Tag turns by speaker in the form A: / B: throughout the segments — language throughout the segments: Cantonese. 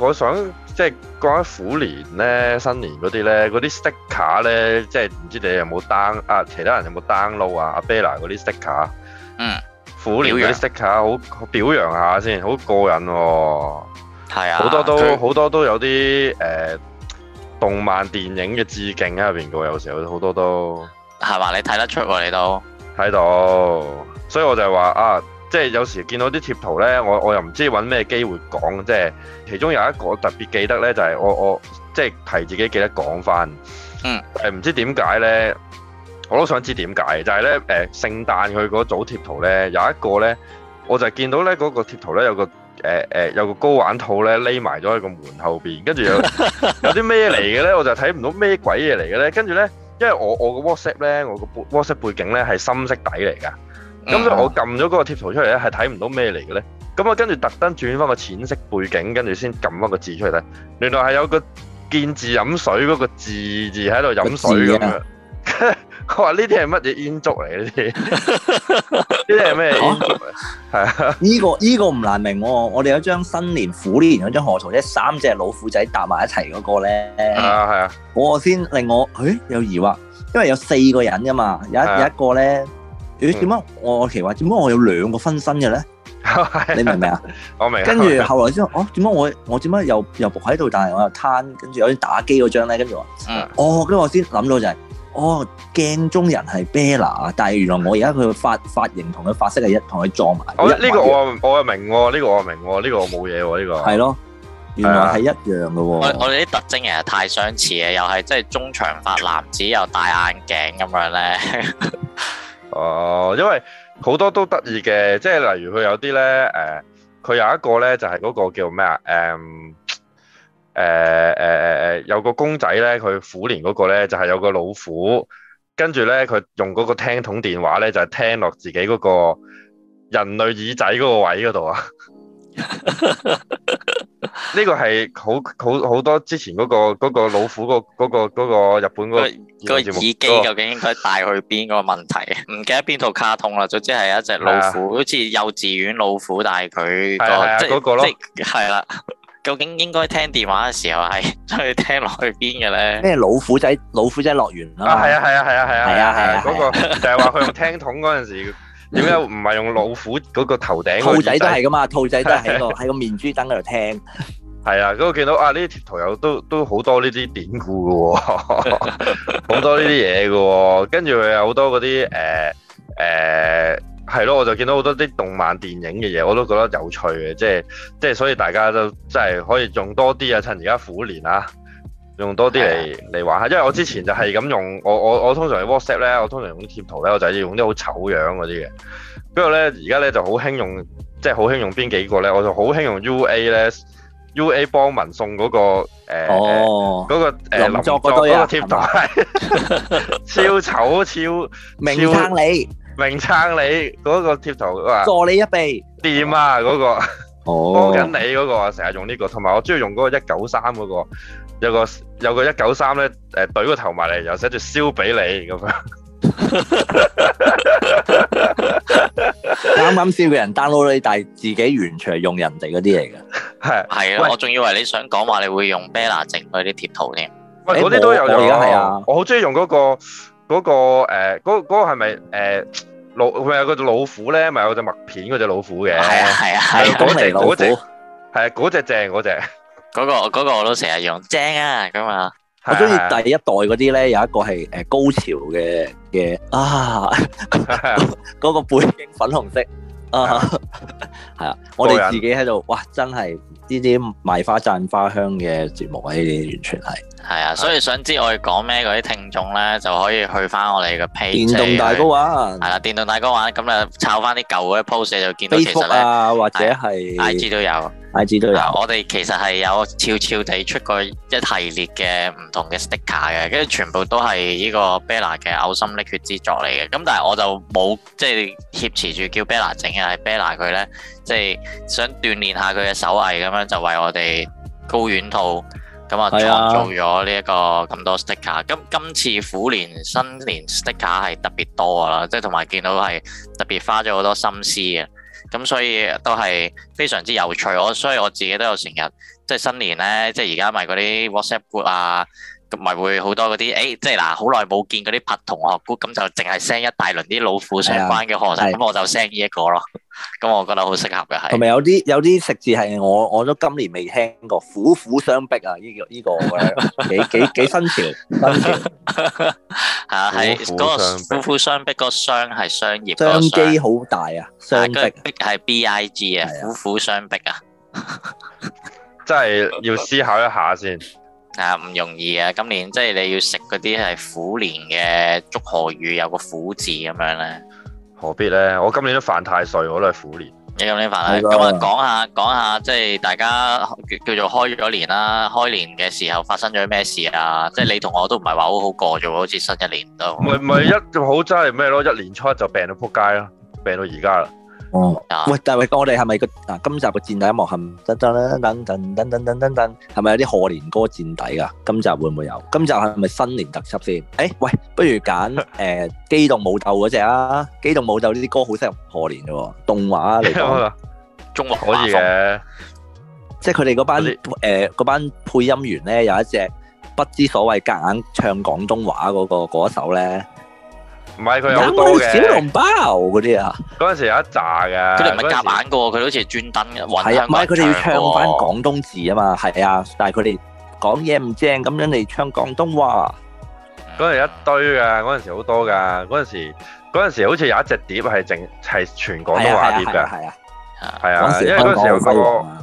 A: 我想即係講緊虎年咧、新年嗰啲咧，嗰啲 sticker 咧，即係唔知你有冇 down 啊？其他人有冇 download 啊？阿 Bella 嗰啲 sticker 嗯，虎年嗰啲 sticker 好好表揚下先，好過癮喎、
B: 哦。
C: 啊，好多都
A: 好他多，多都有啲誒、呃、動漫電影嘅致敬喺入邊嘅，有時候好多都係嘛？你睇得出喎、啊，你都睇到，所以我就係話啊。即係有時見到啲貼圖咧，我我又唔知揾咩機會講。即係其中有一個特別記得咧，就係我我即係提自己記得講翻。嗯，誒唔知點解咧，我都想知點解。就係咧誒聖誕佢嗰組貼圖咧，有一個咧，我就見到咧，嗰個貼圖咧有個誒誒有個高玩套咧，匿埋咗喺個門後邊，跟住有有啲咩嚟嘅咧，我就睇唔到咩鬼嘢嚟嘅咧。跟住咧，因為我我個 WhatsApp 咧，我個 WhatsApp 背景咧係深色底嚟噶。咁所以我撳咗嗰個貼圖出嚟咧，係睇唔到咩嚟嘅咧？咁我跟住特登轉翻個淺色背景，跟住先撳翻個字出嚟咧。原來係有個見字飲水嗰個字字，喺度
D: 飲水咁樣。
A: 佢話呢啲係乜嘢煙燭嚟？呢啲呢啲係咩煙燭？
D: 係啊，呢個呢個唔難明。我哋有張新年虎年嗰張賀圖，即三隻老虎仔搭埋一齊嗰個咧。係啊係啊，我、啊、先、啊、令我，咦？有疑惑，因為有四個人噶嘛，有一、啊、有一個咧。ス 2 咦？點解我奇話點解我有兩個分身嘅咧？你明唔明啊？
A: 我
C: 明。跟住後
D: 來之後，哦，點解我我點解又又伏喺度，但係我又攤，跟住有啲打機嗰張咧，跟住話，嗯，哦，跟住我先諗到就係，哦，鏡中人係 Bella，但係原來我而家佢發髮型同佢髮色係一同佢撞埋。好啦，呢
A: 個我我又明，呢個我明，呢個我冇嘢喎，呢個。係咯，
D: 原來係一樣嘅喎。我
B: 哋啲特徵其實太相似嘅，又係即係中長髮男子又戴眼鏡咁樣咧。哦，oh, 因為
A: 好多都得意嘅，即係例如佢有啲咧，誒、呃，佢有一個咧就係、是、嗰個叫咩啊，誒、呃，誒誒誒，有個公仔咧，佢虎年嗰個咧就係、是、有個老虎，跟住咧佢用嗰個聽筒電話咧就係、是、聽落自己嗰個人類耳仔嗰個位嗰度啊。呢個係好好好多之前嗰個個老虎個嗰個日本嗰個耳機，究
B: 竟應該戴去邊個問題？唔記得邊套卡通啦，總之係一隻老虎，好似幼稚園老虎，但係佢個即係即係係啦。究竟應該聽電話嘅時候係出去聽落去邊嘅咧？咩
D: 老虎仔老虎仔樂園
B: 啊，係啊係啊係啊係啊係啊係啊，嗰個就係話佢用聽筒嗰陣時。
A: 點解唔係用老虎嗰個頭頂？兔仔都係噶嘛，兔仔都喺個喺 個面珠墩嗰度聽。係 啊，嗰個見到啊，呢啲貼圖又都都好多呢啲典故嘅，哦，好 多呢啲嘢嘅。跟住佢有好多嗰啲誒誒，係、呃、咯、呃啊，我就見到好多啲動漫電影嘅嘢，我都覺得有趣嘅，即係即係，所以大家都真係可以用多啲啊，趁而家虎年啊！用多啲嚟嚟玩下，因為我之前就係咁用，我我我通常用 WhatsApp 咧，我通常用啲貼圖咧，我就係要用啲好醜樣嗰啲嘅。不過咧，而家咧就好興用，即係好興用邊幾個咧？我就好興用 UA 咧，UA 幫忙送嗰個誒嗰個誒林作嗰個貼圖，超醜，超明撐你，明撐你嗰個貼圖哇！助你一臂掂啊！嗰個幫緊你嗰個，成日用呢個，同埋我中意用嗰個一九三嗰個。有個有個一九三咧，誒，懟個頭埋嚟，又寫住燒俾你咁樣。
D: 啱啱先俾人 download 你，但係自己完全係用人哋嗰啲嚟嘅。
B: 係係啊，我仲以為你想講話你會用 Bella 整嗰啲貼圖添。喂，嗰啲都有用啊！而家係啊，我
A: 好中意用嗰個嗰個誒嗰個係咪誒老唔係有個老虎咧？咪有隻麥片嗰隻老虎嘅？係啊係啊係，嗰隻老虎係啊，嗰隻正嗰
B: 隻。嗰個嗰個我都成日用正啊，咁啊！我中意第一
D: 代嗰啲咧，有一個係誒高潮嘅嘅啊，
B: 嗰個背景
D: 粉紅色啊，係啊！我哋自己喺度，哇！真係呢啲賣花讚花香嘅節目，呢啲完全係
B: 係啊！所以想知我哋講咩嗰啲聽眾咧，就可以去翻我哋嘅 page，電動大 GO 玩係啦，電動大 GO 玩咁啊，抄翻啲舊嗰啲 post 就見到其實啊，
D: 或者係 IG 都有。i
B: 我哋 其實係有悄悄地出過一系列嘅唔同嘅 sticker 嘅，跟住全部都係呢個 Bella 嘅嘔心瀝血之作嚟嘅。咁但係我就冇即係挾持住叫 Bella 整嘅，係 Bella 佢咧即係想鍛煉下佢嘅手藝咁樣，就為我哋高遠套咁啊創造咗呢一個咁多 sticker。咁、哎、呀今，今次虎年新年 sticker 係特別多㗎啦，即係同埋見到係特別花咗好多心思嘅。咁所以都係非常之有趣，我所以我自己都有成日即係新年呢，即係而家咪嗰啲 WhatsApp group 啊。咁咪會好多嗰啲誒，即係嗱，好耐冇見嗰啲拍同學故，咁就淨係 send 一大輪啲老虎相關嘅課程，咁我就 send 呢一個咯。咁我覺得好適合嘅係。同
D: 埋有啲有啲食字係我我都今年未聽過，虎虎商 Big 啊，呢個呢個幾幾幾新潮新潮
B: 啊！係嗰個虎虎商 Big，個商係商業商機好大啊！商 Big 係 B I G 啊，虎虎商 Big 啊，真係要思考一下先。啊，唔容易啊！今年即係你要食嗰啲係虎年嘅祝賀語，有個虎字咁樣咧。何必咧？我今年都犯太歲，我都係虎年。你今年犯啦？咁啊的，講下講下，即係大家叫做開咗年啦。開年嘅時候發生咗咩事啊？即係你同我都唔係話好好過咗，好似新一年都
A: 唔係唔係一好真係咩咯？一年初一就病到撲街啦，病，病到而家啦。
D: 哦，喂，但係我哋係咪個啊？今集嘅戰底音樂係咪有啲賀年歌戰底噶？今集會唔會有？今集係咪新年特輯先？誒，喂，不如揀誒《機動武鬥》嗰隻啊，《機動武鬥》呢啲歌好適合賀年嘅，動畫嚟講，中文可以嘅，即係佢哋嗰班誒嗰班配音員咧，有一隻不知所謂，夾硬唱廣東話嗰個嗰一首咧。唔係佢有好多嘅，有冇小籠包嗰啲啊？嗰
C: 陣
B: 時有一紮嘅，佢哋唔係夾硬嘅喎，佢好似係專登嘅。係啊，唔係佢哋要唱翻
D: 廣東字啊嘛，係啊，但係佢哋講嘢唔正咁樣嚟唱廣東話。嗰
A: 陣時一堆嘅，嗰陣時好多㗎。嗰陣時，嗰陣時好似有一隻碟係整係全廣東話碟㗎，係啊，係
B: 啊，因為嗰陣時好輝煌，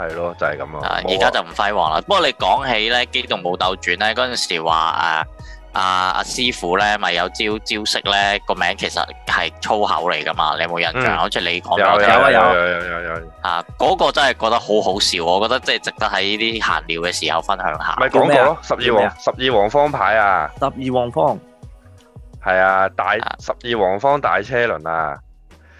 B: 係咯，就係咁咯。而家就唔輝煌啦。不過你講起咧《機動武鬥傳》咧，嗰陣時話誒。阿阿、啊、師傅咧，咪有招招式咧？個名其實係粗口嚟噶嘛？你有冇印象？好似、嗯、你講緊咧。有有有有有有，有。啊，嗰、那個真係覺得好好笑，我覺得真係值得喺呢啲閒聊嘅時候分享下。咪講過咯，十二王
A: 十二王方牌啊，十二王方。係啊，大十二王方大車輪啊，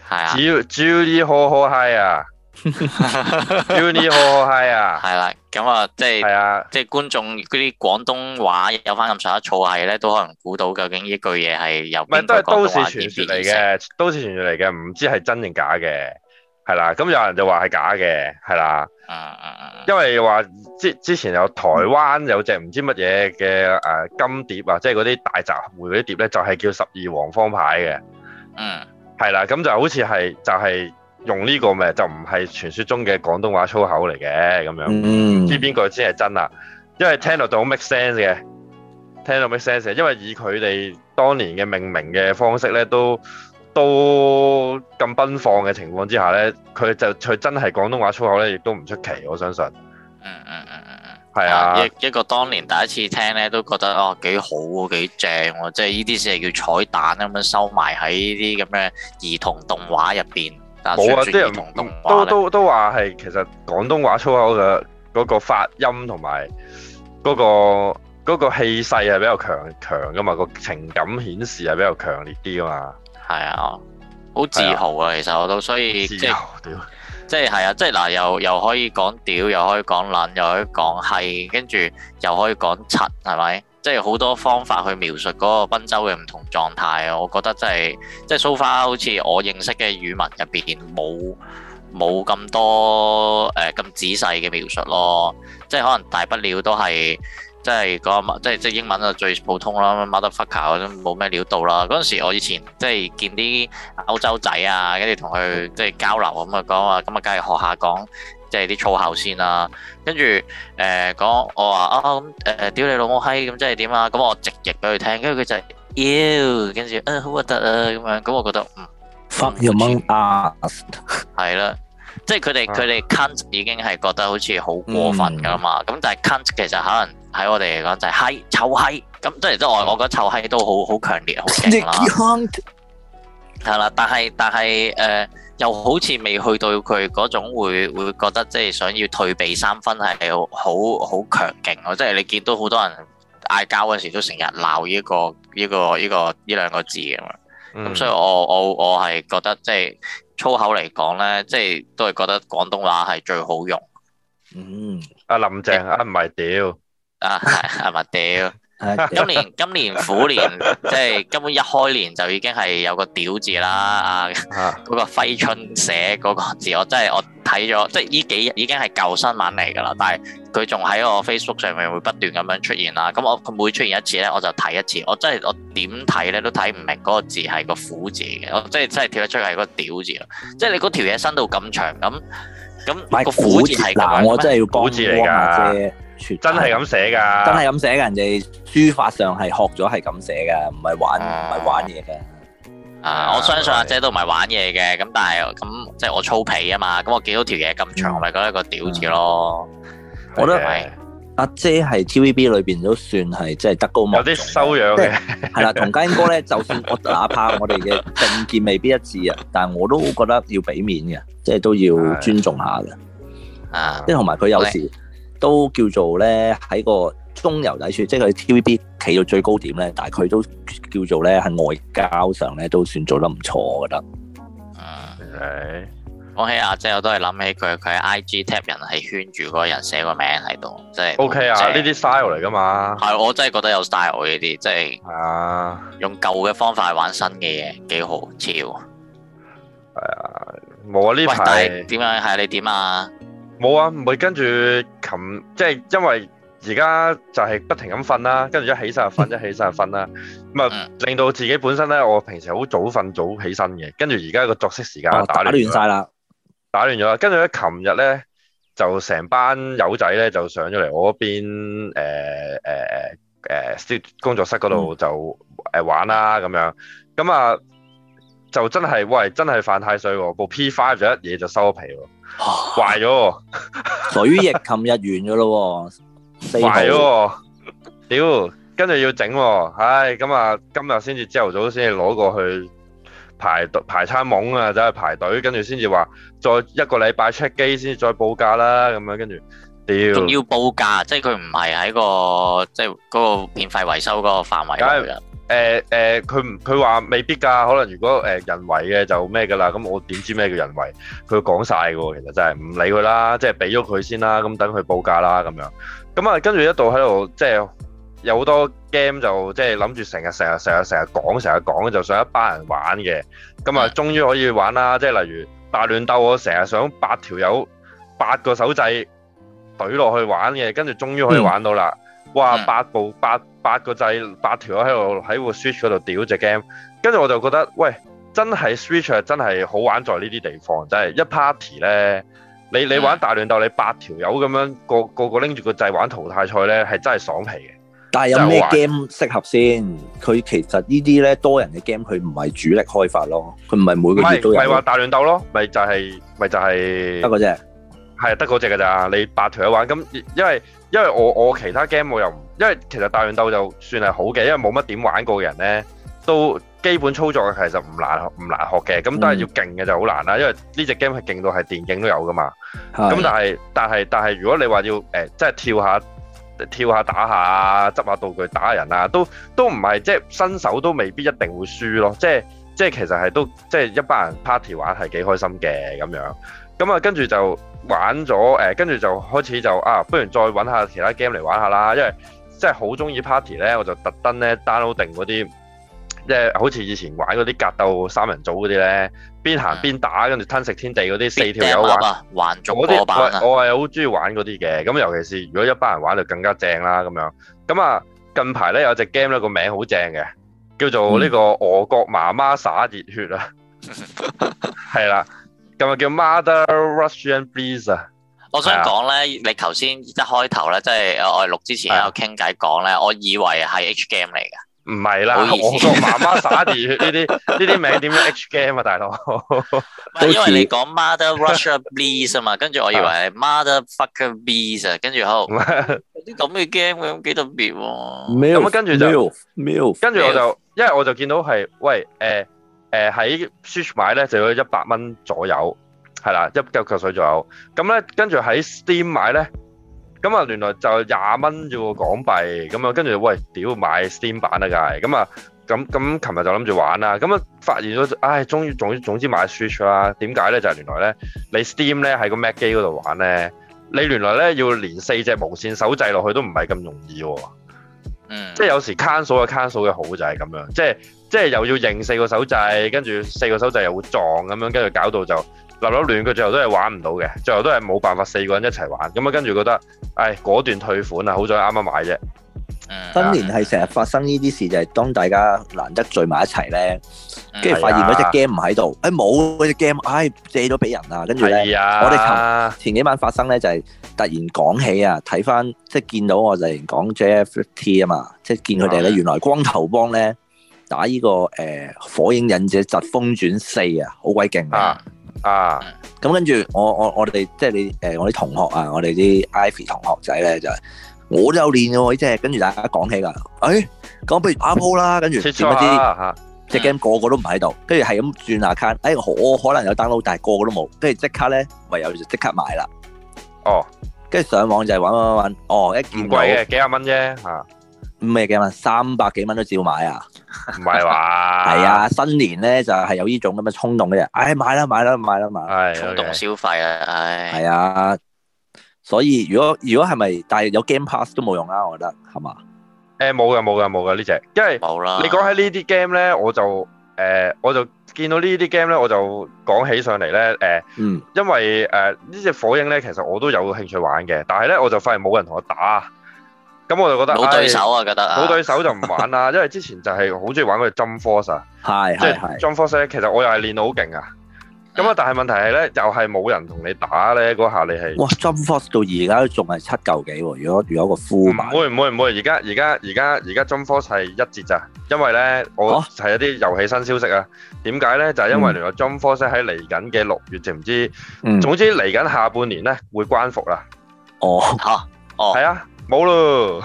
B: 係啊
A: ，JoJo 啲好
B: 好 high 啊！Uni 好好嗨啊！係啦，咁啊，即係，即係觀眾嗰啲廣東話有翻咁上下醋係咧，都可能估到究竟呢句嘢係由唔係都係都市傳說嚟嘅，
A: 都市傳說嚟嘅，唔知係真定假嘅，係、yeah. 啦。咁有人就話係假嘅，係啦。嗯嗯，因為話之之前有台灣有隻唔知乜嘢嘅誒金碟啊，即係嗰啲大集會嗰啲碟咧，就係叫十二黃方牌嘅。嗯。係啦，咁就好似係就係。用呢個咩就唔係傳説中嘅廣東話粗口嚟嘅咁樣，mm. 知邊個先係真啊？因為聽到好 make sense 嘅，聽到 make sense 嘅。因為以佢哋當年嘅命名嘅方式咧，都都咁奔放嘅情況之下咧，佢就佢真係廣東話粗口咧，亦都唔出奇。我相信，嗯嗯
B: 嗯嗯嗯，係啊，一、啊、一個當年第一次聽咧，都覺得哦幾好幾正喎、啊，即係呢啲先係叫彩蛋咁樣收埋喺呢啲咁嘅兒童動畫入邊。
C: 冇啊！啲人都都
A: 都話係其實廣東話粗口嘅嗰個發音同埋嗰個嗰個氣勢係比較強強噶嘛，個情感顯示係比較強烈啲噶嘛。係啊，好自豪
B: 啊！其實我都所以由即係屌，即係係啊，即係嗱，又又可以講屌，又可以講撚，又可以講閪，跟住又可以講柒，係咪？即係好多方法去描述嗰個賓州嘅唔同狀態啊！我覺得真係，即係 so far 好似我認識嘅語文入邊冇冇咁多誒咁、呃、仔細嘅描述咯。即係可能大不了都係，即係嗰、嗰個、即係即係英文啊最普通啦，motherfucker 都冇咩料到啦。嗰陣時我以前即係見啲歐洲仔啊，跟住同佢即係交流咁啊講話，咁啊梗係學下講。即係啲粗口先啦、啊，跟住誒講我話啊咁誒屌你老母閪咁即係點啊？咁我直譯俾佢聽，跟住佢就，U 跟住嗯好核突啊咁樣，咁我覺得嗯翻
D: 又蒙啊，
B: 係、嗯、啦，嗯嗯、 即係佢哋佢哋 Cunt 已經係覺得好似好過分噶啦嘛，咁但係 Cunt 其實可能喺我哋嚟講就係、是、閪臭閪，咁即係即係我我覺得臭閪都好好強烈好勁啦。係啦， 但係但係誒。又好似未去到佢嗰種會會覺得即係想要退避三分係好好強勁咯，即係、就是、你見到好多人嗌交嗰時都成日鬧呢個呢、這個呢、這個呢兩、這個、個字咁啊，咁、嗯、所以我我我係覺得即係粗口嚟講咧，即、就、係、是、都係覺得廣東話係最好用。嗯，阿、啊、林鄭啊唔係屌啊係咪屌？啊啊 今年今年虎年， 即係根本一開年就已經係有個屌字啦。啊，嗰個揮春寫嗰個字，我真係我睇咗，即係呢幾日已經係舊新聞嚟噶啦。但係佢仲喺我 Facebook 上面會不斷咁樣出現啦。咁我佢每出現一次咧，我就睇一次。我真係我點睇咧都睇唔明嗰個字係個虎字嘅，我真係真係跳出係個屌字啊！即係你嗰條嘢伸到咁長咁咁，個虎字，嗱我真係要幫幫阿姐。真係咁寫噶，真係咁
D: 寫噶，人哋書法上係學咗係咁寫噶，唔係玩唔係玩嘢嘅。啊，玩
B: 玩啊啊我相信阿、啊、姐都唔係玩嘢嘅，咁但係咁即係我粗皮啊嘛，咁我見到條嘢咁長，我咪覺得一個屌字咯。嗯、
D: 我覺得阿姐係 TVB 裏邊都算係即係德高望，有啲修養嘅係啦。同家英哥咧，就算、是、我哪怕我哋嘅政見未必一致啊，但係我都覺得要俾面嘅，即係都要尊重下嘅。啊，即係同埋佢有時。都叫做咧喺個中游底處，即係佢 TVB 企到最高點咧，但係佢都叫做咧喺外交上咧都算做得唔錯，我覺得。
B: 嗯，講起阿姐，我都係諗起佢，佢喺 IG tap 人係圈住嗰個人寫個名喺度，即係 OK 啊！呢
A: 啲 style 嚟㗎嘛？
B: 係、嗯，我真係覺得有 style 呢啲，即係啊，用舊嘅方法玩新嘅嘢幾好，超。係、哎、啊，冇啊呢排點樣？係你點啊？樣樣
A: 冇啊，唔會跟住琴，即係因為而家就係不停咁瞓啦，跟住一起身就瞓，一起身就瞓啦，咁啊 令到自己本身咧，我平時好早瞓早起身嘅，跟住而家個作息時間打亂晒啦，打亂咗啦。跟住咧，琴日咧就成班友仔咧就上咗嚟我嗰邊，誒誒誒 studio 工作室嗰度就誒、呃、玩啦咁樣，咁、嗯、啊、嗯嗯、就真係，喂，真係犯太歲喎，部 P5 就一嘢就收皮喎。壞咗，水液琴日完咗咯，壞咗，哦，屌、 哦，跟住 要整，哦，唉、哎，今日今日先至朝頭早先至攞過去排排餐懵啊，走去排隊，跟住先至話再一個禮拜 check 機先至再報價啦，咁樣跟住，屌，仲要
B: 報價， 即係佢唔係喺個即係嗰個免費維修嗰個範圍然
A: 誒誒，佢唔佢話未必㗎，可能如果誒人為嘅就咩㗎啦，咁我點知咩叫人為？佢講曬㗎喎，其實真係唔理佢啦，即係俾咗佢先啦，咁等佢報價啦咁樣。咁啊，跟住一度喺度即係有好多 game 就即係諗住成日成日成日成日講成日講，就想一班人玩嘅。咁啊，終於可以玩啦！即係例如大亂鬥，我成日想八條友八個手掣懟落去玩嘅，跟住終於可以玩到啦。哇！八部八八個掣八條友喺度喺 Switch 嗰度屌隻 game，跟住我就覺得，喂，真係 Switch 真係好玩在呢啲地方，真係一 party 咧，你你玩大亂鬥，你八條友咁樣個，個個個拎住個掣玩淘汰賽咧，係真係爽皮嘅。
D: 但係有咩 game 適合先？佢其實呢啲咧多人嘅 game，佢唔係主力開發咯，佢唔係每個月都有。咪話
A: 大亂鬥咯？咪就係、是、咪就係、是、得個啫。係得嗰隻噶咋，你白條一玩咁，因為因為我我其他 game 我又唔，因為其實大亂鬥就算係好嘅，因為冇乜點玩過嘅人咧，都基本操作其實唔難唔難學嘅，咁但係要勁嘅就好難啦，因為呢隻 game 係勁到係電影都有噶嘛，咁的但係但係但係如果你話要誒、欸、即係跳下跳下打下，執下道具打人啊，都都唔係即係新手都未必一定會輸咯，即係即係其實係都即係一班人 party 玩係幾開心嘅咁樣，咁啊跟住就。玩咗誒，跟住就開始就啊，不如再揾下其他 game 嚟玩下啦，因為真係好中意 party 咧，我就特登咧 download 定嗰啲，即係好似以前玩嗰啲格鬥三人組嗰啲咧，邊行邊打，跟住吞食天地嗰啲玩四條友玩，
B: 啲，我係好
A: 中意玩嗰啲嘅，咁尤其是如果一班人玩就更加正啦咁樣。咁啊，近排咧有隻 game 咧，個名好正嘅，叫做呢個《俄國媽媽灑熱血》啊，係啦。今日叫 Mother Russia Bleeds 啊！
B: 我想講咧，你頭先一開頭咧，即係我錄之前有傾偈講咧，我以為係 H game 嚟嘅。唔係啦，我個媽媽耍住呢啲呢啲名點樣 H game 啊，大佬。因為你講 Mother Russia Bleeds 啊嘛，跟住我以為係 Mother f u c k e r Bleeds 啊，跟住好，有啲咁嘅 game 咁幾特別。
A: 冇，跟住就跟住我就，因為我就見到係喂誒。誒喺 Switch 買咧就要一百蚊左右，係啦，一嚿嚿水左右。咁咧跟住喺 Steam 買咧，咁啊原來就廿蚊啫喎港幣。咁啊跟住喂，屌買 Steam 版啦，梗係。咁啊咁咁，琴日就諗住玩啦。咁啊發現咗，唉，終於總總之買 Switch 啦。點解咧？就係原來咧，你 Steam 咧喺個 Mac 機嗰度玩咧，你原來咧要連四隻無線手掣落去都唔係咁容易喎。即係有時卡數嘅卡數嘅好就係咁樣，即係即係又要認四個手掣，跟住四個手掣又會撞咁樣，跟住搞到就立咗亂，佢最後都係玩唔到嘅，最後都係冇辦法四個人一齊玩，咁啊跟住覺得，唉，果斷退款啊！好彩啱啱買啫。嗯、
D: 新年係成日發生呢啲事，就係、是、當大家難得聚埋一齊咧，跟住發現嗰隻 game 唔喺度，誒冇嗰隻 game，唉、哎、借咗俾人是啊。跟住咧我哋前幾晚發生咧就係、是。突然講起啊，睇翻即係見到我突然講 JFT 啊嘛，即係見佢哋咧原來光頭幫咧打呢、這個誒、呃、火影忍者疾風傳四啊，好鬼勁啊！啊咁跟住我我我哋即係你誒我啲同學啊，我哋啲 Ivy 同學仔咧就我都有練嘅，即係跟住大家講起啦，誒、哎、咁不如打鋪啦，跟住點不知啲隻、這個、game 個個都唔喺度，跟住係咁轉下卡，誒我可能有 download，但係個個都冇，跟住即刻咧唯有就即刻買啦。哦，跟住上網就係搵搵搵哦，一見到唔貴嘅，幾十啊蚊啫吓，唔係幾啊蚊，三百幾蚊都照買啊，
A: 唔係話
D: 係啊新年咧就係、是、有呢種咁嘅衝動嘅人，唉、哎、買啦買啦買啦買，衝、哎 okay、動消費啊，唉、哎，係啊，所以如果如果係咪，但係有 Game Pass 都冇用啦、啊，我覺得係
B: 嘛，
A: 誒冇噶冇噶冇噶呢隻，因為冇啦，你講喺呢啲 game 咧，我就。誒、呃，我就見到呢啲 game 咧，我就講起上嚟咧，誒、呃，嗯、因為誒呢隻火影咧，其實我都有興趣玩嘅，但係咧我就發現冇人同我打，咁我就覺得冇對手啊，覺得冇、啊、對手就唔玩啦， 因為之前就係好中意玩嗰隻 jump force，即係 jump force 咧，其實我又係練到好勁啊。咁啊！但係問題係咧，又係冇人同你打咧，嗰下你係哇
D: ，Jump Force 到而家都仲係七嚿幾，如果如果個 full
A: 唔會唔會唔會？而家而家而家而家 Jump Force 係一折咋？因為咧，我睇咗啲遊戲新消息啊。點解咧？就係、是、因為嚟、嗯、來 Jump Force 喺嚟緊嘅六月，就唔知，嗯、總之嚟緊下，下半年咧會關服啦、哦 啊。哦，吓，哦，係啊，冇咯。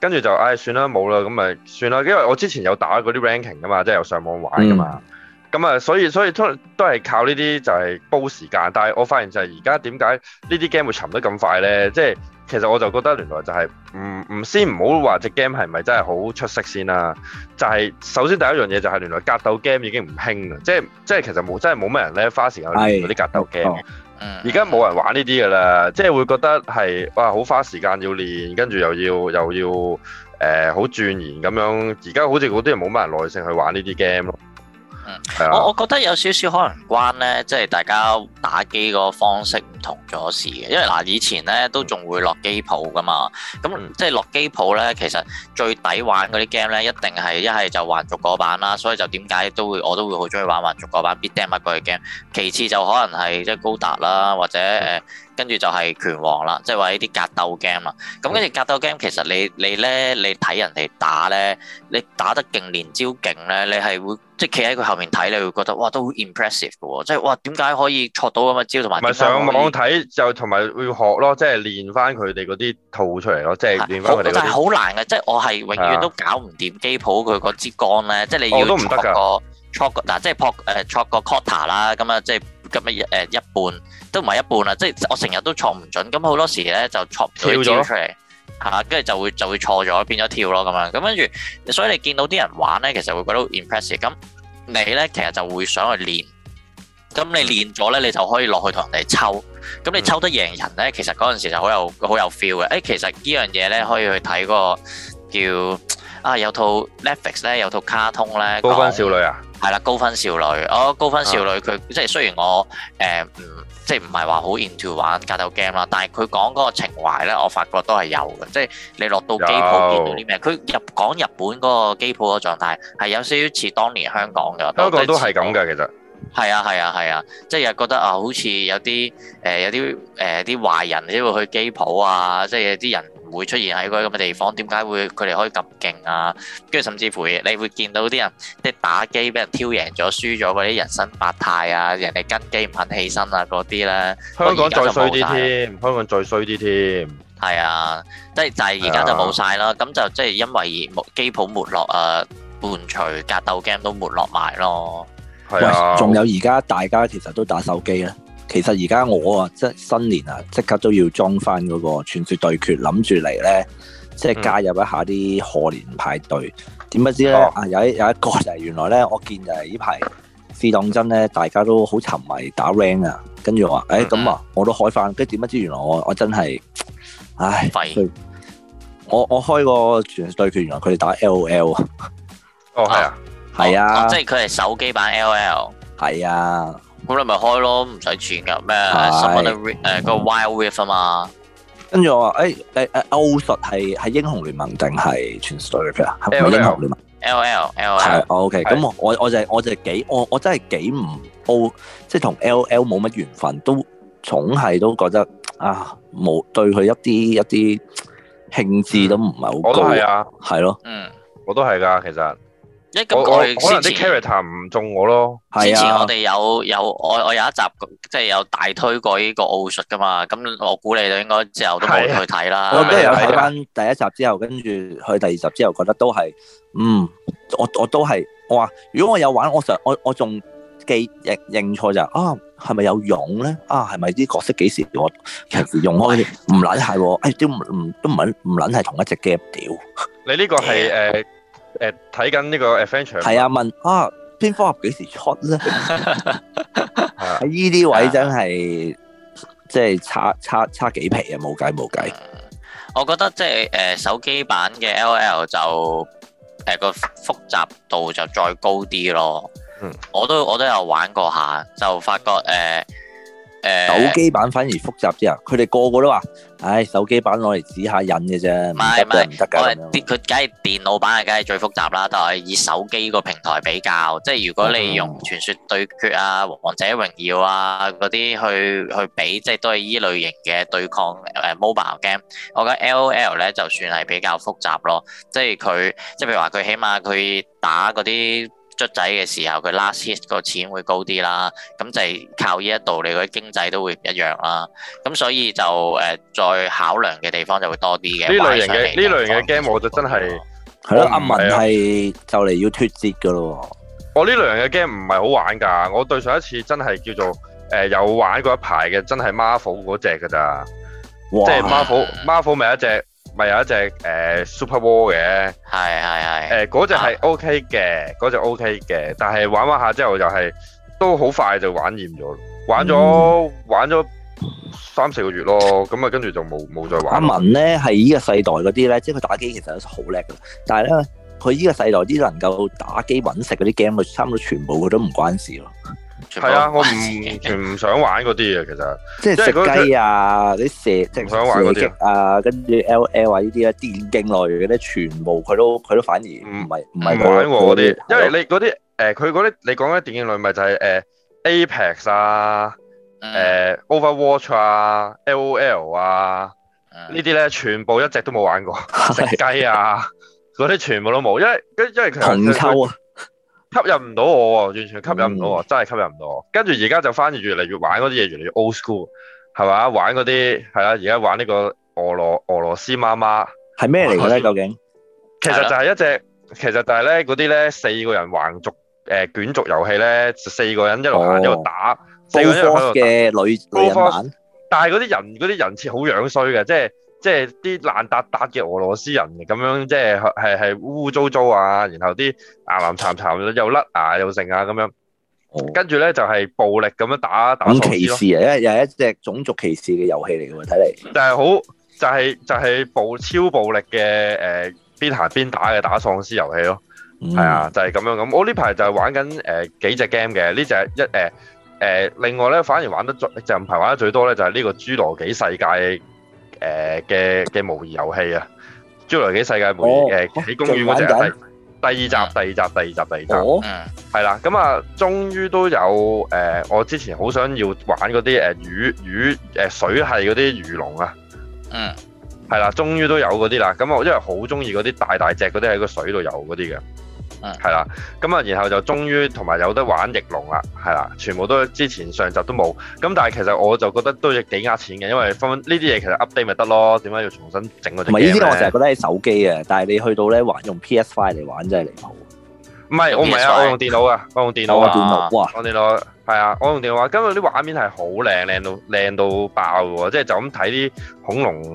A: 跟住就，唉、哎，算啦，冇啦，咁咪算啦。因為我之前有打嗰啲 ranking 噶嘛，即係有上網玩噶嘛，咁啊、嗯，所以所以都都係靠呢啲就係煲時間。但係我發現就係而家點解呢啲 game 會沉得咁快咧？即係其實我就覺得原來就係唔唔先唔好話隻 game 係咪真係好出色先啦。就係、是、首先第一樣嘢就係原來格鬥 game 已經唔興喇！即係即係其實冇真係冇咩人咧花時間練嗰啲格鬥 game、哎。哦。而家冇人玩呢啲㗎啦，即係會覺得係哇好花時間要練，跟住又要又要誒、呃、好鑽研咁樣。而家好似嗰啲人冇乜人耐性去玩呢啲 game
B: 咯。嗯，嗯我我覺得有少少可能關咧，即係大家打機個方式唔同咗事嘅，因為嗱以前咧都仲會落機鋪噶嘛，咁即係落機鋪咧，其實最抵玩嗰啲 game 咧，一定係一係就橫軸嗰版啦，所以就點解都會我都會好中意玩橫軸嗰版 Beat 'em up 嗰隻 game，其次就可能係即係《高達》啦，或者誒。嗯跟住就係拳王啦，即係話呢啲格鬥 game 啊。咁跟住格鬥 game 其實你你咧，你睇人哋打咧，你打得勁，連招勁咧，你係會即係企喺佢後面睇，你會覺得哇，都好 impressive 嘅喎。即係哇，點解可以錯到咁嘅招同埋，唔係上網睇
A: 就同埋要學咯，即係練翻佢哋嗰啲套出嚟咯，即係練翻佢哋。就係、係、好難
B: 嘅，即係我係永遠都搞唔掂基普佢、啊、個接光咧。即係你要錯個錯個嗱，即係撲誒錯個 quarter 啦，咁啊即係。咁咪誒一半都唔係一半啦，即係我成日都錯唔準，咁好多時咧就錯跳咗出嚟嚇，跟住就會就會錯咗變咗跳咯咁樣咁跟住，所以你見到啲人玩咧，其實會覺得 impressive。咁你咧其實就會想去練，咁你練咗咧，你就可以落去同人哋抽。咁你抽得贏人咧，其實嗰陣時就好有好有 feel 嘅。誒，其實呢樣嘢咧可以去睇嗰個叫。啊有套 Netflix 咧，有套卡通咧，高分少女啊，係啦，高分少女，哦，高分少女佢即係雖然我誒唔即係唔係話好 into 玩格鬥 game 啦，但係佢講嗰個情懷咧，我發覺都係有嘅，即係你落到機鋪見到啲咩，佢入講日本嗰個機鋪個狀態係有少少似當年香港嘅，香港都係咁嘅其實。係啊係啊係啊，即係又覺得啊好似有啲誒有啲誒啲壞人一路去機鋪啊，即係啲人。會出現喺個咁嘅地方，點解會佢哋可以咁勁啊？跟住甚至乎你會見到啲人即係打機俾人挑贏咗、輸咗嗰啲人生百態啊，人哋跟機唔肯起身啊嗰啲咧。香港再衰啲添，
A: 香港再衰啲添。
B: 係啊，即係就係而家就冇晒啦。咁是、啊、就即係因為機鋪沒落啊，伴隨格鬥 game 都沒落埋咯。係仲是、啊、有而
D: 家大家其實都打手機啊。其實而家我啊，即係新年啊，即刻都要裝翻嗰個傳說對決，諗住嚟咧，即係加入一下啲賀年派對。點不知咧啊？有、哦、有一個就係原來咧，我見就係呢排試當真咧，大家都好沉迷打 rank 啊。跟住我話：誒、欸、咁啊，我都開翻。跟住點不知原來我我真係，唉廢了我！我我開個傳説對決，原來佢哋打 L O L
B: 啊！哦，係、哦、啊，係、哦、啊，即係佢係手機版 L O L，係啊。哦哦就是咁你咪開咯，唔使錢噶。咩？Someone 誒個 Wild Rift 啊嘛。
D: 跟住我話誒誒誒歐術係係英雄聯盟定係全世代啊？係咪英雄聯盟？L L L 係。OK，咁我我我就我就幾我我真係幾唔 O，即係同 L L 冇乜緣分，都總係都覺得啊冇對佢一啲一啲興致都唔係好高。我都係啊，係咯，嗯，
A: 我都係噶，其實。一咁我可能啲 character 唔中我咯，係啊，我
B: 哋有有我我有一集即係有大推過呢個奧術噶嘛，咁我估你就應該之後都冇去睇啦。
D: 我跟住睇翻第一集之後，跟住去第二集之後，覺得都係，
C: 嗯，
D: 我我都係，我話，如果我有玩，我實我我仲記認認錯就啊，係咪有用咧？啊，係咪啲角色幾時我其實用開唔撚係？誒，都唔都唔係唔撚係同一隻 game 屌。
A: 你呢個係誒？誒，睇緊呢個 event 場係啊？
D: 問啊，蝙蝠俠幾時
A: 出咧？喺呢啲位真
D: 係，即係差差差幾皮啊！冇計冇計。
B: 我覺得即係誒，手機版嘅 LOL 就誒個複雜度就再高啲咯。我都我都有玩過下，就發覺誒誒，手機
D: 版反而複雜啲啊！佢哋個個都話。唉，手機版攞嚟止下癮嘅啫，唔得唔得㗎。我係
B: 佢，佢梗係電腦版係梗係最複雜啦。但係以手機個平台比較，即係如果你用傳説對決啊、王者榮耀啊嗰啲去去比，即係都係依類型嘅對抗誒 mobile game。我覺得 LOL 咧就算係比較複雜咯，即係佢即係譬如話佢起碼佢打嗰啲卒仔嘅時候，佢 last hit 個錢會高啲啦，咁就係靠呢一度，你嗰啲經濟都會唔一樣啦。咁所以就誒、呃、再考量嘅地方就會多啲嘅。呢類型嘅呢類型嘅
D: game 我就真係係咯，阿文係就嚟要脫節噶咯。
A: 我呢類型嘅 game 唔係好玩㗎，我對上一次真係叫做誒、呃、有玩過一排嘅，真係 Marvel 嗰隻㗎咋，即係 Marvel Marvel 咪一隻。咪有一隻誒 Super War 嘅，係係係，誒嗰隻係 OK 嘅，嗰隻 OK 嘅，但係玩玩下之後就係都好快就玩厭咗，玩咗玩咗三四個月咯，咁啊跟住就冇冇再玩。阿文咧，
D: 係依個世代嗰啲咧，即係佢打機其實好叻㗎，但係咧佢依個世代啲能夠打機揾食嗰啲 game，差唔多全部佢都唔關事咯。
C: 係啊，我唔完全
A: 唔想玩嗰啲啊。其實即係食雞啊，啲蛇即係想玩嗰啲啊，跟
D: 住 L O L 啊呢啲啊，電競類嘅咧，全部佢都佢都反而唔係唔係玩喎嗰啲，因為
A: 你嗰啲誒，佢嗰啲你講嘅電競類咪就係、是、誒、呃、Apex 啊，誒、呃、Overwatch 啊，L O L 啊呢啲咧，全部一隻都冇玩過、嗯、 食雞啊，嗰啲全部都冇，因為
C: 因為佢實抽啊。
A: 吸引唔到我，完全吸引唔到我，嗯、真係吸引唔到我。跟住而家就反而越嚟越玩嗰啲嘢，越嚟越 old school，係嘛？玩嗰啲係啊。而家玩呢個俄羅俄羅斯媽媽係咩嚟嘅咧？啊、究竟其實就係一隻，其實就係咧嗰啲咧四個人橫逐誒、呃、卷軸遊戲咧，四個人一路行一路打，哦、四個人喺度打嘅女, Boss, 女，但係嗰啲人嗰啲人設好樣衰嘅，即係。即係啲爛達達嘅俄羅斯人咁樣，即係係係污糟糟啊，然後啲牙藍慘慘又甩牙又剩啊咁樣。跟住咧就係、是、暴力咁樣打打喪屍。咁啊、嗯，因為又係
D: 一隻種，種族歧視嘅遊戲嚟，嘅睇嚟，
A: 就係好就係、是、就係、是、暴超暴力嘅誒，邊行邊打嘅打喪屍遊戲咯，係、呃、啊，就係、是、咁樣咁。我呢排就係玩緊誒、呃、幾隻 game 嘅，呢隻一誒誒、呃，另外咧反而玩得最近排玩得最多咧就係呢個侏羅紀世界。誒嘅嘅模擬遊戲啊，侏羅紀世界模擬誒喺公園嗰隻係第二集第二集第二集第二集，第二集嗯，係啦，咁啊終於都有誒我之前好想要玩嗰啲誒魚魚誒水係嗰啲魚龍啊，嗯，係啦，終於都有嗰啲啦，咁、呃、啊、嗯、啊因為好中意嗰啲大大隻嗰啲喺個水度游嗰啲嘅。嗯，係啦，咁啊，然後就終於同埋有，有得玩翼龍啦，係啦，全部都之前上集都冇，咁但係其實我就覺得都亦幾呃錢嘅，因為分呢啲嘢其實 update 咪得咯，點解要重新整嗰啲？唔係呢啲，我成日覺
D: 得係手機啊，但係你去到咧玩用 PS5 嚟玩真係離譜。
C: 唔係我唔係啊，我用 PS5？oh, 電腦啊，我用電
A: ，oh, 電腦，啊，電腦，我電腦。係啊，我用電話今日啲畫面係好靚，靚到靚到爆喎，即係就咁睇啲恐龍誒誒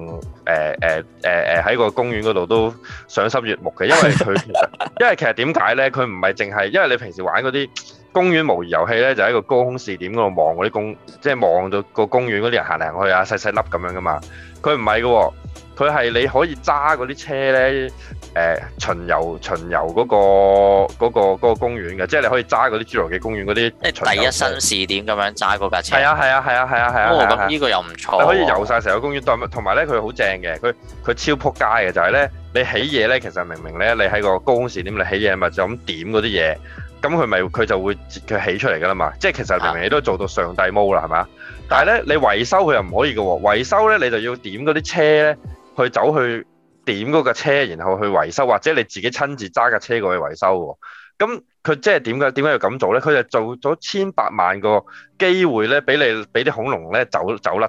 A: 誒誒喺個公園嗰度都賞心悅目嘅，因為佢其實 因為其實點解咧？佢唔係淨係因為你平時玩嗰啲公園模擬遊戲咧，就喺個高空視點嗰度望嗰啲公，即係望到個公園嗰啲人行嚟行去啊，細細粒咁樣噶嘛，佢唔係噶喎。佢係你可以揸嗰啲車咧，誒、呃、巡遊巡遊嗰、嗰個嗰、嗰個嗰個、公園嘅，即係你可以揸嗰啲侏羅紀公園嗰啲，第一身
B: 視點咁樣揸嗰架車。係啊係啊係啊係啊係啊！咁呢、啊啊、個又唔錯、哦。你可以遊
A: 晒成個公園，同埋咧佢好正嘅，佢佢超撲街嘅，就係、係、咧你起嘢咧，其實明明咧你喺個高空視點你起嘢，咪就咁點嗰啲嘢，咁佢咪佢就會佢起出嚟噶啦嘛。即係其實明，明，明你都做到上帝冇啦，係嘛？嗯、但係咧你維修佢又唔可以嘅喎，維修咧你就要點嗰啲車咧。去走去點嗰架車，然後去維修，或者你自己親自揸架車、， 就是、車過去維修喎。咁佢即係點解點解要咁做咧？佢就做咗千百萬個機會咧，俾你俾啲恐龍咧走走甩。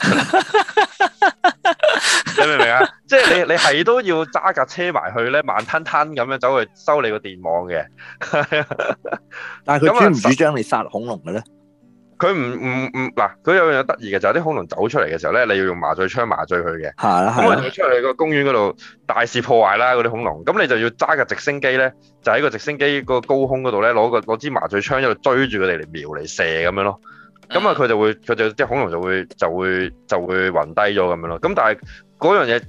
A: 你明唔明啊？即係你你係都要揸架車埋去咧，慢吞吞咁樣走去收你個電網嘅。 但係佢主唔
D: 主張你殺恐龍嘅咧？
A: 佢唔唔唔，嗱，佢有樣得意嘅就係啲恐龍走出嚟嘅時候咧，你要用麻醉槍麻醉佢嘅。係啦。咁佢出嚟個公園嗰度大肆破壞啦，嗰啲恐龍，咁你就要揸架直升機咧，就喺個直升機個高空嗰度咧，攞個攞支麻醉槍一路追住佢哋嚟瞄嚟射咁樣咯。咁啊佢就會佢就啲恐龍就會就會就會，就會暈低咗咁樣咯。咁但係嗰樣嘢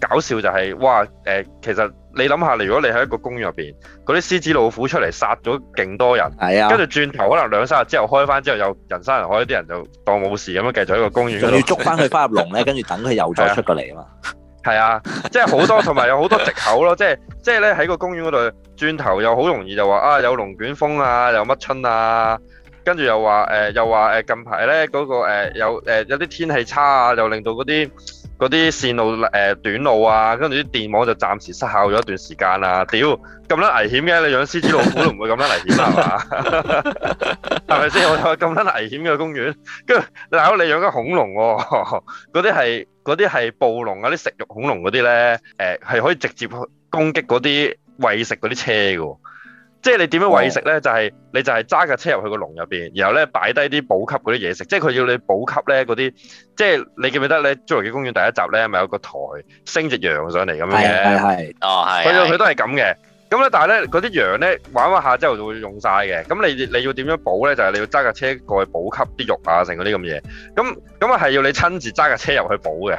A: 搞笑就係，哇誒、呃，其實～你諗下，你如果你喺一個公園入邊，嗰啲獅子老虎出嚟殺咗勁多人，係啊的，跟住轉頭可能兩三日之後開翻之後，又人山人海，啲人就當冇事咁樣繼續喺個公園。仲要捉翻佢翻入籠
D: 咧，跟住 等佢又再出過嚟啊嘛。
A: 係啊，即係好多，同埋有好多藉口咯。 即係即係咧喺個公園嗰度，轉頭又好容易就話啊有龍捲風啊，又乜春啊，跟住又話誒、呃，又話誒近排咧嗰個、呃、有誒、呃、有啲天氣差啊，又令到嗰啲。嗰啲線路誒、呃、短路啊，跟住啲電網就暫時失效咗一段時間啦、啊。屌咁多危險嘅，你養獅子老虎都唔會咁撚危險啦，係咪先？我話咁多危險嘅公園，跟住你嗱，咬你養緊恐龍喎、哦，嗰啲係嗰啲係暴龍啊，啲食肉恐龍嗰啲咧，誒、呃、係可以直接去攻擊嗰啲餵食嗰啲車㗎。即係你點樣餵食咧？就係、是、你就係揸架車入去個籠入邊，然後咧擺低啲補給嗰啲嘢食。即係佢要你補給咧嗰啲，即係你記唔記得咧侏羅紀公園第一集咧咪有個台升隻羊上嚟咁樣嘅？
C: 係，哦係。佢
A: 佢都係咁嘅。咁咧，但係咧嗰啲羊咧玩玩下之後就會用晒嘅。咁你你要點樣補咧？就係你要揸架車過去補給啲肉啊，成嗰啲咁嘢。咁咁啊係要你親自揸架車入去補嘅。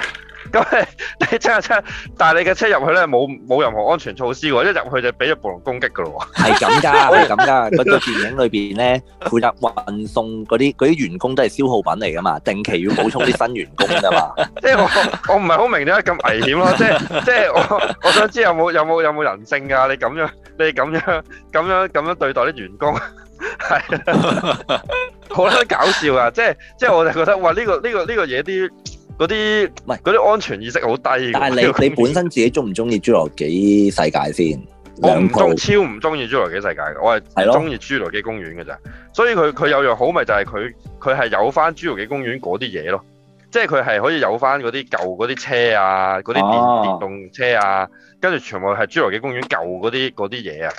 A: 咁你揸架車，但係你嘅車入去咧冇冇任何安全措施嘅，一入去就俾隻暴龍攻擊噶咯。係咁噶，
D: 係咁噶。嗰套電影裏邊咧，負責運送嗰啲嗰啲員工都係消耗品嚟噶嘛，定期要補充啲新員工噶嘛。
A: 即係我我唔係好明點解咁危險咯。即係即係我我想知有冇有冇有冇人性噶？你咁。你咁樣咁樣咁樣對待啲員工，係好鬼搞笑啊！即係即係我就覺得，哇！呢個呢個呢個嘢啲啲唔係啲安全意識好低。但你，你本
D: 身自己中唔中意侏羅紀世界先？我唔中，超
A: 唔中意侏羅紀世界噶，我係中意侏羅紀公園噶咋。所以佢佢有樣好咪就係佢佢係有翻侏羅紀公園嗰啲嘢咯，即係佢係可以有翻嗰啲舊嗰啲車啊，嗰啲電電動車啊。啊跟住全部係侏羅紀公園舊嗰啲啲嘢啊，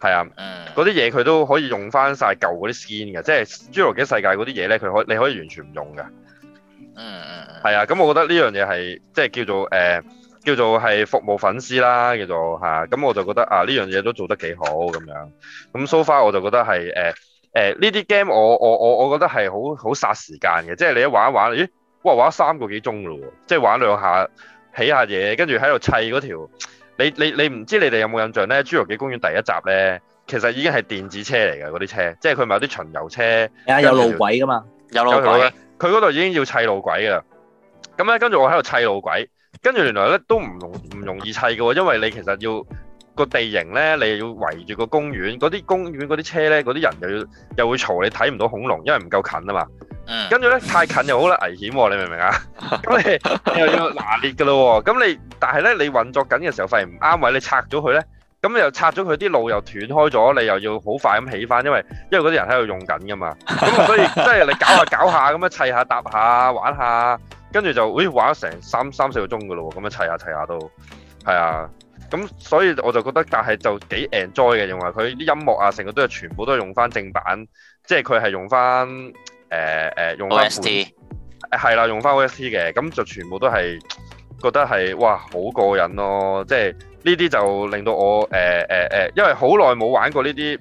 A: 係啊、嗯，嗰啲嘢佢都可以用翻晒舊嗰啲 skin 嘅，即係侏羅紀世界嗰啲嘢咧，佢可你可以完全唔用噶，嗯，係啊，咁我覺得呢樣嘢係即係叫做誒、呃、叫做係服務粉絲啦，叫做嚇咁、啊、我就覺得啊呢樣嘢都做得幾好咁樣，咁 so far 我就覺得係誒誒呢啲 game 我我我我覺得係好好殺時間嘅，即係你一玩一玩咦哇玩三個幾鐘咯，即係玩兩下起下嘢，跟住喺度砌嗰條。你你你唔知你哋有冇印象咧？侏羅紀公園第一集咧，其實已經係電子車嚟嘅嗰啲車，即係佢咪有啲巡遊車、啊，有路軌噶嘛，有路軌咧，佢嗰度已經要砌路軌噶啦。咁咧，跟住我喺度砌路軌，跟住原來咧都唔容唔容易砌噶喎，因為你其實要個地形咧，你要圍住個公園，嗰啲公園嗰啲車咧，嗰啲人又要又會嘈，你睇唔到恐龍，因為唔夠近啊嘛。跟住咧，太近又好啦，危險，啊，你明唔明啊？咁 你，你又要拿捏噶咯，咁你，但係咧，你運作緊嘅時候，發現唔啱位，你拆咗佢咧，咁你又拆咗佢啲路又斷開咗，你又要好快咁起翻，因為因為嗰啲人喺度用緊噶嘛，咁所以即係你搞下搞下咁樣砌下搭下玩下，跟住就，誒、哎、玩咗成三三四個鐘噶咯，咁樣砌下砌下都係啊，咁所以我就覺得，但係就幾 enjoy 嘅，因為佢啲音樂啊，成個都係全部都係用翻正版，即係佢係用翻。誒誒、呃，用翻 O S T，係啦，用翻 O S T 嘅，咁就全部都係覺得係哇，好過癮咯！即係呢啲就令到我誒誒誒，因為好耐冇玩過呢啲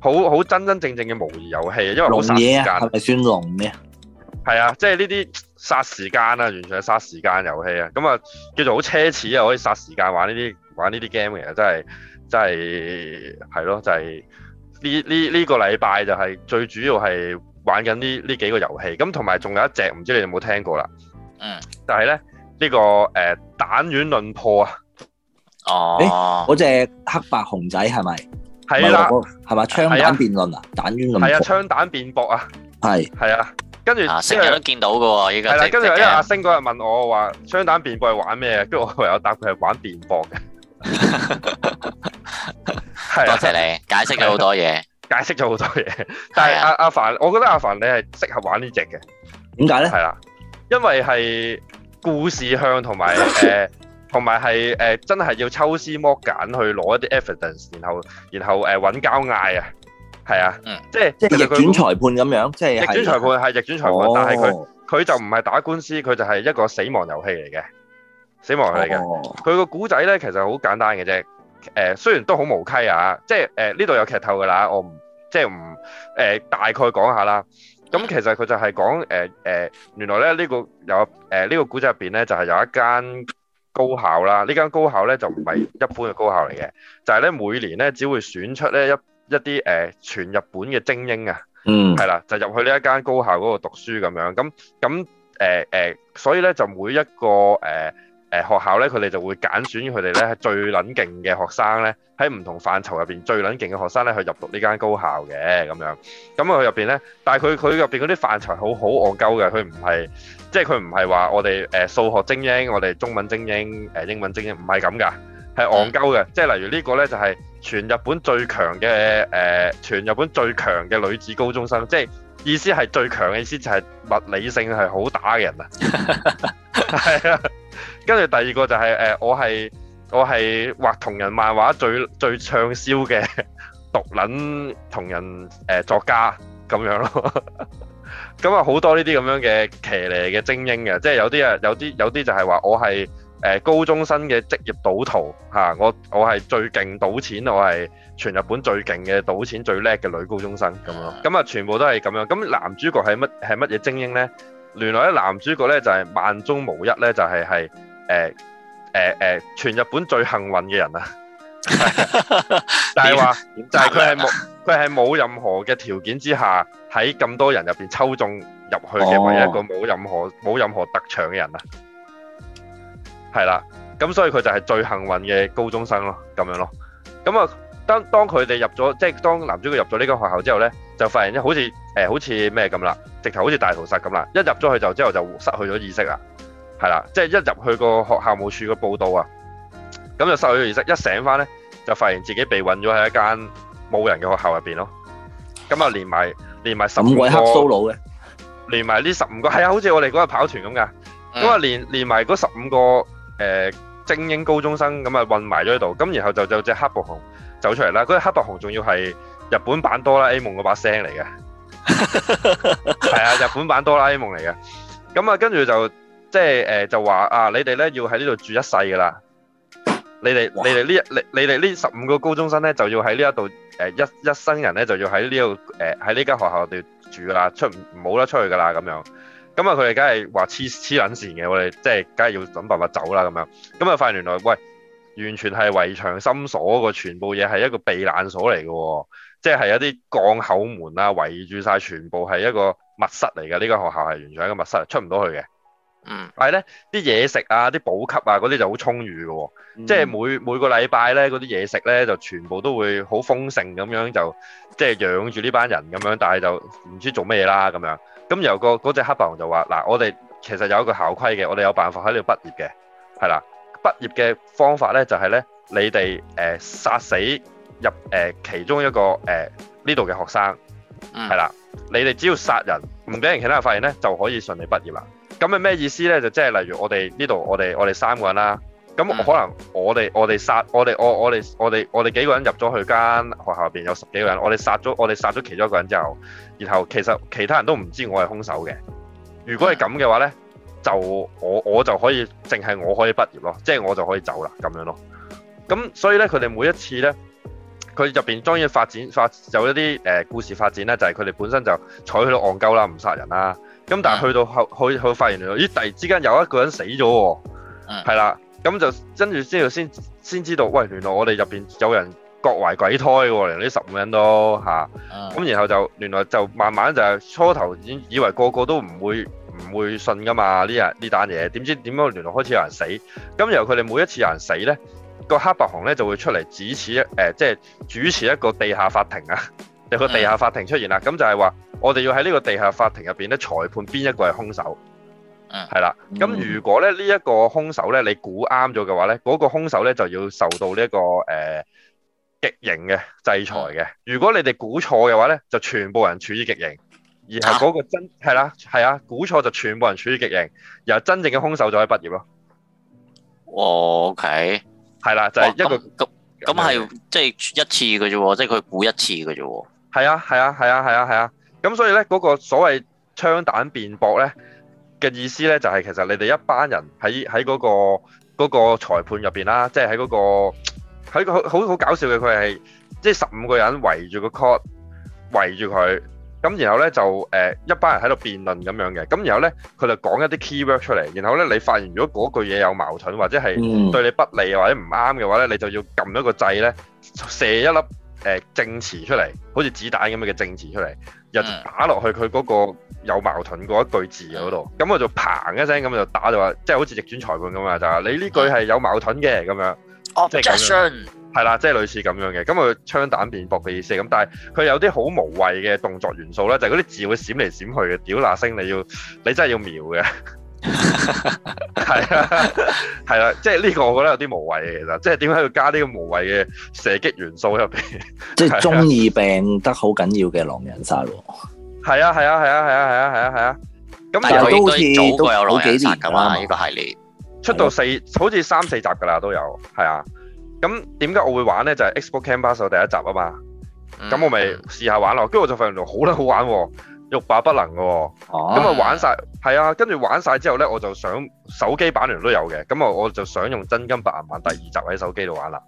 A: 好好真真正正嘅模擬遊戲，因為好殺時間，係咪
D: 算咩？嘅？
A: 係啊，即係呢啲殺時間啊，完全係殺時間遊戲啊！咁啊，叫做好奢侈啊，可以殺時間玩呢啲玩呢啲 game，嘅。真係真係係咯，就係呢呢呢個禮拜就係最主要係。玩緊呢呢幾個遊戲，咁同埋仲有一隻，唔知你有冇聽過啦。嗯就、這個。就係咧呢個誒彈丸論破啊，啊、欸。哦。誒，嗰隻
D: 黑白熊仔係咪？
A: 係啦、那個。係咪？
D: 槍彈辯論啊？彈丸論。係啊，
A: 槍彈辯駁啊。係。係啊。跟住、就是。阿、啊、星人都
B: 見到嘅喎，依、這、家、個。係啦，跟住因為阿
A: 星嗰日問我話槍彈辯駁係玩咩，跟住我唯有答佢係玩辯駁嘅。多 是、啊、謝，謝你解釋咗好多嘢是、啊。 解釋咗好多嘢，但係阿阿凡，我覺得阿凡你係適合玩呢隻嘅，點解咧？係啦，因為係故事向同埋誒，同埋係誒，真係要抽絲剝繭去攞一啲 evidence，然後然後誒搵交嗌啊，係啊，即
C: 係即係逆轉裁
A: 判咁樣，即係逆轉裁判係
C: 逆轉裁判，但係佢
A: 佢就唔係打官司，佢就係一個死亡遊戲嚟嘅，死亡遊戲嚟嘅，佢個古仔咧其實好簡單嘅啫。誒、呃、雖然都好無稽啊，即係誒呢度有劇透㗎啦，我唔即係唔誒大概講下啦。咁、嗯、其實佢就係講誒誒，原來咧呢個有誒、呃這個、呢個古仔入邊咧就係、是、有一間高校啦。呢間高校咧就唔係一般嘅高校嚟嘅，就係、是、咧每年咧只會選出咧一一啲誒、呃、全日本嘅精英啊，嗯，係啦，就入去呢一間高校嗰度讀書咁樣。咁咁誒誒，所以咧就每一個誒。呃誒學校咧，佢哋就會揀選佢哋咧最撚勁嘅學生咧，喺唔同範疇入邊最撚勁嘅學生咧去入讀呢間高校嘅咁樣。咁啊佢入邊咧，但係佢佢入邊嗰啲範疇好好戇鳩嘅，佢唔係即係佢唔係話我哋誒、呃、數學精英，我哋中文精英，誒、呃、英文精英唔係咁噶，係戇鳩嘅。即係例如個呢個咧就係、是、全日本最強嘅誒、呃，全日本最強嘅女子高中生，即係意思係最強嘅意思就係物理性係好打嘅人啊，係啊！跟住第二個就係誒，我係我係畫同人漫畫最最暢銷嘅毒撚同人誒作家咁樣咯。咁啊好多呢啲咁樣嘅騎呢嘅精英嘅，即係有啲啊有啲有啲就係話我係誒高中生嘅職業賭徒嚇，我我係最勁賭錢，我係全日本最勁嘅賭錢最叻嘅女高中生咁咯。咁啊全部都係咁樣。咁男主角係乜係乜嘢精英咧？原來咧男主角咧就係萬中無一咧，就係係。誒誒誒，全日本最幸運嘅人啊！ 就係話說， 怎就係佢係冇佢係冇任何嘅條件之下，喺咁多人入邊抽中入去嘅唯一一個冇任何冇，哦，任，任何特長嘅人啊！係啦，咁所以佢就係最幸運嘅高中生咯，咁樣咯。咁啊，當當佢哋入咗，即係當男主角入咗呢間學校之後咧，就發現好似誒、呃、好似咩咁啦，直頭好似大屠殺咁啦，一入咗去就之後就失去咗意識啦。係啦，即係一入去個學校務處個報到啊，咁就失去意識，一醒翻咧就發現自己被韞咗喺一間冇人嘅學校入邊咯。咁啊連埋連埋十五個黑 Solo 嘅，連埋呢十五個係啊，好似我哋嗰日跑團咁噶。咁啊連連埋嗰十五個誒精英高中生咁啊韞埋咗喺度，咁然後就就隻黑白熊走出嚟啦。嗰隻黑白熊仲要係日本版哆啦 A 夢嗰把聲嚟嘅，係啊，日本版哆啦 A 夢嚟嘅。咁啊跟住就。即係誒，就話啊，你哋咧要喺呢度住一世噶啦。你哋哇你哋呢一你你哋呢十五個高中生咧就要喺呢、呃、一度誒一一生人咧就要喺呢度誒喺呢間學校度住噶啦，出唔冇得出去噶啦咁樣。咁啊，佢哋梗係話黐黐捻線嘅，我哋即係梗係要諗辦法走啦咁樣。咁啊，發現原來喂完全係圍牆深鎖個全部嘢，係一個避難所嚟嘅，即係係一啲鋼口門啊，圍住晒全部，係一個密室嚟嘅，呢間學校係完全一個密室，出唔到去嘅。嗯但呢，但係咧啲嘢食啊、啲補給啊嗰啲就好充裕嘅、哦、嗯、即係每每個禮拜咧嗰啲嘢食咧就全部都會好豐盛咁樣就，就即係養住呢班人咁樣，但係就唔知做乜嘢啦咁樣。咁有、那個嗰隻、那個、黑白熊就話：嗱，我哋其實有一個校規嘅，我哋有辦法喺度畢業嘅，係啦。畢業嘅方法咧就係、是、咧，你哋誒、呃、殺死入誒、呃、其中一個誒呢度嘅學生，係啦、嗯。你哋只要殺人唔俾人其他人發現咧，就可以順利畢業啦。咁係咩意思咧？就即係例如我哋呢度，我哋我哋三個人啦。咁可能我哋我哋殺我哋我我哋我哋我哋幾個人入咗去間學校入邊有十幾個人，我哋殺咗我哋殺咗其中一個人之後，然後其實其他人都唔知我係兇手嘅。如果係咁嘅話咧，就我我就可以淨係我可以畢業咯，即係我就可以走啦咁樣咯。咁所以咧，佢哋每一次咧，佢入邊當然發展發有一啲誒、呃、故事發展啦，就係佢哋本身就採取到戇鳩啦，唔殺人啦。咁但係去到後去去發現到咦，突然之間有一個人死咗，係啦、嗯，咁就跟住之後先先知道，喂，原來我哋入邊有人各懷鬼胎嘅，連呢十五人都吓，咁、啊嗯、然後就原來就慢慢就係、是、初頭以以為個個都唔會唔會信噶嘛呢日呢單嘢，點知點樣？原來開始有人死，咁然後佢哋每一次有人死呢，個黑白熊呢就會出嚟指持一誒，即、呃、係、就是、主持一個地下法庭啊，有 個地下法庭出現啦，咁、嗯嗯、就係、是、話。我哋要喺呢個地下法庭入邊咧，裁判邊一個係凶手，嗯，係啦。咁如果咧呢一個凶手咧，你估啱咗嘅話咧，嗰個凶手咧就要受到呢一個誒極刑嘅制裁嘅。如果你哋估錯嘅話咧，就全部人處於極刑，然後嗰個真係啦，係啊，估錯就全部人處於極刑，然後真正嘅凶手就可以畢業咯。
B: 哦，OK，係啦，就係一個咁咁係即係一次嘅啫，即係佢估一次嘅啫。
A: 係啊，係啊，係啊，係啊，係啊。咁所以咧，嗰、那個所謂槍彈辯駁咧嘅意思咧，就係其實你哋一班人喺喺嗰個裁判入邊啦，即係喺嗰個喺個好好好搞笑嘅，佢係即係十五個人圍住個 court，圍住佢，咁然後咧就誒一班人喺度辯論咁樣嘅，咁然後咧佢就講一啲 keyword 出嚟，然後咧、呃、你發現如果嗰句嘢有矛盾或者係對你不利或者唔啱嘅話咧，你就要撳一個掣咧，射一粒誒、呃、證詞出嚟，好似子彈咁嘅證詞出嚟。打落去佢嗰個有矛盾嗰一句字嗰度，咁、嗯嗯、我就嘭一聲咁就打就話，即係好似逆轉裁判咁啊，就話、是、你呢句係有矛盾嘅咁、嗯、樣。Objection 係啦，即係、嗯就是、類似咁樣嘅，咁啊槍彈辯駁嘅意思。咁但係佢有啲好無謂嘅動作元素咧，就係嗰啲字會閃嚟閃去嘅，屌那聲你要，你真係要瞄嘅。嗯 係啊，係啊，即係呢個我覺得有啲無謂嘅，其實即係點解要加呢個無謂嘅射擊元素喺入邊？即係中意
D: 病得好緊要嘅狼人殺，
A: 係啊，係啊，係啊，係啊，係啊，係啊，咁其實都好似都好幾年咁啦，呢個系列出到四，好似三四集噶啦都有，係啊。咁點解我會玩呢？就係 Xbox Canvas 第一集啊嘛。咁我咪試下玩咯，跟住我就發現到好得好玩。欲罷不能嘅、哦，咁啊、哦、玩晒，係啊的，跟住玩晒之後呢，我就想手機版嚟，都有嘅，咁啊我就想用真金白銀版第二集喺手機度玩啦，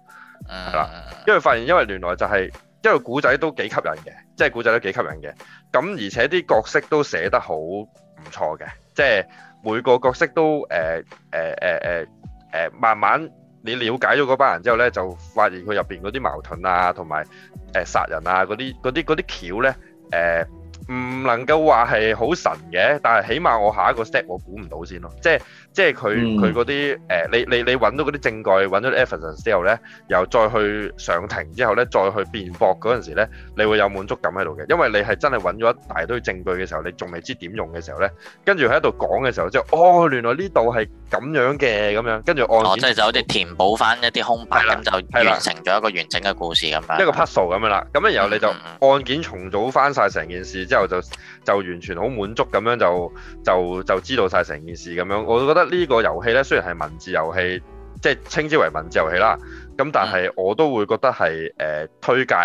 A: 係啦，嗯、因為發現因為原來就係、是，因為古仔都幾吸引嘅，即係古仔都幾吸引嘅，咁而且啲角色都寫得好唔錯嘅，即、就、係、是、每個角色都誒誒誒誒慢慢你了解咗嗰班人之後呢，就發現佢入邊嗰啲矛盾啊，同埋誒殺人啊嗰啲嗰啲嗰啲橋咧誒。唔能夠話係好神嘅，但係起碼我下一個 step 我估唔到先咯，即係。即係佢佢嗰啲誒，你你你揾到嗰啲證據，揾到 evidence 之後咧，又再去上庭之後咧，再去辯駁嗰陣時咧，你會有滿足感喺度嘅，因為你係真係揾咗一大堆證據嘅時候，你仲未知點用嘅時候咧，跟住喺度講嘅時候即係，哦，原來呢度係咁樣嘅咁樣，跟住案件哦，即係
B: 就好似填補翻一啲空白咁，就完成咗一個完整嘅故事咁樣，一個
A: puzzle 咁樣啦。
B: 咁然後你就案
A: 件重組翻曬成件事之後，就就完全好滿足咁樣就就就知道曬成件事咁樣，我覺得。呢個遊戲咧，雖然係文字遊戲，即係稱之為文字遊戲啦。咁但係我都會覺得係誒、呃、推介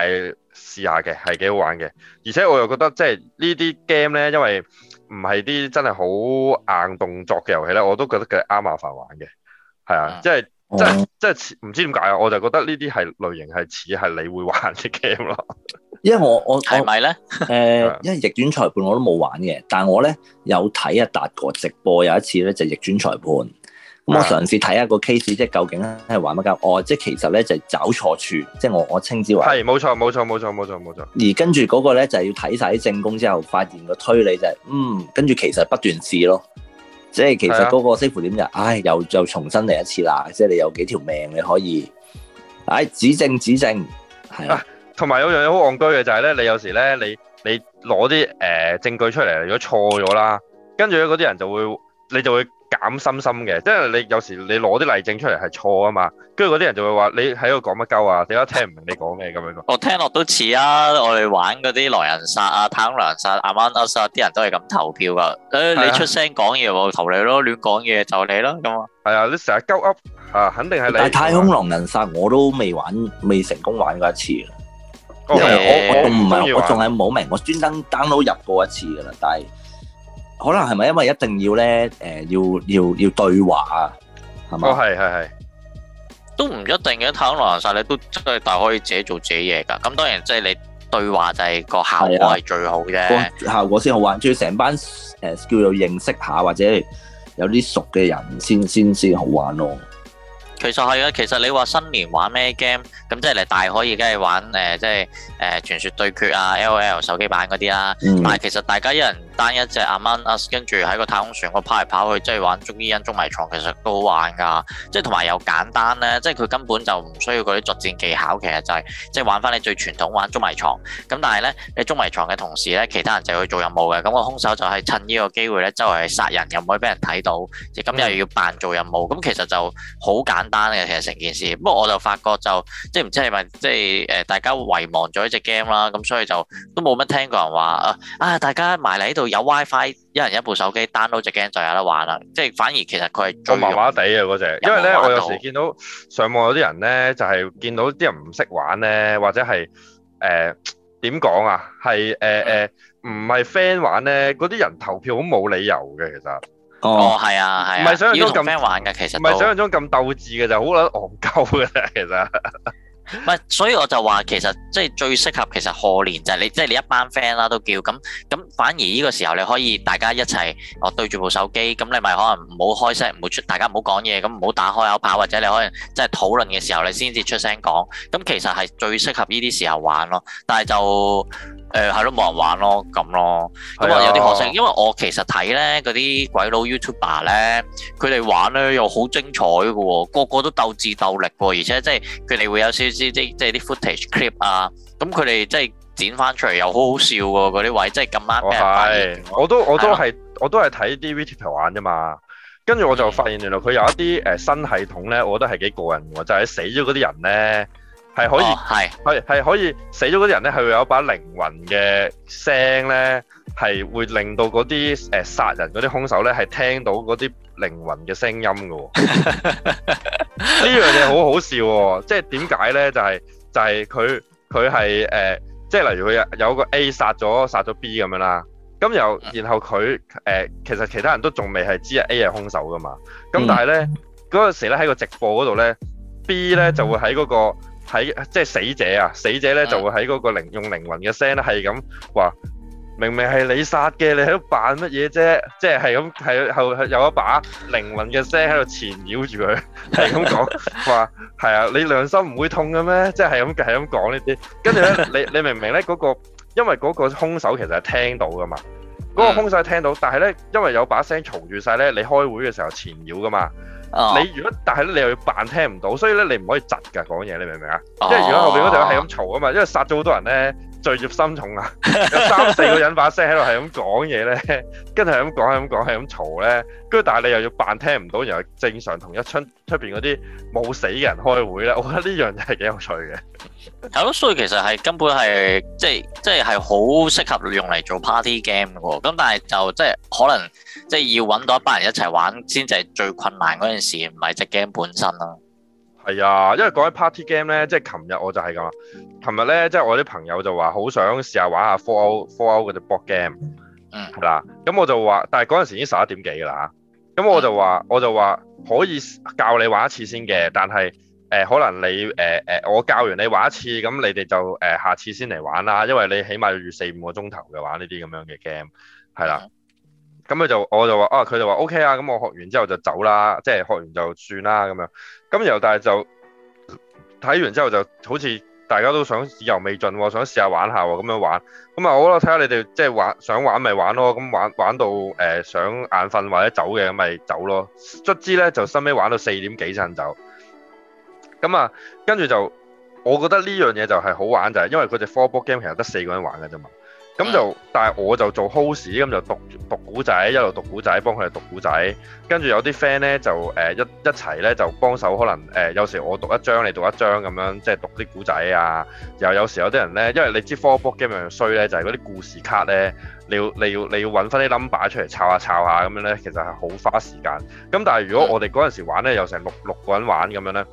A: 試下嘅，係幾好玩嘅。而且我又覺得即係呢啲 game 咧，因為唔係啲真係好硬動作嘅遊戲咧，我都覺得佢啱麻煩玩嘅。係啊，即係即係即係，唔知點解啊，我就覺得呢啲係類型係似係你會玩啲 game 咯。因為我我
D: 係咪咧，誒，呃、 因為逆轉裁判我都冇玩嘅，但我咧有睇啊達個直播，有一次咧就是、逆轉裁判，咁 我嘗試睇下個 case，即係究竟係玩乜鳩？我、哦、即係其實咧就是、找錯處，即係我我稱之為係
A: 冇錯冇錯冇錯冇錯冇錯。
D: 而跟住嗰個咧就係、是、要睇晒啲證供之後，發現個推理就係、是、嗯，跟住其實不斷試咯，即係其實嗰個似乎點就：「唉，又又，又重新嚟一次啦，即係你有幾條命你可以，唉、哎，指正指正，係啊。
A: 同埋有樣嘢好戇居嘅就係咧，你有時咧，你你攞啲誒證據出嚟，如果錯咗啦，跟住咧嗰啲人就會，你就會減心心嘅，即係你有時你攞啲例證出嚟係錯啊嘛，跟住嗰啲人就會話你喺度講乜鳩啊，點解聽唔明你講咩咁樣講？
B: 我聽落都似啊，我哋玩嗰啲狼人殺啊、太空狼人殺、Among Us，啲人都係咁投票噶，誒你出聲講嘢我投你咯，亂講嘢就你咯，咁啊係啊，你成日鳩噏啊，肯定係你。但係太空狼
D: 人殺我都未玩，未成功玩過一次。Okay, 我我仲唔係我仲係冇明，我專登 download 入過一次噶啦，但係可能係咪因為一定要咧？誒、呃，要要要對話啊，係嘛？ 哦，
B: 係係係，都唔一定嘅。太空狼人殺你都真係大可以自己做自己嘢噶。咁當然即係你對話就係個效果係最好啫、啊。效
D: 果先好玩，仲要成班誒、呃、叫做認識下或者有啲熟嘅人先先先好玩咯。
B: 其實係啊，其實你話新年玩咩 game？咁即係你大可以，梗係玩誒，即係誒、呃、傳説對決啊，L O L 手機版嗰啲啦。嗯、但係其實大家一人單一隻 Among Us，跟住喺個太空船度跑嚟跑去，即係玩捉伊人捉迷藏，其實都好玩㗎。即係同埋又簡單咧，即係佢根本就唔需要嗰啲作戰技巧，其實就係、是、即係玩翻你最傳統玩捉迷藏。咁但係咧，你捉迷藏嘅同時咧，其他人就去做任務嘅。咁個兇手就係趁呢個機會咧，周圍殺人又唔可以俾人睇到，咁又要扮做任務。咁、嗯、其實就好簡單嘅，其實成件事。不過我就發覺就即唔知係咪即係誒？大家遺忘咗呢隻 game 啦，咁所以就都冇乜聽過人話啊！啊，大家埋嚟呢度有 WiFi，一人一部手機，download 隻 game 就有得玩啦！即係反而其實佢係我麻麻地啊嗰隻，因為咧我有時
A: 見到上網有啲人咧，就係見到啲人唔識玩咧，或者係誒點講啊？係誒誒唔係 friend 玩咧，嗰啲人投票好冇理由嘅其實。哦，係啊，係啊。
B: 唔係想象中咁 friend 玩嘅，其實唔係想象
A: 中咁鬥志嘅，就好鬼戇鳩嘅其實。
B: 所以我就話其實即係最適合其實賀年就係、是、你，即係你一班 friend 啦都叫咁咁。反而呢個時候你可以大家一齊哦對住部手機。咁你咪可能唔好開聲，唔好出，大家唔好講嘢，咁唔好打開口炮，或者你可能即係討論嘅時候，你先至出聲講。咁其實係最適合呢啲時候玩咯，但係就。誒係咯，冇、嗯、人玩咯，咁咯。咁啊的，有啲可惜，因為我其實睇咧嗰啲鬼佬 YouTuber 咧，佢哋玩咧又好精彩嘅喎，個個都鬥智鬥力喎，而且即係佢哋會有少少啲即係啲 footage clip 啊，咁佢哋即係剪翻出嚟又好好笑喎嗰啲位，即係咁啱。我都
A: 我都的我都係我都係睇啲 VTuber 玩啫嘛。跟住我就發現原來佢有一啲誒、 呃、新系統咧，我覺得係幾過癮喎，就係、是、死咗嗰啲人咧。係可以，係係係可以死咗嗰啲人咧，係會有一把靈魂嘅聲咧，係會令到嗰啲誒殺人嗰啲凶手咧係聽到嗰啲靈魂嘅聲音噶 ree。呢樣嘢好好笑，即係點解咧？就係、係、就係佢佢係誒，即係例如佢有有個 A 殺咗殺咗 B 咁樣啦。咁又然後佢誒、呃，其實其他人都仲未係知 A 係凶手噶嘛。咁但係咧嗰陣時咧喺個直播嗰度咧，B 咧就會喺嗰、嗰個。喺即係死者啊！死者咧就會喺嗰個靈用靈魂嘅聲咧係咁話，明明係你殺嘅，你喺度扮乜嘢啫？即係係咁係後係有一把靈魂嘅聲喺度纏繞住佢，係咁講話，係啊！你良心唔會痛嘅咩？即係係咁係咁講呢啲，跟住咧你你明唔明咧嗰個，因為嗰個凶手其實係聽到噶嘛，嗰個凶手係聽到，但係咧因為有把聲嘈住晒咧，你開會嘅時候纏繞噶嘛。你如果但係咧，你又要扮聽唔到，所以咧你唔可以窒㗎講嘢，你明唔明啊？因為如果後邊嗰隊係咁嘈啊嘛，因為殺咗好多人咧。罪孽深重啊！
C: 有三四
A: 個人把聲喺度，係咁講嘢咧，跟住係咁講，係咁講，係咁嘈咧。跟住，但係你又要扮聽唔到，然後正常同一場出邊嗰啲冇死嘅人開會咧，我覺得呢樣嘢係幾有趣嘅。
B: 係咯，所以其實係根本係即係即係係好適合用嚟做 party game 嘅。咁但係就即係可能即係要揾到一班人一齊玩先至係最困難嗰件事，唔係隻 game 本身啦。係啊、哎，因為
A: 講起 party game 咧，即係琴日我就係咁啊。琴日咧，即係我啲朋友就話好想試下玩下 Fallout Fallout 嗰隻 board game。嗯。係啦，咁我就話，但係嗰陣時已經十一點幾噶啦，咁我就話，我就話可以教你玩一次先嘅，但係誒、呃、可能你誒誒、呃呃，我教完你玩一次，咁你哋就誒、呃、下次先嚟玩啦，因為你起碼要四五個鐘頭嘅玩呢啲咁樣嘅 game，係啦。咁佢、嗯嗯、就我就話啊，佢就話 OK 啊，咁我學完之後就走啦，即係學完就算啦咁樣。咁又但係就睇完之後就好似大家都想意猶未盡喎、哦，想試，試玩下玩下喎，咁樣玩。咁啊，好咧，睇下你哋即係玩想玩咪玩咯，咁玩玩到誒、呃、想眼瞓或者走嘅咁咪走咯。卒之咧就收尾玩到四點幾先走。咁啊，跟住就我覺得呢樣嘢就係好玩就係因為佢隻 four ball game 其實得四個人玩嘅啫嘛。咁就，但係我就做 host，咁就讀讀古仔，一路讀古仔，幫佢哋讀古仔。跟住有啲 friend 咧就，誒、呃、一一齊咧就幫手，可能誒、呃、有時我讀一張，你讀一張咁樣，即係讀啲古仔啊。又有時有啲人咧，因為你知 Fallout board game 樣衰咧，就係嗰啲故事卡咧，你要你要你要揾翻啲 number 出嚟抄下抄下咁樣咧，其實係好花時間。咁但係如果我哋嗰陣時玩咧，有成六六個人玩咁樣咧。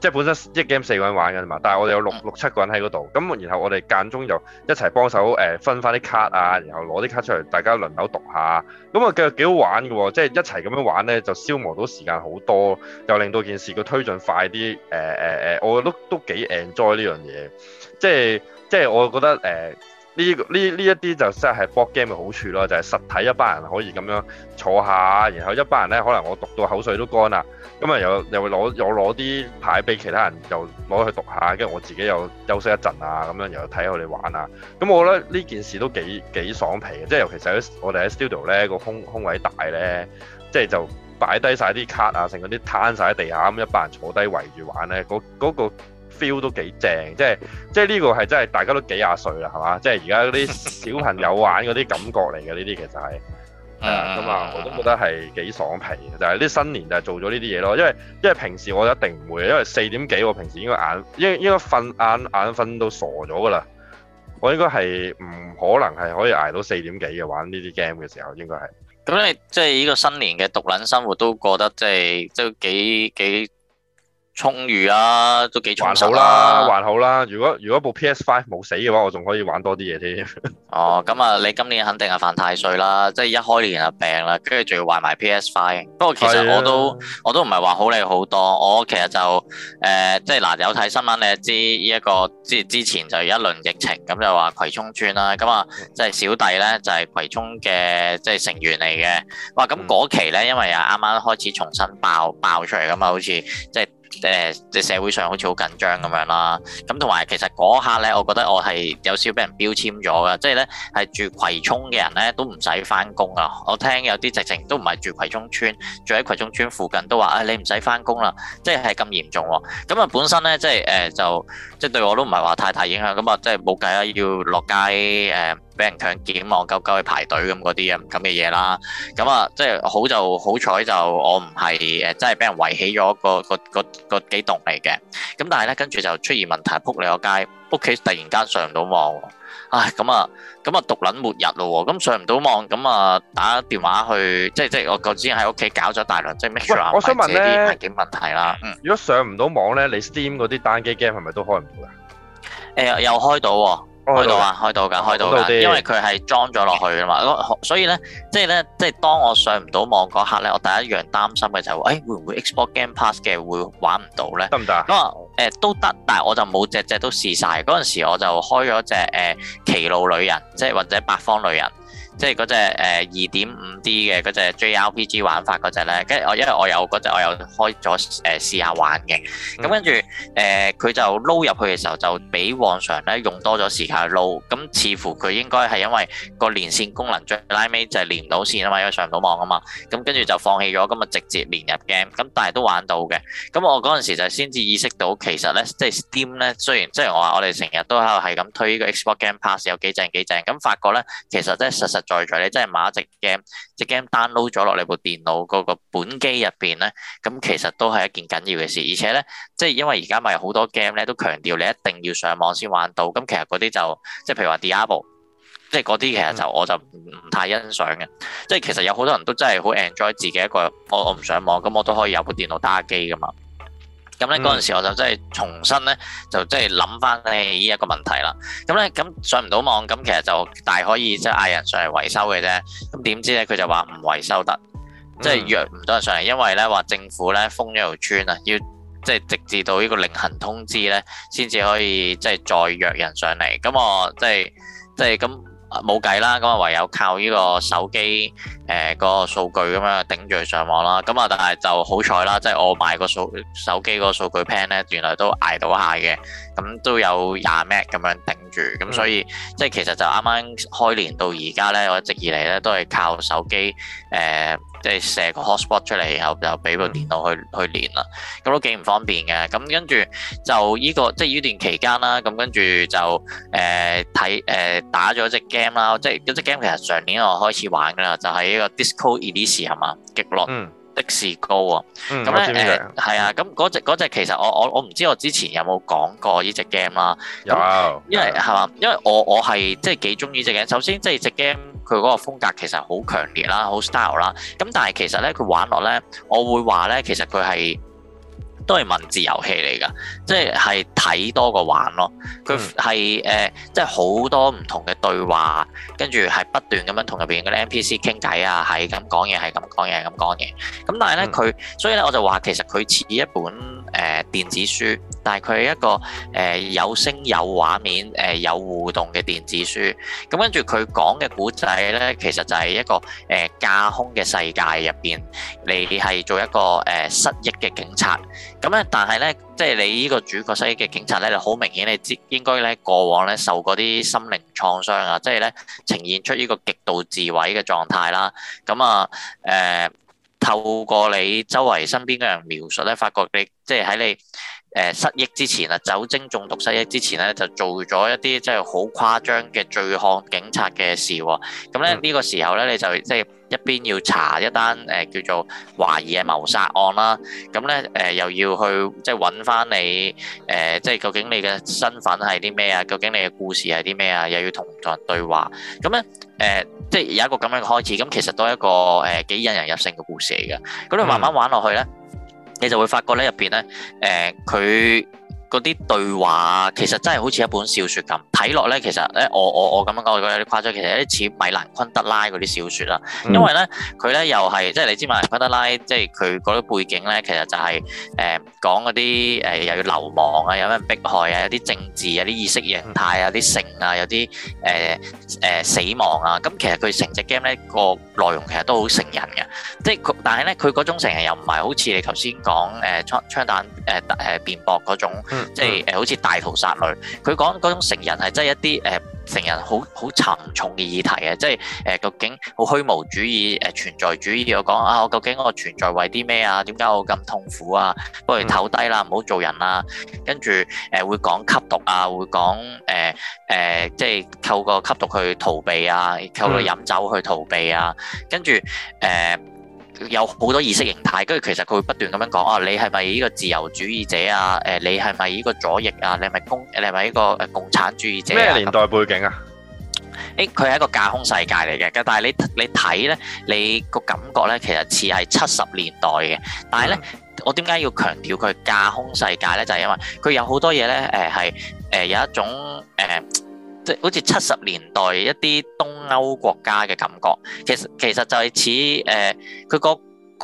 A: 即係本身一 game 四個人玩㗎嘛，但係我哋有六六七個人喺嗰度，咁然後我哋間中就一齊幫手誒分翻啲卡啊，然後攞啲卡出嚟，大家輪流讀下，咁啊繼續幾好玩㗎喎！即係一齊咁樣玩咧，就消磨到時間好多，又令到件事個推進快啲。誒誒誒，我都都幾 enjoy 呢樣嘢，即係即係我覺得誒。呃呢呢一啲就真係 board game 嘅好處咯，就係實體一班人可以咁樣坐下，然後一班人咧，可能我讀到口水都乾啦，咁啊又又攞又攞啲牌俾其他人又攞去讀下，跟住我自己又休息一陣啊，咁樣又睇佢哋玩啊，咁我覺得呢件事都幾幾爽皮嘅，即係尤其是喺我哋喺 studio 咧，個空空位大咧，即係就擺低晒啲卡啊，成嗰啲攤晒喺地下咁，一班人坐低圍住玩咧，嗰 feel 都幾正，即係即係呢個係真係大家都幾廿歲啦，係嘛？即係而家啲小朋友玩嗰啲感覺嚟嘅呢啲其實係，咁啊我都覺得係幾爽皮嘅，就係啲新年就係做咗呢啲嘢咯。因為因為平時我一定唔會，因為四點幾我平時應該眼應應該瞓眼眼瞓都傻咗㗎啦。我應該係唔可能係可以捱到四點幾嘅玩呢啲 game 嘅時候應該係。
B: 咁你即係呢個新年嘅獨撚生活都過得即係都幾幾？幾幾充裕啊，都幾充足、啊、好啦，還好
A: 啦。如果如果部 PS5 冇死嘅話，我仲可以玩多啲嘢添。
B: 哦，咁啊，你今年肯定係犯太歲啦，即、就、係、是、一開年就病啦，跟住仲要壞埋 PS5。不過其實我都、啊、我都唔係話好你好多，我其實就誒，即係嗱有睇新聞，你知呢一、這個，即係之前就一輪疫情咁就話葵涌村啦，咁啊即係小弟咧就係、是、葵涌嘅即係成員嚟嘅。哇，咁嗰期咧，因為又啱啱開始重新爆爆出嚟噶嘛，好似即係。就是誒，即社會上好似好緊張咁樣啦。咁同埋其實嗰刻咧，我覺得我係有少少俾人標籤咗㗎。即係咧，係住葵涌嘅人咧都唔使翻工啊。我聽有啲直情都唔係住葵涌村，住喺葵涌村附近都話啊、哎，你唔使翻工啦。即係係咁嚴重喎。咁啊，本身咧即係誒、呃、就即係對我都唔係話太大影響。咁啊，即係冇計啦，要落街誒。呃俾人強檢，戇鳩鳩去排隊咁嗰啲咁嘅嘢啦，咁啊，即係好就好彩就我唔係誒，即係俾人圍起咗個個個個機動嚟嘅，咁但係咧跟住就出現問題，仆你個街屋企突然間上唔到網，唉，咁啊，咁啊，獨撚末日咯，咁上唔到網，咁啊打電話去，即即係我個之前喺屋企搞咗大量即係 micro 啊，我想問呢啲環境問題啦。嗯，
A: 如果上唔到網咧，你 Steam 嗰啲單機 game 係咪都開唔到噶？
B: 誒，又開到喎。開到啊，開到噶，開到噶因為佢係裝咗落去噶嘛，所以咧，即係咧，即係當我上唔到網嗰刻咧，我第一樣擔心嘅就係，誒、哎，會唔會 Xbox Game Pass 嘅會玩唔到咧？得唔得啊？誒、呃，都得，但係我就冇隻只都試晒，嗰陣時我就開咗隻誒《歧、呃、路旅人》，即係或者《八方旅人》。即係嗰隻誒二點五 D 嘅嗰隻 JRPG 玩法嗰隻咧，跟住我因為我有嗰隻，隻我有開咗誒、呃、試下玩嘅。咁跟住誒佢就撈入去嘅時候，就比往常咧用多咗時間去撈。咁似乎佢應該係因為個連線功能最拉尾就係連唔到線啊嘛，因為上唔到網啊嘛。咁跟住就放棄咗，咁啊直接連入 game。咁但係都玩到嘅。咁我嗰陣時就先至意識到其實咧，即係 Steam 咧，雖然即係我話我哋成日都喺度係咁推呢個 Xbox Game Pass 有幾正幾正。咁發覺咧，其實真係實實。在在你真係買一隻 game，隻 game download 咗落你部電腦嗰個本機入邊咧，咁其實都係一件緊要嘅事。而且咧，即係因為而家咪好多 game 咧都強調你一定要上網先玩到，咁其實嗰啲就即係譬如話 Diablo，即係嗰啲其實就我就唔太欣賞嘅。即係其實有好多人都真係好 enjoy 自己一個，我我唔上網咁，我都可以有部電腦打機噶嘛。咁咧嗰陣時我就真係重新咧就真係諗翻起呢一個問題啦。咁咧咁上唔到網，咁其實就大可以即係嗌人上嚟維修嘅啫。咁點知咧佢就話唔維修得，即係、嗯、約唔到人上嚟，因為咧話政府咧封咗條村啊，要即係、即係、直至到呢個另行通知咧，先至可以即係、即係、再約人上嚟。咁我即係即係咁。即係即係冇計啦，咁啊唯有靠呢個手機誒嗰、呃、個數據咁樣頂住上網啦，咁啊但係就好彩啦，即係我買個數手機個數據 plan 咧，原來都挨到下嘅，咁都有廿 Mbps 咁樣頂住，咁、嗯、所以即係其實就啱啱開年到而家咧，我一直以嚟咧都係靠手機誒。呃即係射個 hotspot 出嚟，然後就俾部電腦去去連啦。咁都幾唔方便嘅。咁跟住就依個即係呢段期間啦。咁跟住就誒睇誒打咗隻 game 啦。即係嗰隻 game 其實上年我開始玩噶啦，就係呢個 Disco Elysium 係嘛？極樂的士高啊。咁咧誒係啊。咁嗰隻嗰隻其實我我我唔知我之前有冇講過呢隻 game 啦。因為係嘛？因為我我係即係幾中意依隻 game。首先即係依隻 game。佢嗰個風格其實好強烈啦，好 style 啦。咁但係其實呢，佢玩落呢，我會話呢，其實佢係都係文字遊戲嚟㗎，即係睇多過玩咯。佢係誒，即係好多唔同嘅對話，跟住係不斷咁樣同入邊嗰啲 NPC 傾偈啊，係咁講嘢，係咁講嘢，係咁講嘢。咁但係呢，佢所以呢，我就話其實佢似一本誒、呃、電子書，但係佢係一個誒、呃、有聲有畫面誒、呃、有互動嘅電子書。咁跟住佢講嘅古仔呢，其實就係一個誒、呃、架空嘅世界入邊，你係做一個誒、呃、失憶嘅警察。咁咧，但係呢，即係你呢個主角失憶嘅警察呢，就好明顯你知應應該呢過往呢受過啲心靈創傷啊，即係呢呈現出呢個極度自毀嘅狀態啦。咁啊誒。呃呃透過你周圍身邊嘅人描述咧，發覺你即係喺你誒失憶之前啊，酒精中毒失憶之前咧，就做咗一啲即係好誇張嘅醉漢警察嘅事喎。咁咧呢個時候咧，你就即係一邊要查一單誒叫做懷疑嘅謀殺案啦。咁咧誒又要去即係揾翻你誒，即係究竟你嘅身份係啲咩啊？究竟你嘅故事係啲咩啊？又要同同人對話。咁咧誒。呃即係有一個咁樣嘅開始，咁其實都係一個幾引人入勝嘅故事嚟嘅。咁你、嗯、慢慢玩落去咧，你就會發覺咧入面呢，誒、呃、佢。嗰啲對話啊，其實真係好似一本小説咁睇落咧。其實咧，我我我咁樣講，我，我覺得有啲誇張。其實一啲似米蘭昆德拉嗰啲小説啦，因為咧佢咧又係即係你知米蘭昆德拉，即係佢嗰啲背景咧，其實就係、是、誒、呃、講嗰啲誒又要流亡啊，有咩迫害啊，有啲政治啊，啲意識形態啊，有啲性啊，有啲誒誒死亡啊。咁、嗯、其實佢成隻 game 咧個呢內容其實都好成人嘅，即係佢，但係咧佢嗰種成人又唔係好似你頭先講誒槍槍彈誒誒辯駁嗰種。即係誒、呃，好似大屠殺類，佢講嗰種成人係真係一啲誒、呃、成人好好沉重嘅議題嘅，即係誒、呃、究竟好虛無主義誒、呃、存在主義，我講啊，我究竟我存在為啲咩啊？點解我咁痛苦啊？不如唞低啦，唔好做人啦啊。跟住誒會講吸毒啊，會講誒誒，即係透過吸毒去逃避啊，透過飲酒去逃避啊。跟住誒。呃有好多意識形態，跟住其實佢會不斷咁樣講啊，你係咪呢個自由主義者啊？誒，你係咪呢個左翼啊？你係咪共？你係咪呢個誒共產主義者啊？咩年代背景啊？誒、哎，佢係一個架空世界嚟嘅，但係你你睇呢，你個感覺呢，其實似係七十年代嘅。但係呢，我點解要強調佢架空世界呢？就係、是、因為佢有好多嘢呢，誒係誒有一種誒。呃即好似七十年代一啲東歐國家嘅感覺，其實其實就係似呃佢個個。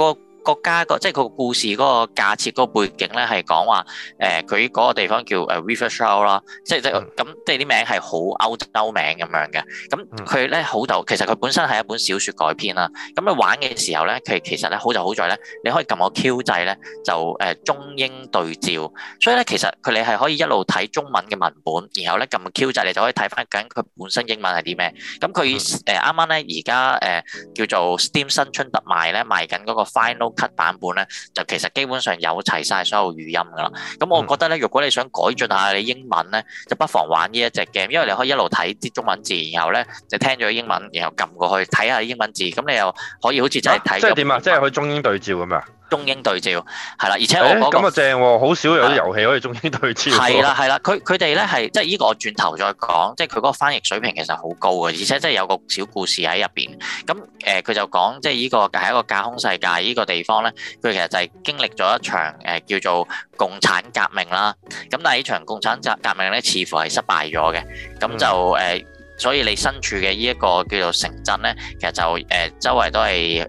B: 那個國家個即係佢個故事嗰、那個架設嗰個背景咧係講話誒佢嗰個地方叫誒 r e f r e s h e 啦，即係、嗯、即係咁即係啲名係好歐洲名咁樣嘅。咁佢咧好就其實佢本身係一本小説改編啦。咁你玩嘅時候咧，佢其實咧好就好在咧，你可以撳個 Q 制咧就誒、呃、中英對照，所以咧其實佢哋係可以一路睇中文嘅文本，然後咧撳 Q 制你就可以睇翻緊佢本身英文係啲咩。咁佢誒啱啱咧而家誒叫做 Steam 新春特賣咧賣緊嗰個 Final。cut 版本咧就其實基本上有齊晒所有語音噶啦。咁我覺得咧，如果你想改進下你英文咧，就不妨玩呢一隻 game，因為你可以一路睇啲中文字，然後咧就聽咗英文，然後撳過去睇下英文字，咁你又可以好似真係睇即係點啊，這種 即係去文中英對照咁啊！中英對照係啦，而且我嗰個咁、那個欸、啊
A: 正喎，好少有啲遊戲可以中英對照。係啦係
B: 啦，佢佢哋咧係即係依個我轉頭再講，即係佢嗰個翻譯水平其實好高嘅，而且即係有個小故事喺入邊。咁誒佢就講即係依、這個係、這個、一個架空世界，依、這個地方咧佢其實就係經歷咗一場誒、呃、叫做共產革命啦。咁但係呢場共產革命咧似乎係失敗咗嘅。咁就誒、嗯呃，所以你身處嘅呢一個叫做城鎮咧，其實就誒、呃、周圍都係。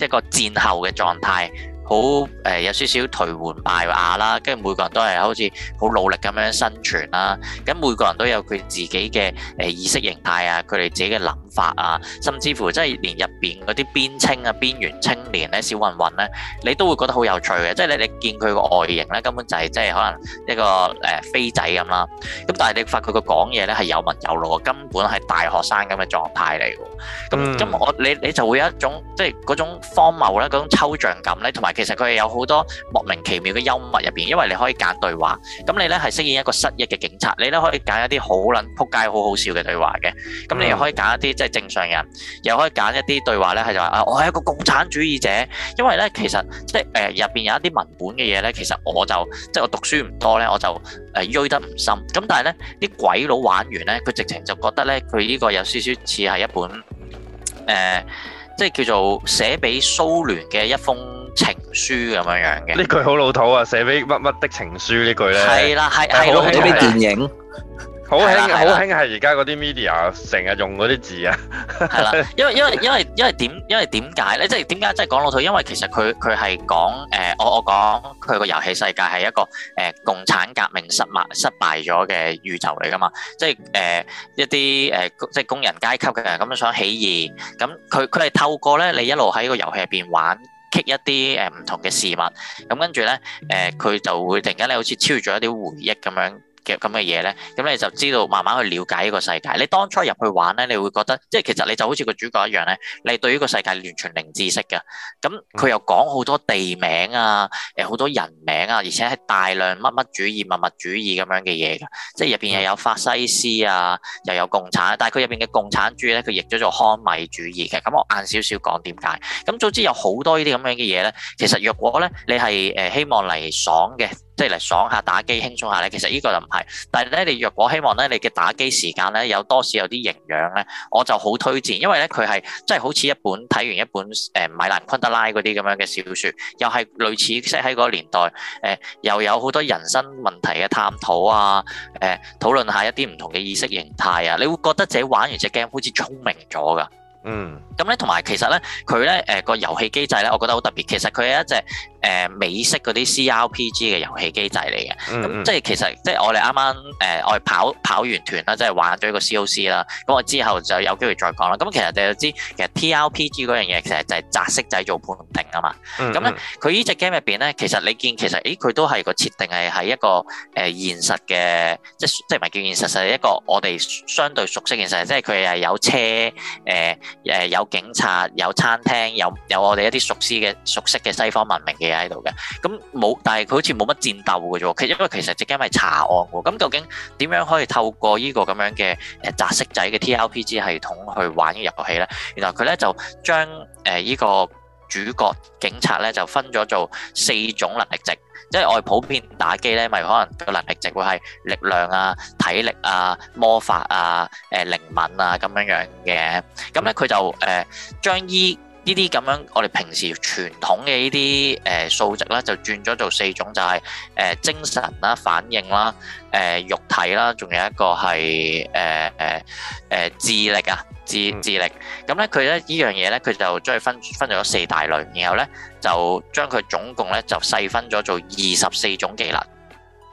B: 一個戰後嘅狀態。好誒、呃、有少少頹垣敗瓦啦，跟住每個人都係好似好努力咁樣生存啦。咁每個人都有佢自己嘅誒、呃、意識形態啊，佢哋自己嘅諗法啊，甚至乎即係連入邊嗰啲邊青啊、邊緣青年咧、小混混咧，你都會覺得好有趣嘅。即係咧，你見佢個外形咧，根本就係即係可能一個誒飛、呃、仔咁啦。咁但係你發佢個講嘢咧係有文有路喎，根本係大學生咁嘅狀態嚟喎。咁咁、嗯、我你你就會有一種即係嗰種荒謬咧、嗰種抽象感咧，同埋。其實佢係有好多莫名其妙嘅幽默入邊，因為你可以揀對話，咁你咧係飾演一個失憶嘅警察，你咧可以揀一啲好撚仆街好好笑嘅對話嘅，咁你又可以揀一啲即係正常人，又可以揀一啲對話咧係就話啊我係一個共產主義者，因為咧其實即係誒入邊有一啲文本嘅嘢咧，其實我就即係我讀書唔多咧，我就誒追得唔深，咁但係咧啲鬼佬玩完咧，佢直情就覺得咧佢呢個有少少似係一本誒即係叫做寫俾蘇聯嘅一封情書咁樣嘅呢句
A: 好老土啊！寫俾乜乜的情書句呢句咧係啦，係係咯，寫俾電影好興好興係而家嗰啲 media 成日
B: 用嗰啲字啊，係啦、啊啊 啊，因為因為因為因為點因為點解咧？即係點解即係講老土？因為其實佢佢係講誒，我我講佢個遊戲世界係一個誒、呃，共產革命失敗失敗咗嘅宇宙嚟噶嘛，即係誒、呃、一啲誒、呃、即係工人階級嘅人咁樣想起義，咁佢佢係透過咧你一路喺個遊戲入邊玩。一啲誒唔同嘅事物，咁跟住咧，誒、呃、佢就會突然間咧，好似超越咗一啲回憶咁樣。咁嘅嘢咧，咁你就知道慢慢去了解呢個世界。你當初入去玩咧，你會覺得即係其實你就好似個主角一樣咧，你對呢個世界完全零知識嘅。咁佢又講好多地名啊，誒好多人名啊，而且係大量乜乜主義、物物主義咁樣嘅嘢嘅。即係入邊又有法西斯啊，又有共產，但係佢入邊嘅共產主義咧，佢譯咗做康米主義嘅。咁我晏少少講點解。咁總之有好多呢啲咁樣嘅嘢咧。其實若果咧，你係誒希望嚟爽嘅。即係嚟爽下打機輕鬆下咧，其實呢個就唔係。但係咧，你若果希望咧，你嘅打機時間咧，有多少有啲營養咧，我就好推薦，因為咧佢係真係好似一本睇完一本誒、呃、米蘭昆德拉嗰啲咁樣嘅小説，又係類似即喺嗰個年代誒、呃，又有好多人生問題嘅探討啊，誒、呃、討論一下一啲唔同嘅意識形態啊，你會覺得自己玩完隻 game 好似聰明咗㗎。嗯。咁咧同埋其實咧佢咧誒個遊戲機制咧，我覺得好特別。其實佢係一隻。誒美式嗰啲 C R P G 嘅遊戲機制嚟嘅，咁、嗯、即係其實即係我哋啱啱誒我哋跑跑完團啦，即係玩咗一個、CO、C O C 啦，咁我之後就有機會再講啦。咁其實你就知其實 T R P G 嗰樣嘢其實就係擲骰仔做判定啊嘛。咁咧佢呢隻 game 入邊咧，其實你見其實誒佢都係個設定係喺一個誒、呃、現實嘅，即係即係唔係叫現實，實係一個我哋相對熟悉嘅世界，即係佢係有車誒誒、呃、有警察、有餐廳、有有我哋一啲熟悉嘅熟悉嘅西方文明嘅。喺度嘅，咁冇，但係佢好似冇乜戰鬥嘅啫。佢因為其實即 game 係查案嘅，咁究竟點樣可以透過呢個咁樣嘅誒擲色仔嘅 TRPG 系統去玩呢個遊戲咧？原來佢咧就將誒依個主角警察咧就分咗做四種能力值，即係我哋普遍打機咧，咪可能個能力值會係力量啊、體力啊、魔法啊、誒、呃、靈敏啊咁樣樣嘅。咁咧佢就誒將依呢啲咁樣，我哋平時傳統嘅呢啲誒數值咧，就轉咗做四種，就係、是、誒、呃、精神啦、反應啦、誒、呃、肉體啦，仲有一個係誒誒誒智力啊、智、呃呃、智力。咁咧，佢咧依樣嘢咧，佢就將佢分分咗四大類，然後咧就將佢總共咧就細分咗做二十四種技能。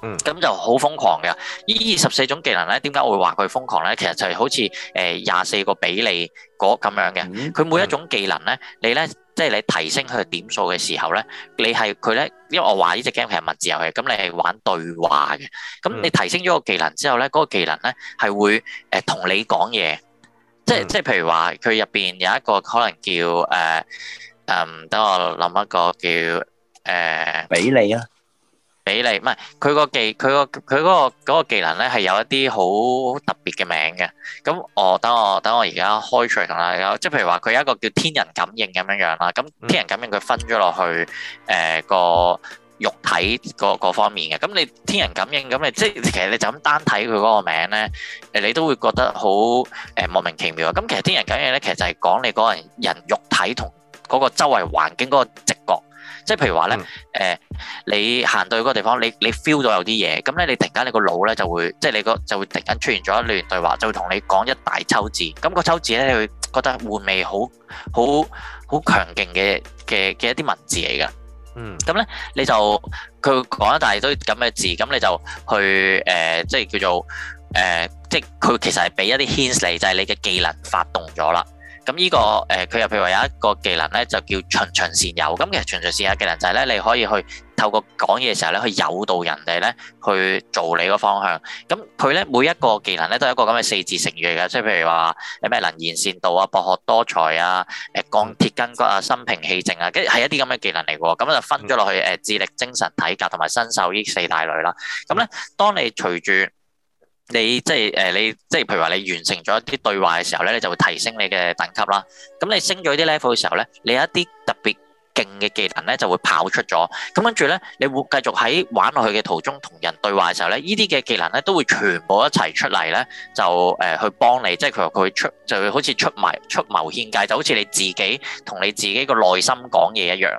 B: 咁就好瘋狂嘅，呢二十四種技能咧，點解我會話佢瘋狂咧？其實就係好似誒廿四個比利嗰咁樣嘅，佢每一種技能咧，你咧即係你提升佢點數嘅時候咧，你係佢咧，因為我話呢隻 game 係文字遊戲，咁你係玩對話嘅，咁你提升咗個技能之後咧，嗰個技能咧係會誒同你講嘢，即係即係譬如話佢入邊有一個可能叫誒，嗯，等我諗一個叫誒比利啊。比例唔係，佢個技，佢個佢嗰個技能咧係有一啲好特別嘅名嘅，咁我、哦、等我等我而家開出嚟啦，即係譬如話佢有一個叫天人感應咁樣樣啦，咁天人感應佢分咗落去誒、呃、個肉體個各方面嘅，咁你天人感應，咁你即係其實你就咁單睇佢嗰個名咧，誒你都會覺得好誒、呃、莫名其妙，咁其實天人感應咧其實就係講你個人人肉體同嗰個周圍環境嗰、嗰個。即係譬如話咧，誒、嗯呃，你行到嗰個地方，你你 feel 到有啲嘢，咁咧你突然間你個腦咧就會，即係你個就會突然間出現咗一連對話，就會同你講一大抽字，咁、那個抽字咧你會覺得回味好好好強勁嘅嘅嘅一啲文字嚟噶。嗯呢，咁咧你就佢講一大堆咁嘅字，咁你就去誒、呃，即係叫做誒、呃，即係佢其實係俾一啲 h i 就係、是、你嘅技能發動咗啦。咁呢、個誒，佢、呃、又譬如話有一個技能咧，就叫循循善誘。咁其實循循善誘嘅技能就係咧，你可以去透過講嘢嘅時候咧，去誘導人哋咧去做你個方向。咁佢咧每一個技能咧都有一個咁嘅四字成語嘅，即係譬如話有咩能言善道啊、博學多才啊、誒、呃、鋼鐵筋骨啊、心平氣靜啊，跟係一啲咁嘅技能嚟嘅。咁就分咗落去誒、呃、智力、精神、體格同埋身手呢四大類啦。咁咧，當你隨住你即係誒、呃，你即係譬如話，你完成咗一啲對話嘅時候咧，你就會提升你嘅等級啦。咁你升咗啲 level 嘅時候咧，你有一啲特別勁嘅技能咧就會跑出咗。咁跟住咧，你會繼續喺玩落去嘅途中同人對話嘅時候咧，呢啲嘅技能咧都會全部一齊出嚟咧，就誒、呃、去幫你，即係譬如佢出，就會好似出埋出謀獻計，就好似你自己同你自己個內心講嘢一樣。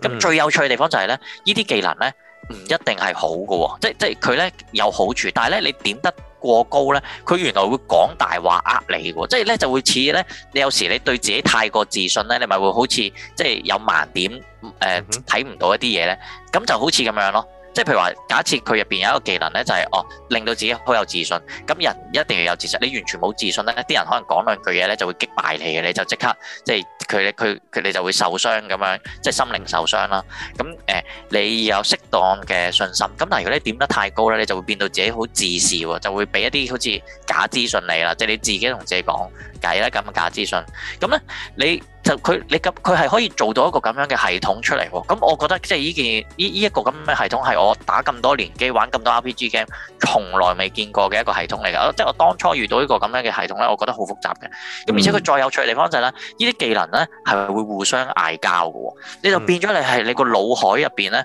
B: 咁、嗯、最有趣嘅地方就係咧，呢啲技能咧。唔一定係好噶，即係即係佢咧有好處，但係咧你點得過高咧，佢原來會講大話呃你噶，即係咧就會似咧，你有時你對自己太過自信咧，你咪會好似即係有盲點，誒睇唔到一啲嘢咧，咁就好似咁樣咯。即係譬如話，假設佢入邊有一個技能咧，就係、是、哦，令到自己好有自信。咁人一定要有自信，你完全冇自信咧，啲人可能講兩句嘢咧就會擊敗你嘅，你就即刻即係佢佢佢你就會受傷咁樣，即係心靈受傷啦。咁誒、呃，你有適當嘅信心。咁但係如果你點得太高咧，你就會變到自己好自視喎，就會俾一啲好似假資訊你啦，即係你自己同自己講。計咧，咁嘅假資訊，咁咧你就佢你咁佢係可以做到一個咁樣嘅系統出嚟，咁我覺得即係呢件呢呢一個咁嘅、這個、系統，係我打咁多年機，玩咁多 RPG game，從來未見過嘅一個系統嚟噶，即係我當初遇到呢個咁樣嘅系統咧，我覺得好複雜嘅，咁而且佢再有趣嘅地方就係咧，呢啲技能咧係會互相嗌交嘅，你就變咗你係你個腦海入邊咧。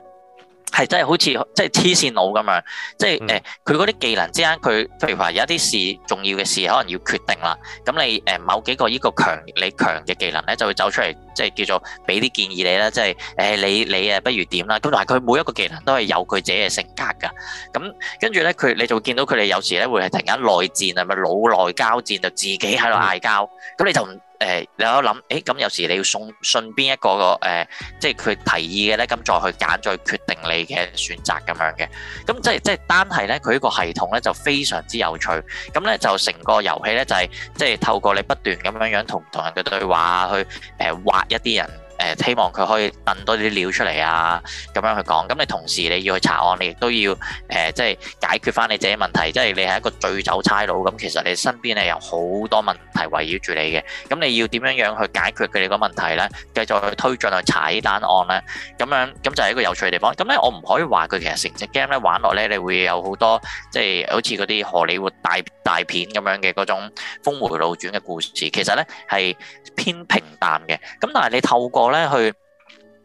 B: 係真係好似即係黐線佬咁樣，即係誒佢嗰啲技能之間，佢譬如話有一啲事重要嘅事，可能要決定啦。咁你誒、呃、某幾個依個強你強嘅技能咧，就會走出嚟，即係叫做俾啲建議你啦。即係誒、呃、你你誒、啊、不如點啦。咁但係佢每一個技能都係有佢自己嘅性格㗎。咁跟住咧，佢你就會見到佢哋有時咧會係突然間內戰啊，咪腦內交戰就自己喺度嗌交。咁你就唔～你有諗，誒咁、呃、有時你要送信邊一個誒、呃，即係佢提議嘅咧，咁再去揀再決定你嘅選擇咁樣嘅，咁即係即係單係咧，佢呢個系統咧就非常之有趣，咁咧就成個遊戲咧就係、是、即係透過你不斷咁樣樣同同人嘅對話去誒挖、呃、一啲人。誒希望佢可以掹多啲料出嚟啊，咁樣去講，咁你同時你要去查案，你亦都要誒、呃，即係解決翻你自己問題，即係你係一個醉酒差佬，咁其實你身邊係有好多問題圍繞住你嘅。咁你要點樣樣去解決佢哋個問題咧？繼續推去推進去查呢單案咧，咁樣，咁就係一個有趣嘅地方。咁咧我唔可以話佢其實成隻 game 咧玩落咧，你會有多好多即係好似嗰啲荷里活大大片咁樣嘅嗰種峰回路轉嘅故事。其實咧係偏平淡嘅。咁但係你透過。我咧去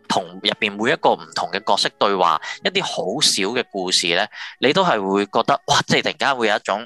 B: 同入邊每一個唔同嘅角色對話，一啲好少嘅故事咧，你都係會覺得，哇！即係突然間會有一種，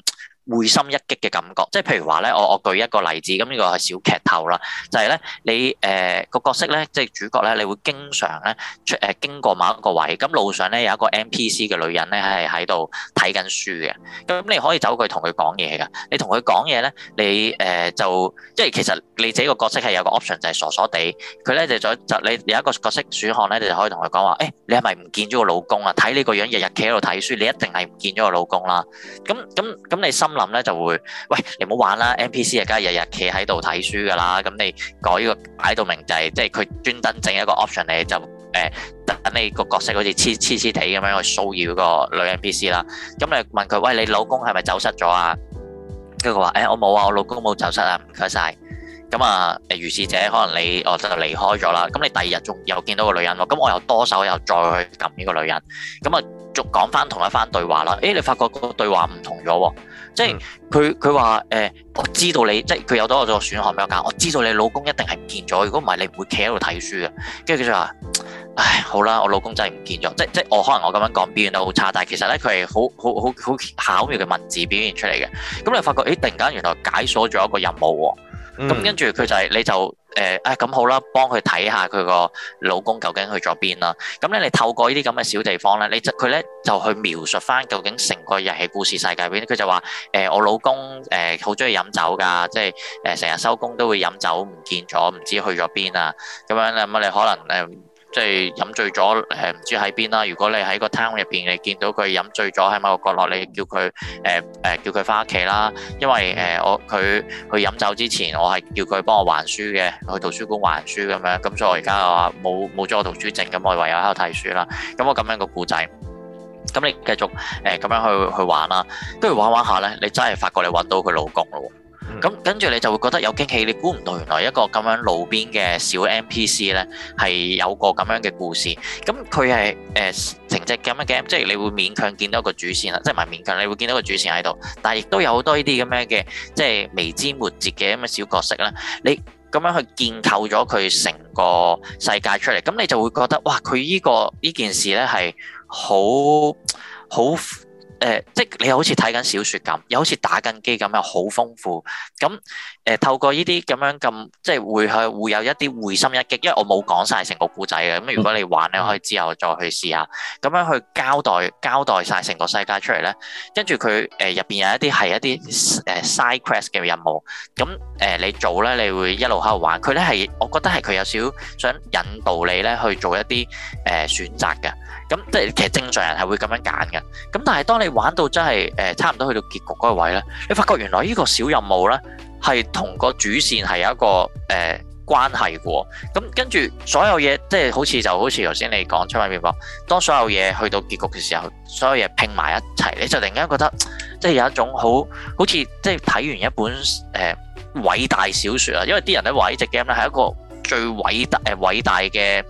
B: 會心一擊嘅感覺，即係譬如話咧，我我舉一個例子，咁呢個係小劇透啦，就係咧你誒個角色咧，即係主角咧，你會經常咧出誒經過某一個位，咁路上咧有一個 NPC 嘅女人咧係喺度睇緊書嘅，咁你可以走過去同佢講嘢㗎，你同佢講嘢咧，你誒就即係其實你自己個角色係有個 option 就係傻傻地，佢咧就再就你有一個角色選項咧，你就可以同佢講話，誒你係咪唔見咗個老公啊？睇你個樣日日企喺度睇書，你一定係唔見咗個老公啦。咁咁咁你心。諗咧就會，喂，你唔好玩啦！N P C 啊，梗係日日企喺度睇書噶啦。咁你改個擺到明就係，即係佢專登整一個 option 你就誒、呃，等你個角色好似黐黐黐地咁樣去騷擾個女 N P C 啦。咁你問佢喂，你老公係咪走失咗啊？跟住佢話誒，我冇啊，我老公冇走失啊，唔該晒。咁、嗯、啊、呃，如是者可能你哦真係離開咗啦。咁你第二日仲又見到個女人咯，咁我又多手又再去撳呢個女人咁啊，仲講翻同一番對話啦。誒、欸，你發覺個對話唔同咗喎、啊。即係佢佢話誒，我知道你即係佢有咗我個選項俾我揀，我知道你老公一定係唔見咗。如果唔係，你唔會企喺度睇書嘅。跟住佢就話：唉，好啦，我老公真係唔見咗。即即我可能我咁樣講表現得好差，但係其實咧，佢係好好好好巧妙嘅文字表現出嚟嘅。咁你發覺，誒，突然間原來解鎖咗一個任務喎。咁跟住佢就係、是、你就。誒啊咁好啦，幫佢睇下佢個老公究竟去咗邊啦。咁、嗯、咧，你透過呢啲咁嘅小地方咧，你就佢咧就去描述翻究竟成個日系故事世界邊。佢就話誒，我老公誒好中意飲酒㗎，即係誒成日收工都會飲酒，唔見咗，唔知去咗邊啊。咁樣咧，咁你可能誒？呃即係飲醉咗，誒唔知喺邊啦。如果你喺個 town 入邊，你見到佢飲醉咗喺某個角落，你叫佢誒誒叫佢翻屋企啦。因為誒我佢去飲酒之前，我係叫佢幫我還書嘅，去圖書館還書咁樣。咁所以我而家又話冇冇咗我圖書證咁，我唯有喺度睇書啦。咁我咁樣個故仔，咁你繼續誒咁、呃、樣去去玩啦。跟住玩玩下咧，你真係發覺你揾到佢老公咯。咁跟住你就會覺得有驚喜，你估唔到原來一個咁樣路邊嘅小 NPC 呢係有個咁樣嘅故事。咁佢係誒成隻咁嘅 game，即係你會勉強見到一個主線啦，即係唔係勉強？你會見到個主線喺度，但係亦都有好多呢啲咁樣嘅，即係微枝末節嘅咁樣小角色啦。你咁樣去建構咗佢成個世界出嚟，咁你就會覺得哇，佢呢、呢個呢件、呢個、事呢係好好。誒，即係你好似睇緊小説咁，又好似打緊機咁，又好豐富。咁誒、呃，透過呢啲咁樣咁，即係會去會有一啲會心一擊，因為我冇講晒成個故仔嘅。咁如果你玩你可以之後再去試下，咁樣去交代交代晒成個世界出嚟咧。跟住佢誒入邊有一啲係一啲誒 side quest 嘅任務，咁誒、呃、你做咧，你會一路喺度玩。佢咧係，我覺得係佢有少想引導你咧去做一啲誒、呃、選擇嘅。咁即係其實正常人係會咁樣揀嘅。咁但係當你玩到真係誒差唔多去到結局嗰個位咧，你發覺原來呢個小任務咧係同個主線係有一個誒、呃、關係嘅。咁跟住所有嘢，即、就、係、是、好似就好似頭先你講《穿越變魔》。當所有嘢去到結局嘅時候，所有嘢拼埋一齊，你就突然間覺得即係、就是、有一種好好似即係睇完一本誒、呃、偉大小説啊。因為啲人咧話呢隻 game 咧係一個最偉大誒、呃、偉大嘅。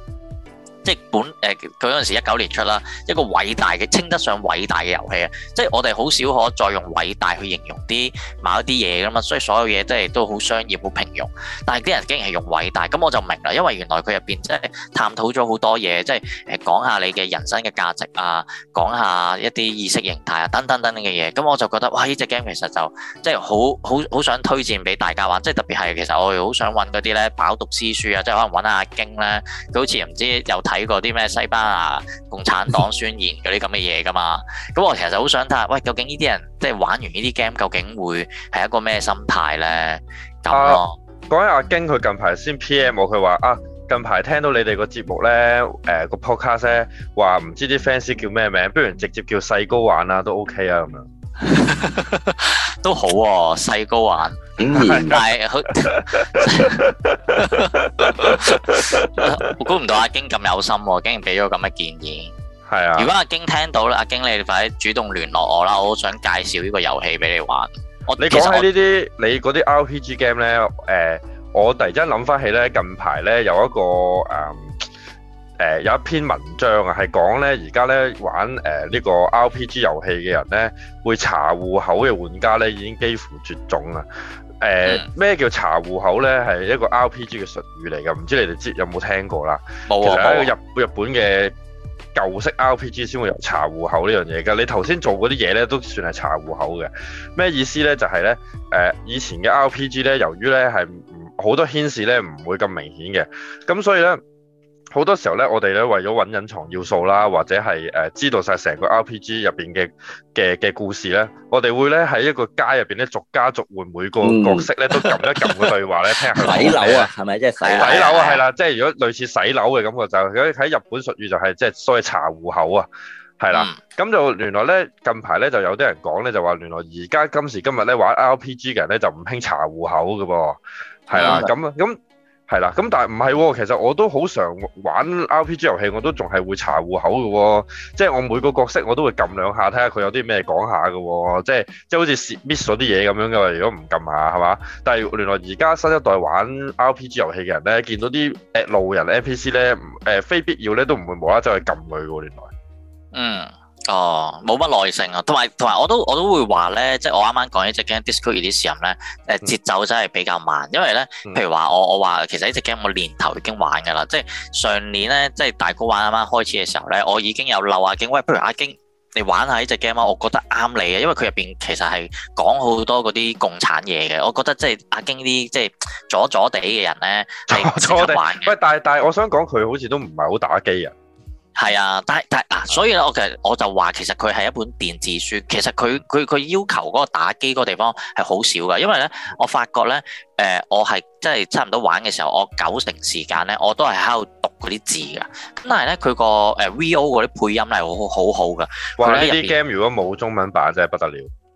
B: 即係本誒佢陣時一九年出啦，一個偉大嘅稱得上偉大嘅遊戲啊！即係我哋好少可再用偉大去形容啲某一啲嘢噶嘛，所以所有嘢即係都好商業好平庸。但係啲人竟然係用偉大，咁我就明啦，因為原來佢入邊即係探討咗好多嘢，即係誒講下你嘅人生嘅價值啊，講下一啲意識形態啊，等等等嘅嘢。咁我就覺得哇，呢隻 game 其實就即係好好好想推薦俾大家玩，即係特別係其實我又好想揾嗰啲咧飽讀詩書啊，即係可能揾阿京咧，佢好似唔知又睇過啲咩西班牙共產黨宣言嗰啲咁嘅嘢噶嘛？咁我其實就好想睇下，喂，究竟呢啲人即係玩完呢啲 game，究竟會係一個咩心態咧？咁、啊、咯，講
A: 起、啊、阿京，佢近排先 PM 我，佢話啊，近排聽到你哋個節目咧，誒、呃、個 podcast 話唔知啲 fans 叫咩名，不如直接叫細高玩啦，都 OK 啊咁樣。
B: 都好，細高玩，但係我估唔到阿京咁有心，竟然俾咗咁嘅建議。係啊，如果阿京聽到啦，阿京你快啲主動聯絡我啦，我好想介紹呢個遊戲俾你玩。
A: 我你講起呢啲，你嗰啲 RPG game 咧，誒，我突然間諗翻起咧，近排咧有一個誒，誒、呃、有一篇文章啊，係講咧，而家咧玩誒呢、呃呢個 RPG 遊戲嘅人咧，會查戶口嘅玩家咧，已經幾乎絕種喇！誒、呃、咩、嗯、叫查戶口咧？係一個 RPG 嘅術語嚟嘅，唔知你哋知有冇聽過啦？冇、啊、其實喺日日本嘅舊式 RPG 先會有查戶口呢樣嘢嘅。你頭先做嗰啲嘢咧，都算係查戶口嘅。咩意思咧？就係咧誒以前嘅 RPG 咧，由於咧係好多牽涉咧唔會咁明顯嘅，咁所以咧。好多時候咧，我哋咧為咗搵隱藏要素啦，或者係誒知道曬成個 RPG 入邊嘅嘅嘅故事咧，我哋會咧喺一個街入邊咧逐家逐戶每個角色咧都撳一撳個對話咧，聽下洗樓啊，係咪即係洗樓啊？係啦，即係如果類似洗樓嘅感覺就喺日本術語就係即係所謂查戶口啊，係啦。咁就原來咧近排咧就有啲人講咧就話原來而家今時今日咧玩 RPG 嘅人咧就唔興查戶口㗎噃，係啦，咁啊咁。係啦，咁但係唔係，其實我都好常玩 RPG 遊戲，我都仲係會查戶口嘅、哦，即係我每個角色我都會撳兩下，睇下佢有啲咩講下嘅，即係即係好似 miss 咗啲嘢咁樣嘅。如果唔撳下，係嘛？但係原來而家新一代玩 RPG 遊戲嘅人咧，見到啲誒路人 NPC 咧，誒、呃、非必要咧都唔會無啦啦走去撳佢嘅。原來，
C: 嗯。
B: 哦，冇乜、oh，耐性啊，同埋同埋我都我都會話咧，即係我啱啱講呢隻 game Disco Elysium 嗰時候咧，誒節奏真係比較慢，因為咧，譬如話我我話其實呢隻 game 我年頭已經玩噶啦，即係上年咧，即係大 GO 玩啱啱開始嘅時候咧，我已經有漏阿京，喂，不如阿、啊、京，你玩下呢隻 game 啊，我覺得啱你嘅，因為佢入邊其實係講好多嗰啲共產嘢嘅，我覺得即係阿、啊、京阻阻呢啲即係左左地嘅人咧，係錯地，喂，但係但係我想講佢好似都唔係好打機啊。係啊，但係但係嗱、啊，所以咧，我其實我就話，其實佢係一本電子書，其實佢佢佢要求嗰個打機嗰個地方係好少噶，因為咧，我發覺咧，誒、呃，我係即係差唔多玩嘅時候，我九成時間咧，我都係喺度讀嗰啲字噶。咁但係咧，佢個誒 VO 嗰啲配音係，好好好噶。哇！呢啲 game 如果冇中文版真係不得了。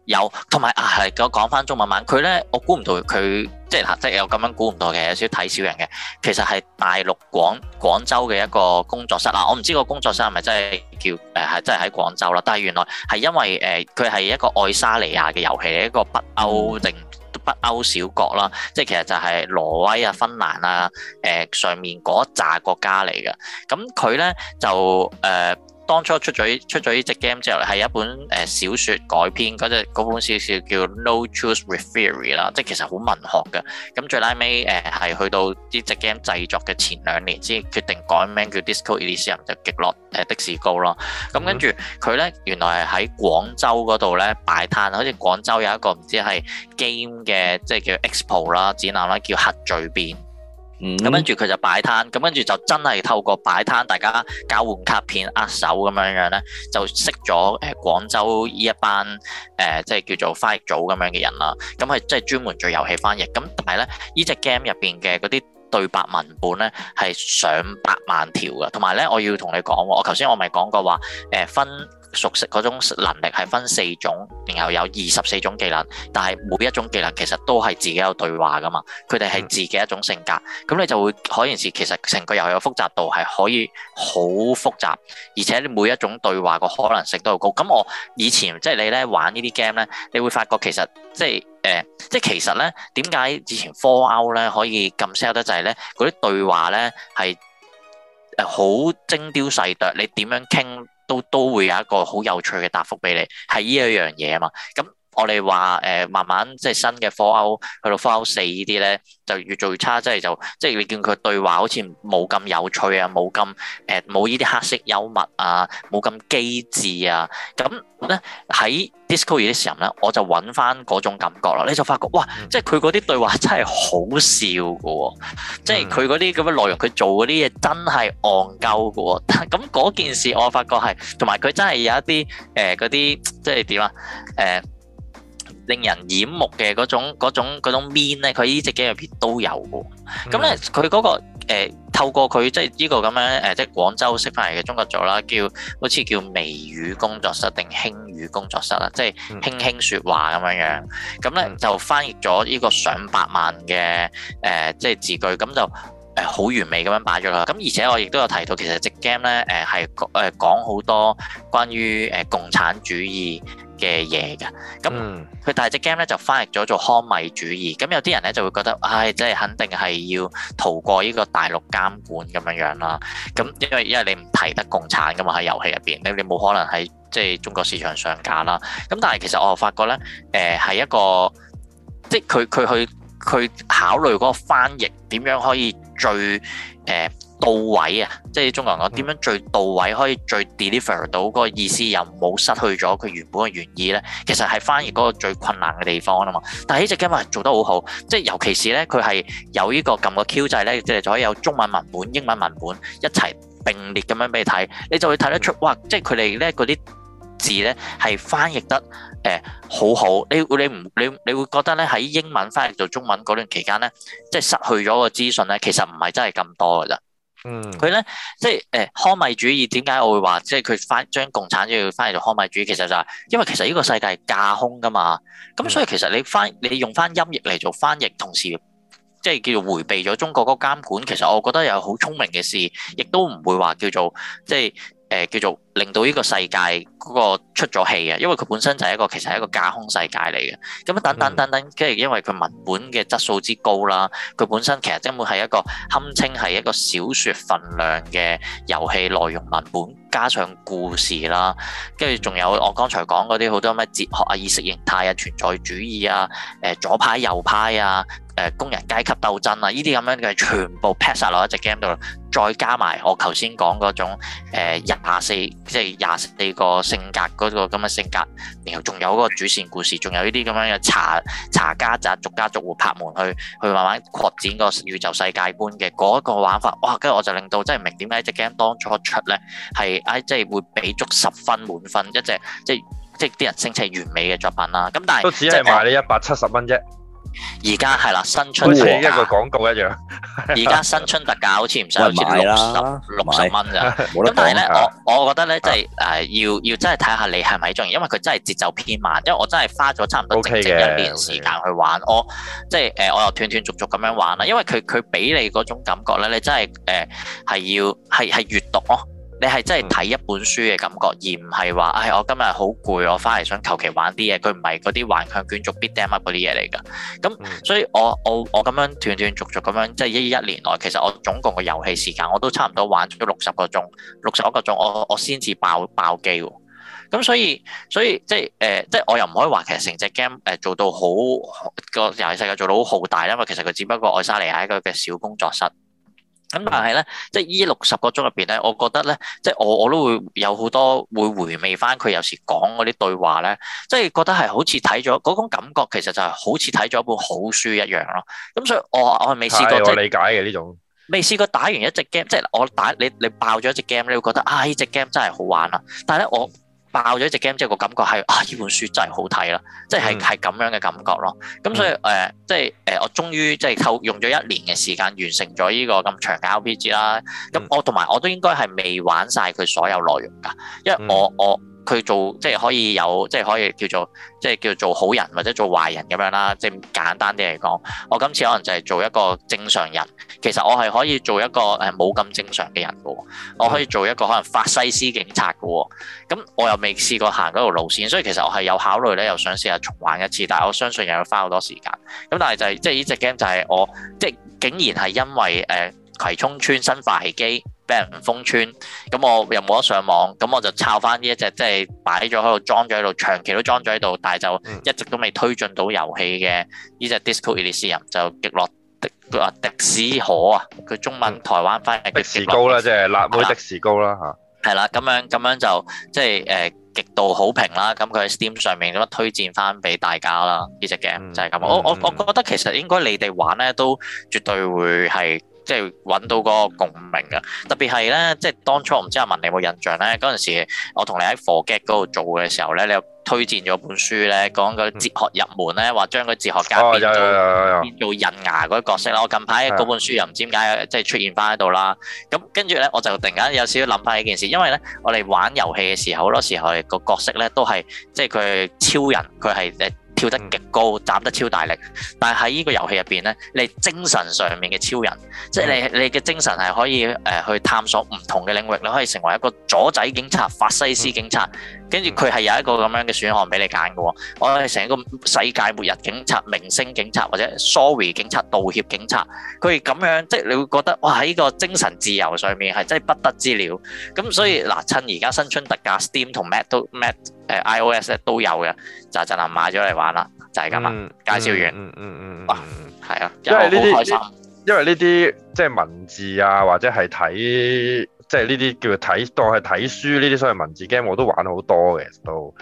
B: 有，同埋啊，係我講翻中文版佢咧，我估唔到佢即係嗱，即係有咁樣估唔到嘅，有少少睇小人嘅。其實係大陸廣廣州嘅一個工作室啊，我唔知個工作室係咪真係叫誒係、呃、真係喺廣州啦，但係原來係因為誒佢係一個愛沙尼亞嘅遊戲，一個北歐定北歐小國啦，即係其實就係挪威啊、芬蘭啊誒、呃、上面嗰一紮國家嚟嘅。咁佢咧就誒。呃當初出咗出咗呢隻 game 之後，係一本誒、呃、小説改編嗰隻本小説叫《No Truth Referee》啦，即係其實好文學嘅。咁最拉尾誒係去到呢隻 game 製作嘅前兩年，先決定改名叫《Disco Elysium》，就極落誒的士高咯。咁跟住佢咧，原來係喺廣州嗰度咧擺攤，好似廣州有一個唔知係 game 嘅即係叫 expo 啦展覽啦，叫核聚變。咁跟住佢就擺攤，咁跟住就真係透過擺攤，大家交換卡片、握手咁樣樣咧，就識咗誒廣州呢一班誒、呃、即係叫做翻譯組咁樣嘅人啦。咁係即係專門做遊戲翻譯。咁但係咧，呢隻 game 入邊嘅嗰啲對白文本咧係上百萬條嘅。同埋咧，我要同你講，我頭先我咪講過話誒、呃、分。熟悉嗰種能力係分四種，然後有二十四種技能，但係每一種技能其實都係自己有對話噶嘛。佢哋係自己一種性格，咁你就會可件事其實成個遊戲嘅複雜度，係可以好複雜，而且每一種對話個可能性都好高。咁我以前即係你咧玩呢啲 game 咧，你會發覺其實即係誒，即係、呃、其實咧點解以前 Fallout 咧可以咁 sell 得就係咧嗰啲對話咧係誒好精雕細琢，你點樣傾？都都會有一個好有趣嘅答覆俾你，係呢一樣嘢啊嘛，咁。我哋話誒，慢慢即係新嘅 Fallout 去到 Fallout 4呢啲咧，就越做越差，即係就即係你見佢對話好似冇咁有趣啊，冇咁誒，冇呢啲黑色幽默啊，冇咁機智啊。咁咧喺 Disco 嘅時候咧，我就揾翻嗰種感覺啦。你就發覺哇，即係佢嗰啲對話真係好笑嘅喎、哦，嗯、即係佢嗰啲咁嘅內容，佢做嗰啲嘢真係戇鳩嘅喎。咁嗰件事我發覺係，同埋佢真係有一啲誒嗰啲即係點啊誒。呃呃呃呃呃令人掩目嘅嗰種嗰種嗰種 mean 咧，佢呢隻 game 入面都有嘅。咁咧，佢嗰、嗰個、呃、透過佢即係呢個咁樣誒，即係廣州式翻嚟嘅中國組啦，叫好似叫微語工作室定輕語工作室啦，即係輕輕說話咁樣樣。咁咧、嗯、就翻譯咗呢個上百萬嘅誒、呃、即係字句，咁就誒好完美咁樣擺咗啦。咁而且我亦都有提到，其實隻 game 咧誒係誒講好多關於誒共產主義。嘅嘢嘅，咁佢但係隻 game 咧就翻譯咗做康米主義，咁有啲人咧就會覺得，唉、哎，即係肯定係要逃過呢個大陸監管咁樣樣啦。咁因為因為你唔提得共產㗎嘛，喺遊戲入邊，你你冇可能喺即係中國市場上架啦。咁但係其實我又發覺咧，誒、呃、係一個，即係佢佢去佢考慮嗰個翻譯點樣可以最誒，呃到位啊！即係中國人講點樣最到位，可以最 deliver 到嗰個意思，又冇失去咗佢原本嘅原意咧。其實係翻譯嗰個最困難嘅地方啊嘛。但係呢隻 game 做得好好，即係尤其是咧，佢係有呢個撳個 Q 掣咧，即係就可以有中文文本、英文文本一齊並列咁樣俾你睇，你就會睇得出哇！即係佢哋咧嗰啲字咧係翻譯得誒好好。你你唔你你會覺得咧喺英文翻譯做中文嗰段期間咧，即係失去咗個資訊咧，其實唔係真係咁多噶咋。嗯呢，佢咧即係誒，康米主義點解我會話即係佢翻將共產主義翻譯做康米主義？其實就係因為其實呢個世界係架空噶嘛，咁所以其實你翻你用翻音譯嚟做翻譯，同時即係叫做回避咗中國嗰個監管。其實我覺得有好聰明嘅事，亦都唔會話叫做即係。誒叫做令到呢個世界嗰個出咗氣啊，因為佢本身就係一個其實係一個架空世界嚟嘅，咁等等等等，跟住因為佢文本嘅質素之高啦，佢本身其實根本係一個堪稱係一個小説份量嘅遊戲內容文本，加上故事啦，跟住仲有我剛才講嗰啲好多咩哲學啊、意識形態啊、存在主義啊、誒、呃、左派右派啊。誒工人階級鬥爭啊！呢啲咁樣嘅全部拍晒落一隻 game 度，再加埋我頭先講嗰種誒廿四，即係廿四個性格嗰、那個咁嘅性格，然後仲有嗰個主線故事，仲有呢啲咁樣嘅查查家宅逐家逐戶拍門去，去慢慢擴展個宇宙世界般觀嘅嗰個玩法。哇！跟住我就令到真係唔明點解一隻 game 當初出呢，係唉，即係會俾足十分滿分一隻，即係即係啲人稱之完美嘅作品啦。咁但係都只係賣你一百七十蚊啫。而家係啦，新春特價好似一個廣告一樣。而家新春特價好似唔使，喂好似六十六十蚊咋。咁但係咧，啊、我我覺得咧，即係誒，要要真係睇下你係咪中意，因為佢真係節奏偏慢。因為我真係花咗差唔多整整一年時間去玩，okay okay、我即係誒，我又斷斷續續咁樣玩啦。因為佢佢俾你嗰種感覺咧，你真係誒係要係係閱讀咯、哦。你係真係睇一本書嘅感覺，而唔係話，唉、哎，我今日好攰，我翻嚟想求其玩啲嘢。佢唔係嗰啲橫向捲軸 beat 'em up 嗰啲嘢嚟㗎。咁，所以我我我咁樣斷斷續續咁樣，即係一一年內，其實我總共嘅遊戲時間我都差唔多玩咗六十個鐘，六十個鐘，我我先至爆爆機。咁所以所以即係誒，即係、呃、我又唔可以話其實成隻 game 誒做到好，個遊戲世界做到好浩大，因為其實佢只不過愛沙尼亞一個嘅小工作室。咁但係咧，即係呢六十個鐘入邊咧，我覺得咧，即係我我都會有好多會回味返佢有時講嗰啲對話咧，即係覺得係好似睇咗嗰種感覺，其實就係好似睇咗一本好書一樣咯。咁所以我我係未試過對即理解嘅呢種，未試過打完一隻 game，即係我打你你爆咗一隻 game，你會覺得啊呢隻 game 真係好玩啊！但係咧我。嗯爆咗一隻 game，即係個感覺係啊！呢本書真係好睇啦，即係係咁樣嘅感覺咯。咁所以誒，即係誒，我終於即係靠用咗一年嘅時間完成咗呢個咁長嘅 RPG 啦。咁我同埋我都應該係未玩晒佢所有內容㗎，因為我、嗯、我。佢做即係可以有，即係可以叫做即係叫做好人或者做壞人咁樣啦。即係簡單啲嚟講，我今次可能就係做一個正常人。其實我係可以做一個誒冇咁正常嘅人嘅，我可以做一個可能法西斯警察嘅。咁我又未試過行嗰條路線，所以其實我係有考慮咧，又想試下重玩一次。但係我相信又要花好多時間。咁但係就係，即係呢隻 game 就係我即係竟然係因為誒葵涌村新化汽機，俾人封村，咁我又冇得上網，咁我就抄翻呢一隻，即係擺咗喺度，裝咗喺度，長期都裝咗喺度，但係就一直都未推進到遊戲嘅呢隻《Disco Elysium、嗯》，e、就極樂迪啊，迪斯可啊，佢中文台灣翻譯、嗯、叫迪士，迪士高啦，即係辣妹迪士高啦吓，係啦，咁樣咁樣就即係誒、呃、極度好評啦，咁佢喺 Steam 上面咁樣推薦翻俾大家啦，呢隻 game 就係、是、咁。嗯、我我我覺得其實應該你哋玩咧都絕對會係。即係揾到個共鳴啊！特別係咧，即係當初我唔知阿文你有冇印象咧，嗰陣時我同你喺火雞嗰度做嘅時候咧，你又推薦咗本書咧，講個哲學入門咧，話將個哲學家變咗、哦、變做人牙嗰啲角色啦。我近排嗰本書又唔知點解即係出現翻喺度啦。咁跟住咧，我就突然間有少少諗翻呢件事，因為咧我哋玩遊戲嘅時候好多時候個角色咧都係即係佢超人，佢係即。跳得極高，斬得超大力，但係喺呢個遊戲入邊呢，你精神上面嘅超人，即係你你嘅精神係可以誒去探索唔同嘅領域，你可以成為一個左仔警察、法西斯警察。跟住佢係有一個咁樣嘅選項俾你揀嘅，哦，我係成一個世界末日警察、明星警察或者 sorry 警察道歉警察，佢咁樣即係你會覺得哇喺個精神自由上面係真係不得之了，咁所以嗱、嗯啊、趁而家新春特價，Steam 同 Mac 都 Mac 誒、呃、iOS 咧都有嘅，就陣間買咗嚟玩啦，就係咁啦。介紹完，嗯嗯嗯嗯，啊、嗯，係、嗯、啊，因為呢啲，
A: 因為呢啲即係文字啊，或者係睇。即係呢啲叫睇當係睇書呢啲，所謂文字 game 我都玩好多嘅都，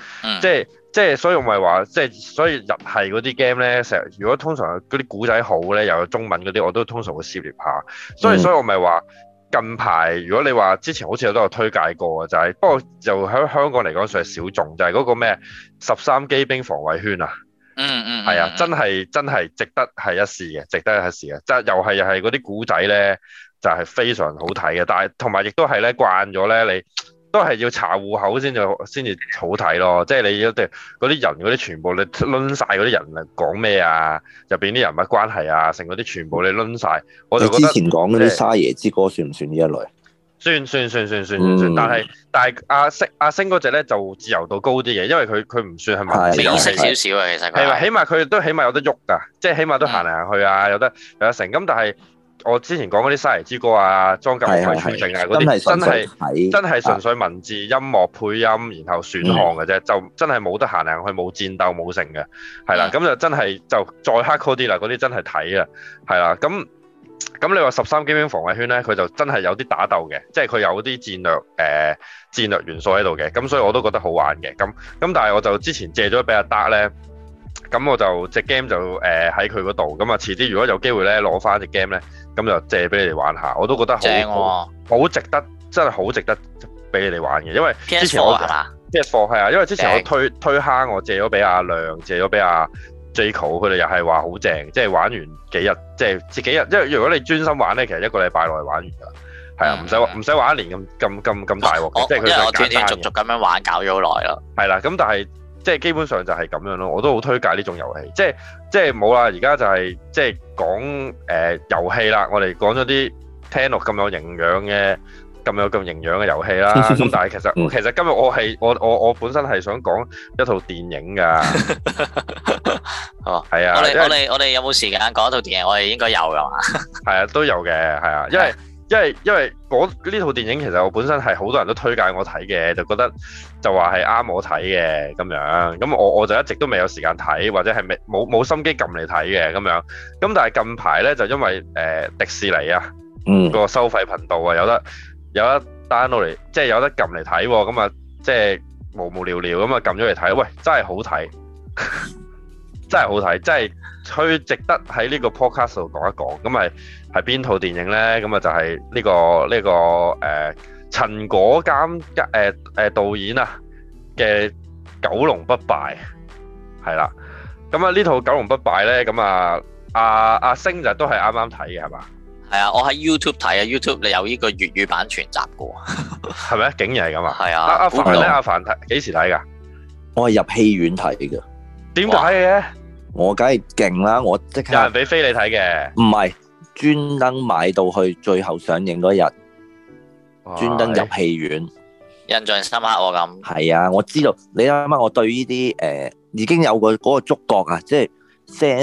A: 即係即係，所以我咪話，即係所以日系嗰啲 game 咧，成如果通常嗰啲古仔好咧，又有中文嗰啲，我都通常會涉獵下。所以所以我咪話近排，如果你話之前好似有都有推介過就係、是、不過就喺香港嚟講算係小眾，就係、是、嗰個咩十三機兵防衛圈啊。嗯嗯，
C: 嗯嗯。係啊，
A: 真係真係值得係一試嘅，值得一試嘅。即係又係又係嗰啲古仔咧。就係非常好睇嘅，但係同埋亦都係咧慣咗咧，你都係要查戶口先至先至好睇咯。即係你要對嗰啲人，嗰啲全部你掄晒嗰啲人啊，講咩啊，入邊啲人物關係啊，成嗰啲全部你掄晒。我就你之前講嗰啲沙
D: 耶之歌算唔算呢一類？算
A: 算算算算算，算算算算嗯、但係但係阿星阿星嗰隻咧就自由度高啲嘢，因為佢佢唔算係咪？你識少少啊，其
B: 實係嘛？
A: 起碼佢都起碼有得喐噶，即係起碼都行嚟行去啊，有得有得成。咁但係。我之前講嗰啲《沙耶之歌》啊，《裝甲騎士城》啊嗰啲，是是些真係是真係純粹文字、是音樂配音，然後選項嘅啫，嗯、就真係冇得行嚟去，冇戰鬥，冇剩嘅，係啦。咁的就真係就再 hardcore 啲啦，嗰啲真係睇啊，係啦。咁咁你話《十三機兵防衞圈》呢，佢就真係有啲打鬥嘅，即係佢有啲戰略誒、呃、戰略元素喺度嘅，咁所以我都覺得好玩嘅。咁咁但係我就之前借咗俾阿達咧。咁我就隻 game 就誒喺佢嗰度，咁、呃、啊、嗯、遲啲如果有機會咧攞翻隻 game 咧，咁就借俾你哋玩下。我都覺得、正啊、好好值得，真係好值得俾你哋玩嘅。因為之前我即係貨係啊，因為之前我推推坑，我借咗俾阿亮，借咗俾阿 Jaco，佢哋又係話好正，即係玩完幾日，即係幾日即。因為如果你專心玩咧，其實一個禮拜內玩完㗎，係啊、嗯，唔使唔使玩一年咁咁咁咁大鑊。哦哦、即係佢就連續續咁
B: 樣玩，搞咗好耐啦。
A: 係啦，咁但係。即係基本上就係咁樣咯，我都好推介呢種遊戲。即係即係冇啦，而家就係即係講誒遊戲啦。我哋講咗啲聽落咁有營養嘅、咁有咁營養嘅遊戲啦。咁但係其實其實今日我係我我我本身係想講一套電影㗎。哦，係啊。我哋我哋
B: 我哋有冇時間講一套電影？我哋應該有㗎嘛。係啊，
A: 都有嘅。係啊，因為。因為因為嗰呢套電影其實我本身係好多人都推介我睇嘅，就覺得就話係啱我睇嘅咁樣，咁我我就一直都未有時間睇，或者係未冇冇心機撳嚟睇嘅咁樣，咁但係近排呢就因為誒迪士尼啊，嗯個收費頻道啊有得有得 download 嚟，即係有得撳嚟睇，咁啊即係無無聊聊咁啊撳咗嚟睇，喂真係好睇。真係好睇，真係佢值得喺呢個 podcast 度講一講。咁咪係邊套電影咧？咁啊就係呢、呢個呢、呢個誒陳、呃、果監誒誒導演啊嘅《九龍不敗》係啦。咁啊呢套《九龍不敗》咧，咁啊阿阿、啊啊啊、星就都係啱啱睇
B: 嘅係嘛？係啊，我喺 YouTube 睇啊，YouTube 你有呢個粵語版全集噶，係咪竟然係咁啊？係
D: 啊。阿阿凡咧，阿
B: 凡睇幾時睇噶？
D: 我係入戲院睇嘅。點解嘅？我梗係勁啦！我即刻有人俾飛你睇嘅。唔係專登買到去最後上映嗰日，
B: 專登哇入戲院，印象深刻我咁。
D: 係啊，我知道你諗下，我對呢啲誒已經有個嗰個觸覺、欸、啊，即係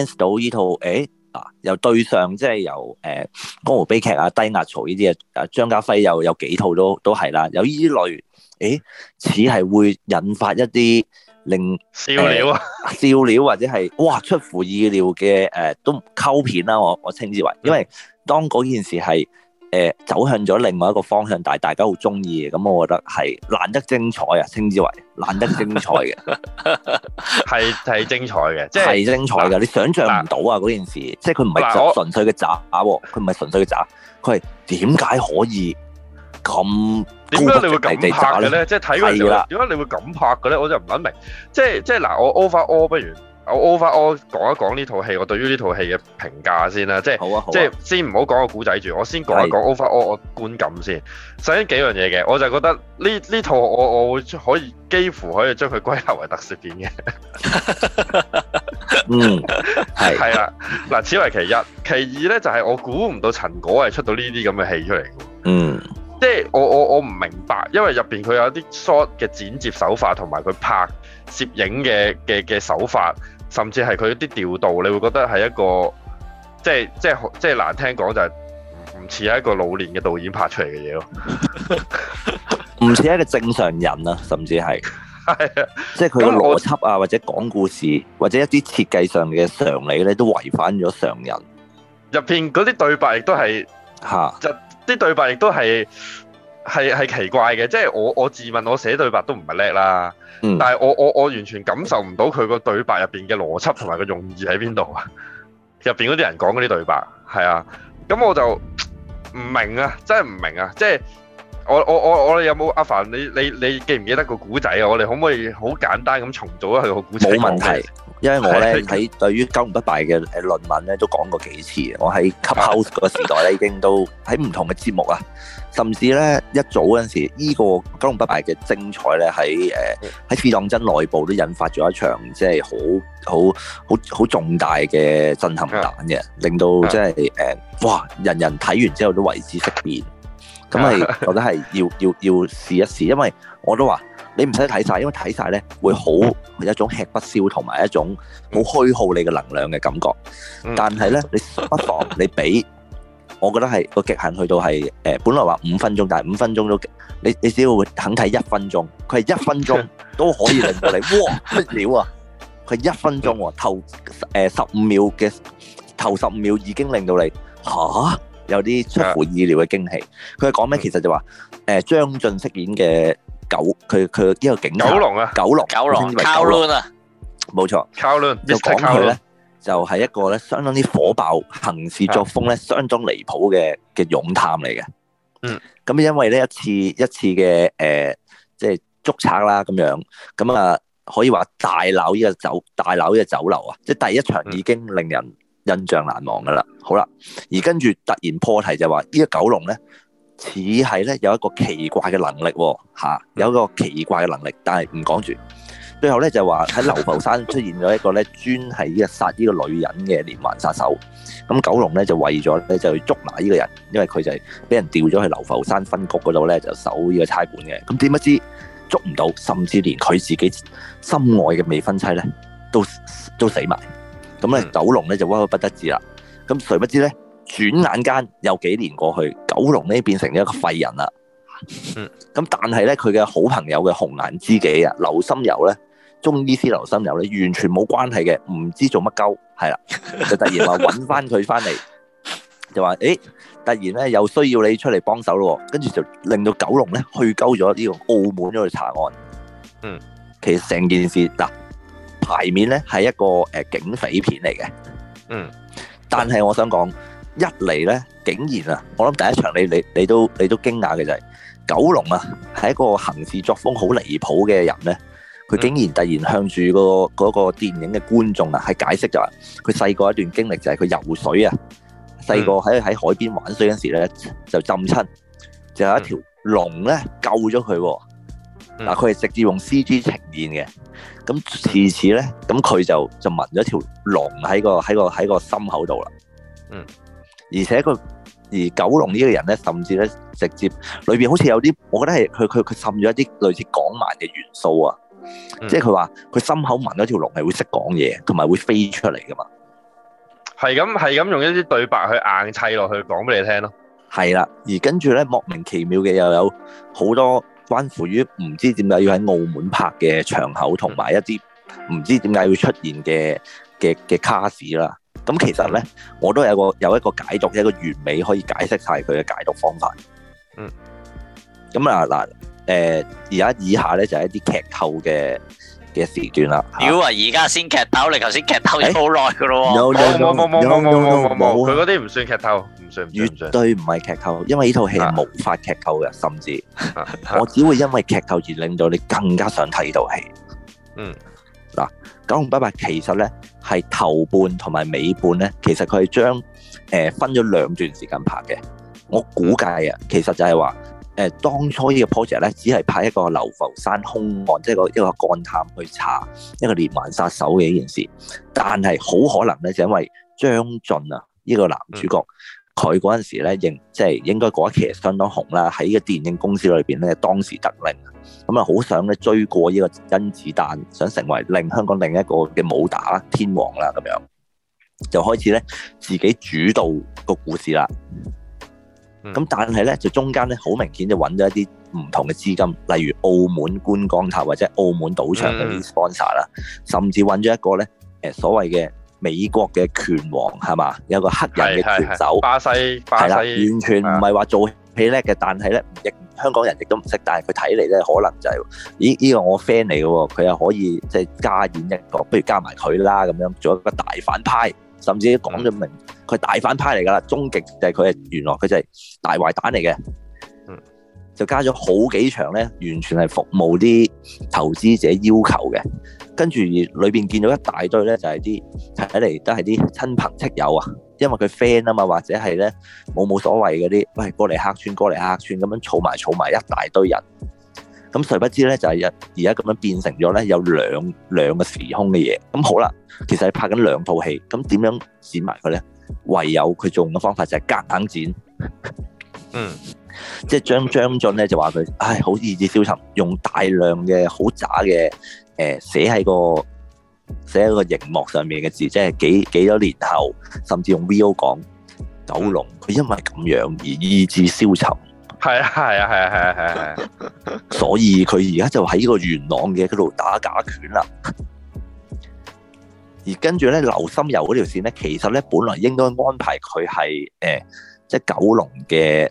D: sense 到呢套誒嗱由對上，即係由誒《江湖悲劇》啊、《低壓槽》呢啲啊，張家輝又有，有幾套都都係啦，有依啲類似係、欸、會引發一啲。令另笑料啊、呃，笑料或者係哇出乎意料嘅，誒、呃、都溝片啦，我我稱之為，因為當嗰件事係誒、呃、走向咗另外一個方向，但係大家好中意嘅，咁我覺得係爛得精彩啊，稱之為爛得精彩嘅，
A: 係係 精彩嘅，即係 精彩嘅， 你
D: 想象唔到啊嗰件事，即係佢唔係渣純粹嘅渣，佢唔係純粹嘅渣，佢係點解可以？咁點解你會咁拍嘅咧？即係睇嗰時候，點
A: 解你會咁拍嘅咧？我就唔諗明。即係即係嗱，我 overall 不如我 overall 講一講呢套戲，我對於呢套戲嘅評價先啦。即係好啊，即係先唔好講個古仔住，我先講一講 overall 我觀感先。首先的幾樣嘢嘅，我就覺得呢呢套我我會可以幾乎可以將佢歸納為特色片嘅。 嗯，係係啦，嗱， 此為其一。其二咧就係、是、我估唔到陳果係出到呢啲咁嘅戲出嚟。嗯。即係我我我唔明白，因為入邊佢有啲 short 嘅剪接手法，同埋佢拍攝影嘅嘅嘅手法，甚至係佢啲調度，你會覺得係一個即係即係即係難聽講就係唔似係一個老年嘅導演拍出嚟嘅嘢咯，唔 似一個正常人啊，甚至係，係啊，即係佢嘅邏輯啊，我或者講故
D: 事，或者一啲設計上面嘅常理咧，都違反咗常人。
A: 入邊嗰啲對白亦都係吓。 啲對白亦都係係係奇怪嘅，即係我我自問我寫對白都唔係叻啦，但係我我我完全感受唔到佢個對白入邊嘅邏輯同埋個用意喺邊度啊？入邊嗰啲人講嗰啲對白係啊，咁我就唔明啊，真係唔明啊，即係我我我我哋有冇阿凡你你你記唔記得個古仔啊？我哋可唔可以好簡單咁重組一佢個古仔？冇問題。因為我咧喺
D: 對於《九龍不，不敗》嘅誒論文咧都講過幾次，我喺 Cup House 個時代咧已經都喺唔同嘅節目啊，甚至咧一早嗰陣時，呢個《九龍不，不敗》嘅精彩咧喺誒喺《試當、呃、真》內部都引發咗一場即係好好好好重大嘅震撼彈嘅，令到即係誒哇！人人睇完之後都為之色變，咁係我都係要要要試一試，因為我都話。你唔使睇曬，因為睇曬咧會好有一種吃不消同埋一種好虛耗你嘅能量嘅感覺。但係咧，你不妨你俾，我覺得係個極限去到係誒，本來話五分鐘，但係五分鐘都你你只要肯睇一分鐘，佢係一分鐘都可以令到你哇乜料啊！佢一分鐘頭誒十五秒嘅頭十五秒已經令到你嚇有啲出乎意料嘅驚喜。佢係講咩？其實就話誒張晉飾演嘅。九佢佢呢個警察九龍啊，九龍龍，九龍，靠亂啊，冇錯錯，靠亂龍。就講佢咧就係龍一個咧相當啲火爆、嗯、行事作風咧，相當離譜嘅嘅勇探嚟嘅。嗯，咁因為呢一次一次嘅誒、呃，即係捉賊啦咁樣，咁啊可以話大鬧呢個酒大鬧呢個酒樓啊，即係第一場已經令人印象難忘噶啦。好啦、嗯，嗯、而跟住突然破題就話呢、這個九龍咧。似係咧有一個奇怪嘅能力，嚇、啊、有一個奇怪嘅能力，但係唔講住。最後咧就話喺流浮山出現咗一個咧專係呢個殺呢個女人嘅連環殺手。咁、嗯、九龍咧就為咗咧就去捉拿呢個人，因為佢就係俾人調咗去流浮山分局嗰度咧就守呢個差館嘅。咁、嗯、點不知捉唔到，甚至連佢自己心愛嘅未婚妻咧都都死埋。咁、嗯、咧、嗯嗯、九龍咧就屈屈不得志啦。咁誰不知咧？轉眼間有幾年過去，九龍呢變成一個廢人啦。咁、嗯、但係咧，佢嘅好朋友嘅紅顏知己啊，劉心柔咧，中醫師劉心柔咧，完全冇關係嘅，唔知做乜鳩，係啦， 就突然話揾翻佢翻嚟，就話誒，突然咧又需要你出嚟幫手咯，跟住就令到九龍咧去鳩咗呢個澳門咗去查案。嗯，其實成件事嗱，牌、嗯、面咧係一個誒警匪片嚟嘅。嗯，嗯但係我想講。一嚟咧，竟然啊，我諗第一場你你你都你都驚訝嘅就係，九龍啊係一個行事作風好離譜嘅人咧，佢竟然突然向住個嗰個電影嘅觀眾啊，係解釋就話佢細個一段經歷就係佢游水啊，細個喺喺海邊玩水嗰時咧就浸親，就有一條龍咧救咗佢喎，嗱，佢係直接用 C G 呈現嘅，咁次次咧咁佢就就紋咗條龍喺個喺個喺個心口度啦，嗯。而且佢而九龍呢個人咧，甚至咧直接裏邊好似有啲，我覺得係佢佢佢滲咗一啲類似港漫嘅元素啊，
C: 即係佢
D: 話佢心口紋咗一條龍係會識講嘢，同埋會飛出嚟噶嘛，
A: 係咁係咁用一啲對白去硬砌落去講俾你聽咯，
D: 係啦，而跟住咧莫名其妙嘅又有好多關乎於唔知點解要喺澳門拍嘅場口，同埋一啲唔知點解會出現嘅嘅嘅卡士啦。咁其實咧，我都有個有一個解讀，一個完美可以解釋晒佢嘅解讀方法。嗯。咁啊嗱，誒而家以下咧就係一啲劇透嘅嘅時段啦。如果而
B: 家先劇透，你頭先劇透咗好耐嘅咯喎。冇冇冇冇冇冇冇冇！佢嗰啲唔算劇透，
A: 唔算唔算，絕對
D: 唔係劇透，因為呢套戲無法劇透嘅，甚至我只會因為劇透而令到你更加想睇呢套戲。嗯。嗱，九龍不敗其實咧係頭半同埋尾半咧，其實佢係將誒分咗兩段時間拍嘅。我估計啊，其實就係話誒，當初個呢個 project 咧，只係拍一個流浮山兇案，即係個一個幹探去查一個連環殺手嘅一件事。但係好可能咧，就因為張晉啊，呢、這個男主角。嗯佢嗰陣時咧，應即係應該嗰一期相當紅啦，喺個電影公司裏邊咧，當時得令，咁啊好想咧追過呢個甄子丹，想成為令香港另一個嘅武打天王啦，咁樣就開始咧自己主導個故事啦。咁但係咧，就中間咧好明顯就揾咗一啲唔同嘅資金，例如澳門觀光塔或者澳門賭場啲 sponsor 啦，甚至揾咗一個咧誒所謂嘅。美國嘅拳王係嘛？有個黑人嘅拳手，巴
A: 西，巴西完
D: 全唔係話做戲叻嘅，但係咧亦香港人亦都唔識。但係佢睇嚟咧，可能就係、是、咦？呢個我 friend 嚟嘅，佢又可以即係、就是、加演一個，不如加埋佢啦咁樣，做一個大反派，甚至講咗明佢係大反派嚟㗎喇，終極就係佢係原來佢就係大壞蛋嚟嘅。嗯，就加咗好幾場咧，完全係服務啲投資者要求嘅。跟住裏邊見到一大堆咧，就係啲睇嚟都係啲親朋戚友啊，因為佢 friend 啊嘛，或者係咧冇冇所謂嗰啲，喂過嚟客串，過嚟客串咁樣儲埋儲埋一大堆人，咁誰不知咧就係一而家咁樣變成咗咧有兩兩個時空嘅嘢，咁好啦，其實係拍緊兩套戲，咁點樣剪埋佢咧？唯有佢用嘅方法就係夾硬剪，嗯， 即係張張晉咧就話佢，唉，好意志消沉，用大量嘅好渣嘅。誒、呃、寫喺個寫喺個熒幕上面嘅字，即係幾幾多年後，甚至用 V.O. 講九龍，佢因為咁樣而意志消沉。
A: 係啊，係啊，係啊，係啊，係啊，
D: 所以佢而家就喺呢個元朗嘅嗰度打假拳啦。而跟住咧，劉心悠嗰條線咧，其實咧本來應該安排佢係誒，即、呃、係、就是、九龍嘅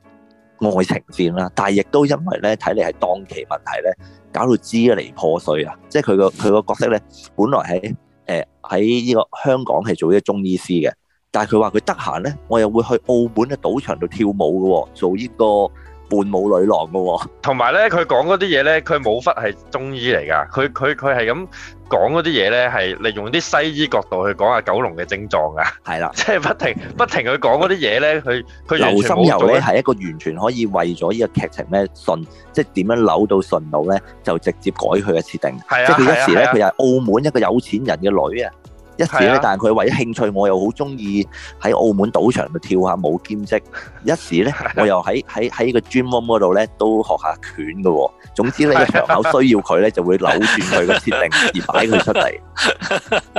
D: 愛情線啦。但係亦都因為咧，睇嚟係檔期問題咧。搞到支離破碎啊！即係佢個佢個角色咧，本來喺誒喺呢個香港係做個中醫師嘅，但係佢話佢得閒咧，我又會去澳門嘅賭場度跳舞嘅喎、哦，做呢個，伴舞女郎噶喎、哦，
A: 同埋咧佢講嗰啲嘢咧，佢冇忽係中醫嚟噶，佢佢佢係咁講嗰啲嘢咧，係利用啲西醫角度去講下、啊、九龍嘅症狀噶，係啦，即係不停不停去講嗰啲嘢咧，佢佢完全冇做。劉心遊咧係
D: 一個完全可以為咗呢個劇情咧順，即係點樣扭到順路咧，就直接改佢嘅設定。係啊是的，即係佢一時咧，佢又係澳門一個有錢人嘅女啊。一時咧，啊、但係佢為咗興趣，我又好中意喺澳門賭場度跳下舞兼職。一時咧，啊、我又喺喺喺個 gym 嗰度咧都學下拳噶，哦。總之咧，個、啊、場口需要佢咧，啊、就會扭轉佢嘅設定 而擺佢出嚟。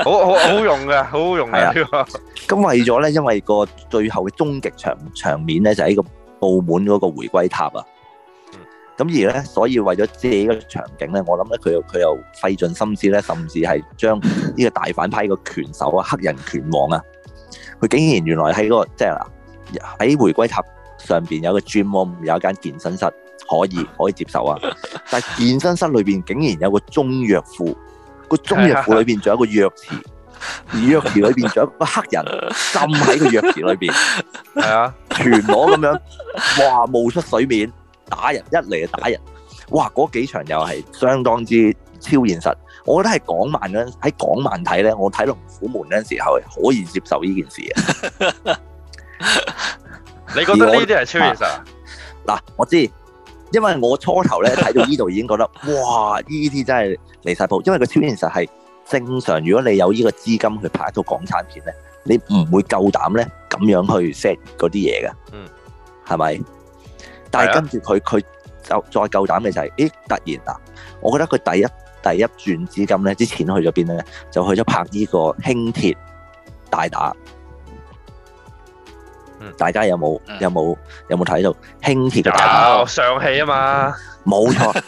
A: 好好好用噶，好好用嘅。
D: 咁、啊、 為咗咧，因為個最後嘅終極場場面咧，就喺、是、個澳門嗰個回歸塔啊。咁而咧，所以為咗遮個場景咧，我諗咧佢又佢又費盡心思咧，甚至係將呢個大反派個拳手啊，黑人拳王啊，佢竟然原來喺嗰個即係嗱喺回歸塔上邊有個 gym，有一間健身室，可以可以接受啊。但係健身室裏邊竟然有個中藥庫，個中藥庫裏邊仲有一個藥池，而藥池裏邊仲有一個黑人浸喺個藥池裏邊，
A: 係啊，
D: 全裸咁樣哇，冒出水面。打人一嚟就打人，哇！嗰幾場又係相當之超現實。我覺得係港漫嗰陣喺港漫睇咧，我睇《龍虎門》嗰陣時候可以接受呢件事啊！
C: 你覺得呢啲係超現實？
D: 嗱，我知，因為我初頭咧睇到呢度已經覺得， 哇！呢啲真係離晒譜，因為個超現實係正常。如果你有呢個資金去拍一套港產片咧，你唔會夠膽咧咁樣去 set 嗰啲嘢㗎。嗯，係咪？但係跟住佢，佢就再夠膽嘅就係，咦！突然啊，我覺得佢第一第一轉資金咧，之前去咗邊咧？就去咗拍呢個輕鐵大打。嗯，大家有冇有冇有冇睇到輕鐵嘅大打？有
A: 上汽啊嘛，冇錯。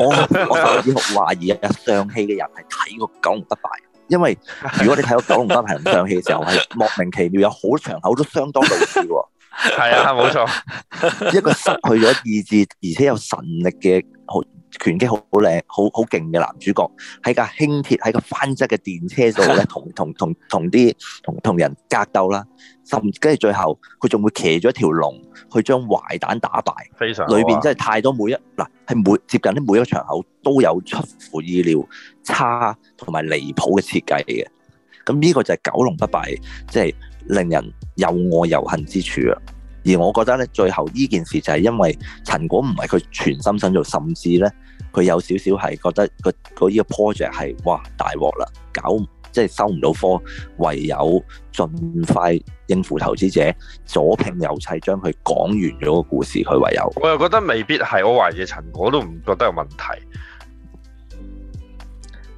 A: 我我甚至懷
D: 疑啊，上汽嘅人係睇過九龍不敗，因為如果你睇到九龍不敗唔上汽嘅時候，係莫名其妙有好多場口都相當類似喎。
C: 係啊，冇錯，一個失去咗意
D: 志，而且有神力嘅好拳擊，好好靚，好好勁嘅男主角，喺架輕鐵，喺個翻側嘅電車度咧，同同同同啲同同人格鬥啦，甚至跟住最後佢仲會騎咗一條龍去將壞蛋打敗，非常、啊、裏邊真係太多每一嗱係每接近啲每一個場口都有出乎意料差同埋離譜嘅設計嚟嘅，咁呢個就係九龍不敗，即係。令人又愛又恨之處啊！而我覺得咧，最後呢件事就係因為陳果唔係佢全心身做，甚至咧佢有少少係覺得個嗰呢個 project 係哇大鑊啦，搞即係收唔到科，唯有盡快應付投資者左拼右砌，將佢講完咗個故事，佢唯有。
A: 我又覺得未必係，我懷疑陳果都唔覺得有問題。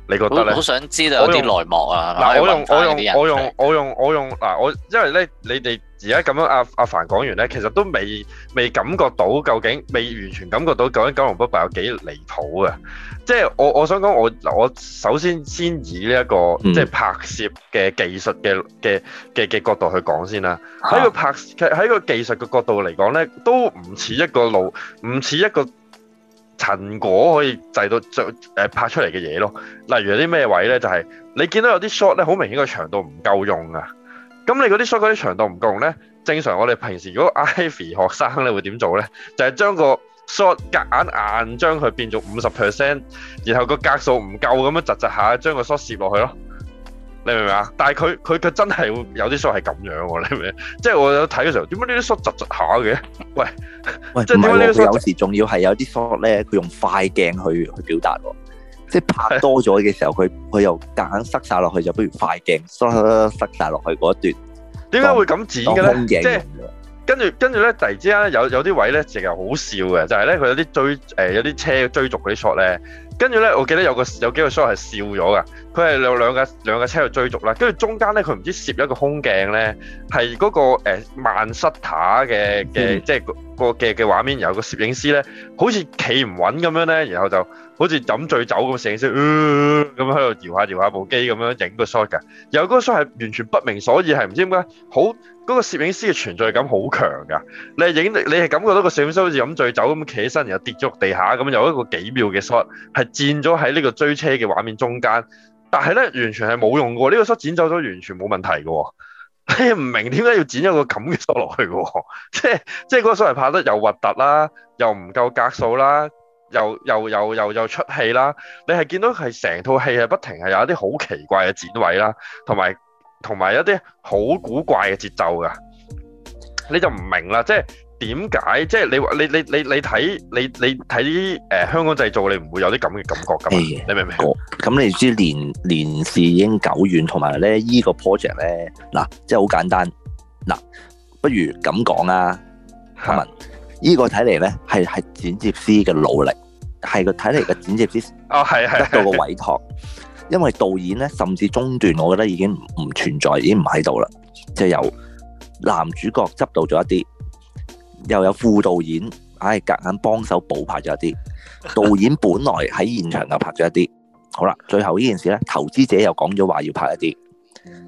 A: 你覺得咧？好想知道啲內幕啊！嗱，我用我用我用我用我用嗱，我因為咧，你哋而家咁樣阿、啊、阿、啊、凡講完咧，其實都未未感覺到，究竟未完全感覺到究竟九龍不敗有幾離譜啊！即係我我想講我嗱，我首先先以呢、這、一個即係、就是、拍攝嘅技術嘅嘅嘅嘅角度去講先啦。喺、嗯、個拍，喺個技術嘅角度嚟講咧，都唔似一個路，唔似一個。陳果可以製到最誒拍出嚟嘅嘢咯，例如啲咩位咧，就係、是、你見到有啲 shot 咧，好明顯個長度唔夠用啊。咁你嗰啲 shot 嗰啲長度唔夠用咧，正常我哋平時如果 Ivy 學生，你會點做咧？就係、是、將個 shot 夾硬硬將佢變做五十 percent，然後個格數唔夠咁樣窒窒下，將個 shot 攝落去咯。你明唔明啊？但係佢佢佢真係會有啲 shot 係咁樣，你明唔明？ 即係我有睇嘅時候，點解呢啲 shot 窒窒下嘅？
C: 喂，
D: 即係點解呢個有時仲要係有啲 shot 咧？佢用快鏡去去表達喎，即係拍多咗嘅時候，佢佢的又夾硬塞晒落去，就不如快鏡塞塞曬落去嗰一段。
A: 點解會咁剪嘅咧？跟住，跟住咧，突然之間咧，有有啲位咧，成日好笑嘅，就係咧，佢有啲追誒，有啲車追逐嗰啲 shot 咧。跟住咧，我記得有個有幾個 shot 係笑咗噶，佢係有兩架兩架車去追逐啦。跟住中間咧，佢唔知攝一個空鏡咧，係嗰個誒曼塞塔嘅嘅，即係個嘅嘅畫面。然後個攝影師咧，好似企唔穩咁樣咧，然後就好似飲醉酒咁，攝影師咁樣喺度搖下搖下部機咁樣影個 shot 嘅。然後嗰個 shot 係完全不明所以，係唔知點解好。嗰個攝影師嘅存在感好強噶，你係影，你係感覺到個攝影師好似飲醉酒咁企起身，然後跌咗落地下咁，有一個幾秒嘅 shot 係佔咗喺呢個追車嘅畫面中間，但係咧，完全係冇用嘅，呢個 shot 剪走咗完全冇問題嘅，你唔明點解要剪一個咁嘅 shot 落去嘅，即係即係嗰個 shot 係拍得又核突啦，又唔夠格數啦，又又又又又，又出戲啦，你係見到係成套戲係不停係有一啲好奇怪嘅剪位啦，同埋。同埋一啲好古怪嘅節奏噶，你就唔明啦，即係點解？即係你你你你你睇你你睇啲、呃、香港製造，你唔會有啲咁嘅感覺噶嘛？哎、呀你明唔明？
D: 咁你知年年事已經久遠，同埋咧依個 project 咧嗱，即係好簡單嗱，不如咁講啊，阿文，依哈個睇嚟咧係係剪接師嘅努力，係個睇嚟嘅剪接師啊，係啊，得到個委託。哦。因為導演咧，甚至中段，我覺得已經唔存在，已經唔喺度啦。即係由男主角執導咗一啲，又有副導演，唉、哎，夾硬幫手補拍咗一啲。導演本來喺現場又拍咗一啲。好啦，最後呢件事咧，投資者又講咗話要拍一啲，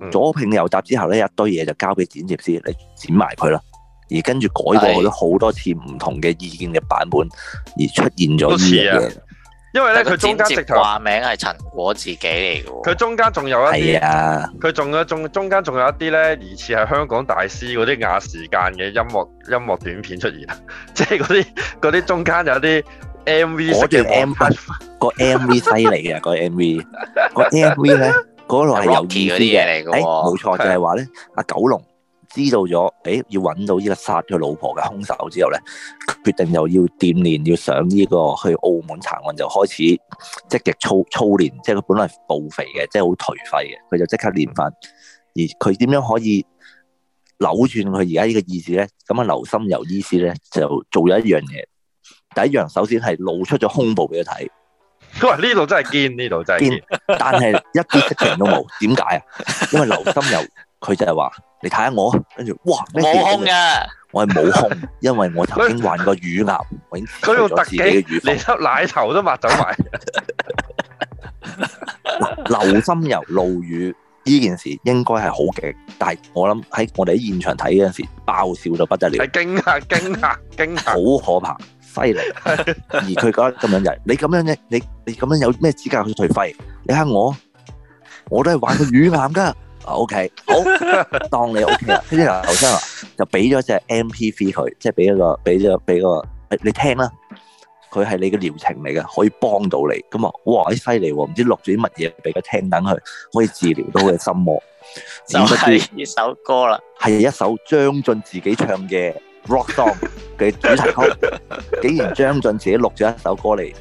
D: 嗯、左拼右搭之後呢一堆嘢就交俾剪接師嚟剪埋佢啦。而跟住改過去咗好多次唔同嘅意見嘅版本，而出現咗呢樣嘢。嗯嗯
B: 因為咧佢中間直頭話名係陳果自己嚟噶，佢中間仲有一啲，
A: 佢仲有中中間仲有一啲咧疑似係香港大師嗰啲亞時間嘅音樂音樂短片出現，即係嗰啲嗰啲中間有啲 M V，我叫 M V 個 M V 犀利啊，個 M V 個 M V 咧
D: 嗰度係有意思嘅，誒冇錯就係話咧阿九龍。知道咗，誒、哎、要揾到呢個殺佢老婆嘅兇手之後咧，決定又要鍛練，要上呢個去澳門查案，就開始積極操操練。即係佢本來暴肥嘅，即係好頹廢嘅，佢就即刻練翻。而佢點樣可以扭轉佢而家呢個意思咧？咁啊，劉心悠醫師咧就做咗一樣嘢。第一樣首先係露出咗胸部俾佢睇。
A: 佢話：呢度真係堅，呢度真係堅。 但係一啲識嘅人都冇。點解
D: 啊？因為劉心悠。佢就係話，你睇下我，跟住，哇！冇胸嘅，空我係冇胸，因為我曾 經患過乳癌，永咗自己嘅乳，你粒
A: 奶頭都抹走埋。
D: 流心油露乳呢件事應該係好勁，但係我諗喺我哋喺現場睇嗰陣時，爆笑到不得了。
A: 驚嚇驚嚇驚嚇，好
D: 可怕，犀利。 而佢覺得咁樣就係、是，你咁樣咧，你你咁樣有咩資格去頹廢？你睇下我，我，我都係患過乳癌噶。 啊 OK，好，當你 OK 啦。呢啲頭先就俾咗隻 MP3 佢，即係俾一個，俾咗俾個，你聽啦。佢係你嘅療程嚟嘅，可以幫到你。咁啊，哇，好犀利喎！唔知錄住啲乜嘢俾佢聽，等佢可以治療到佢心魔。
B: 就係呢首歌啦，
D: 係一首張晉自己唱嘅 rock song 嘅主題曲。竟然張晉自己錄咗一首歌嚟，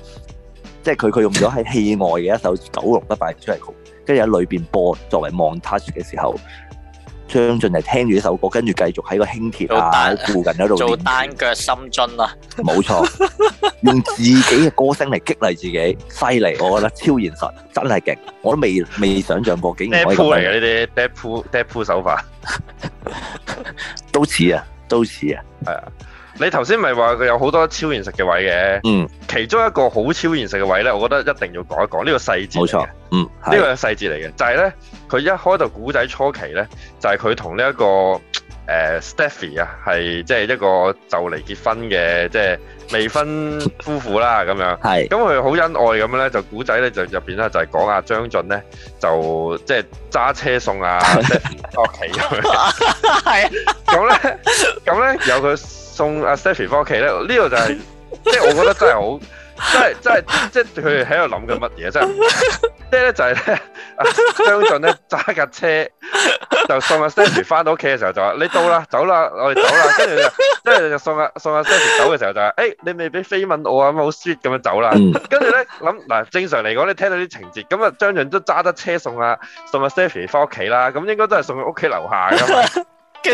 D: 即係佢佢用咗喺戲外嘅一首《九龍不敗》主題曲。跟住喺裏邊播，作為 Montage 嘅時候，張晉就聽住呢首歌，跟住繼續喺個輕鐵啊附近喺度做
B: 單腳深蹲啊！冇錯，
D: 用自己嘅歌聲嚟激勵自己，犀利！我覺得超現實，真係勁！我都未未想象過，竟然可以嚟嘅呢啲
A: Dead Pool Dead Pool 手法
D: 都似啊，都似啊，係啊！
A: 你頭先咪話佢有好多超現實嘅位嘅，嗯，其中一個好超現實嘅位咧，我覺得一定要講一講呢個細節，冇錯，嗯，呢個係細節嚟嘅，就係咧佢一開到古仔初期咧，這個呃，就係佢同呢一個誒 Stephy 啊，係即係一個就嚟結婚嘅即係未婚夫婦啦咁樣，係，咁佢好恩愛咁樣咧，就古仔咧就入邊咧就係講阿張晉咧就即係揸車送啊 Stephy 屋企咁樣子，係， 咁咧咁咧有佢。送阿 Stephie 翻屋企咧，呢度就係即係我覺得真係好， 真係真係即係佢哋喺度諗緊乜嘢，即係即係咧就係咧，張俊咧揸架車就送阿 Stephie 翻到屋企嘅時候就話：你到啦，走啦，我哋走啦。跟住就即係就是、送阿送阿 Stephie 走嘅時候就話：誒、欸，你未俾飛吻我啊？咁好 sweet 咁樣走啦。跟住咧諗嗱，正常嚟講，你聽到啲情節咁啊，張俊都揸得車送阿送阿 Stephie 翻屋企啦，咁應該都係送佢屋企樓下噶嘛。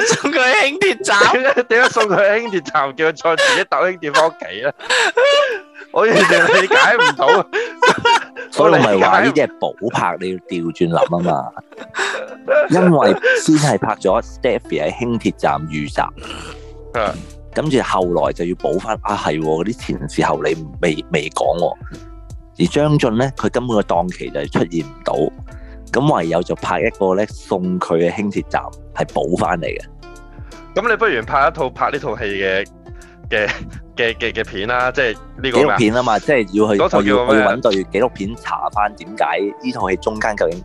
C: 送佢去輕鐵站，
A: 點解送佢去輕鐵站？叫佢再自己搭輕鐵翻屋企啊！我完全理解唔到，
D: 所以我咪話呢啲係補拍，你要調轉諗啊嘛。
C: 因為
D: 先係拍咗 Stephy 喺輕鐵站遇襲，嗯，跟住後來就要補翻啊，係嗰啲前事後你未未講，而張晉咧，佢根本個檔期就出現唔到。.咁唯有就拍一個咧，送佢嘅輕鐵站係補翻嚟嘅。
A: 咁你不如拍一套拍呢套戲嘅嘅嘅嘅嘅片啦，即係呢個片啊嘛，即係要去要去搵
D: 對紀錄片查翻點解呢套戲中間究竟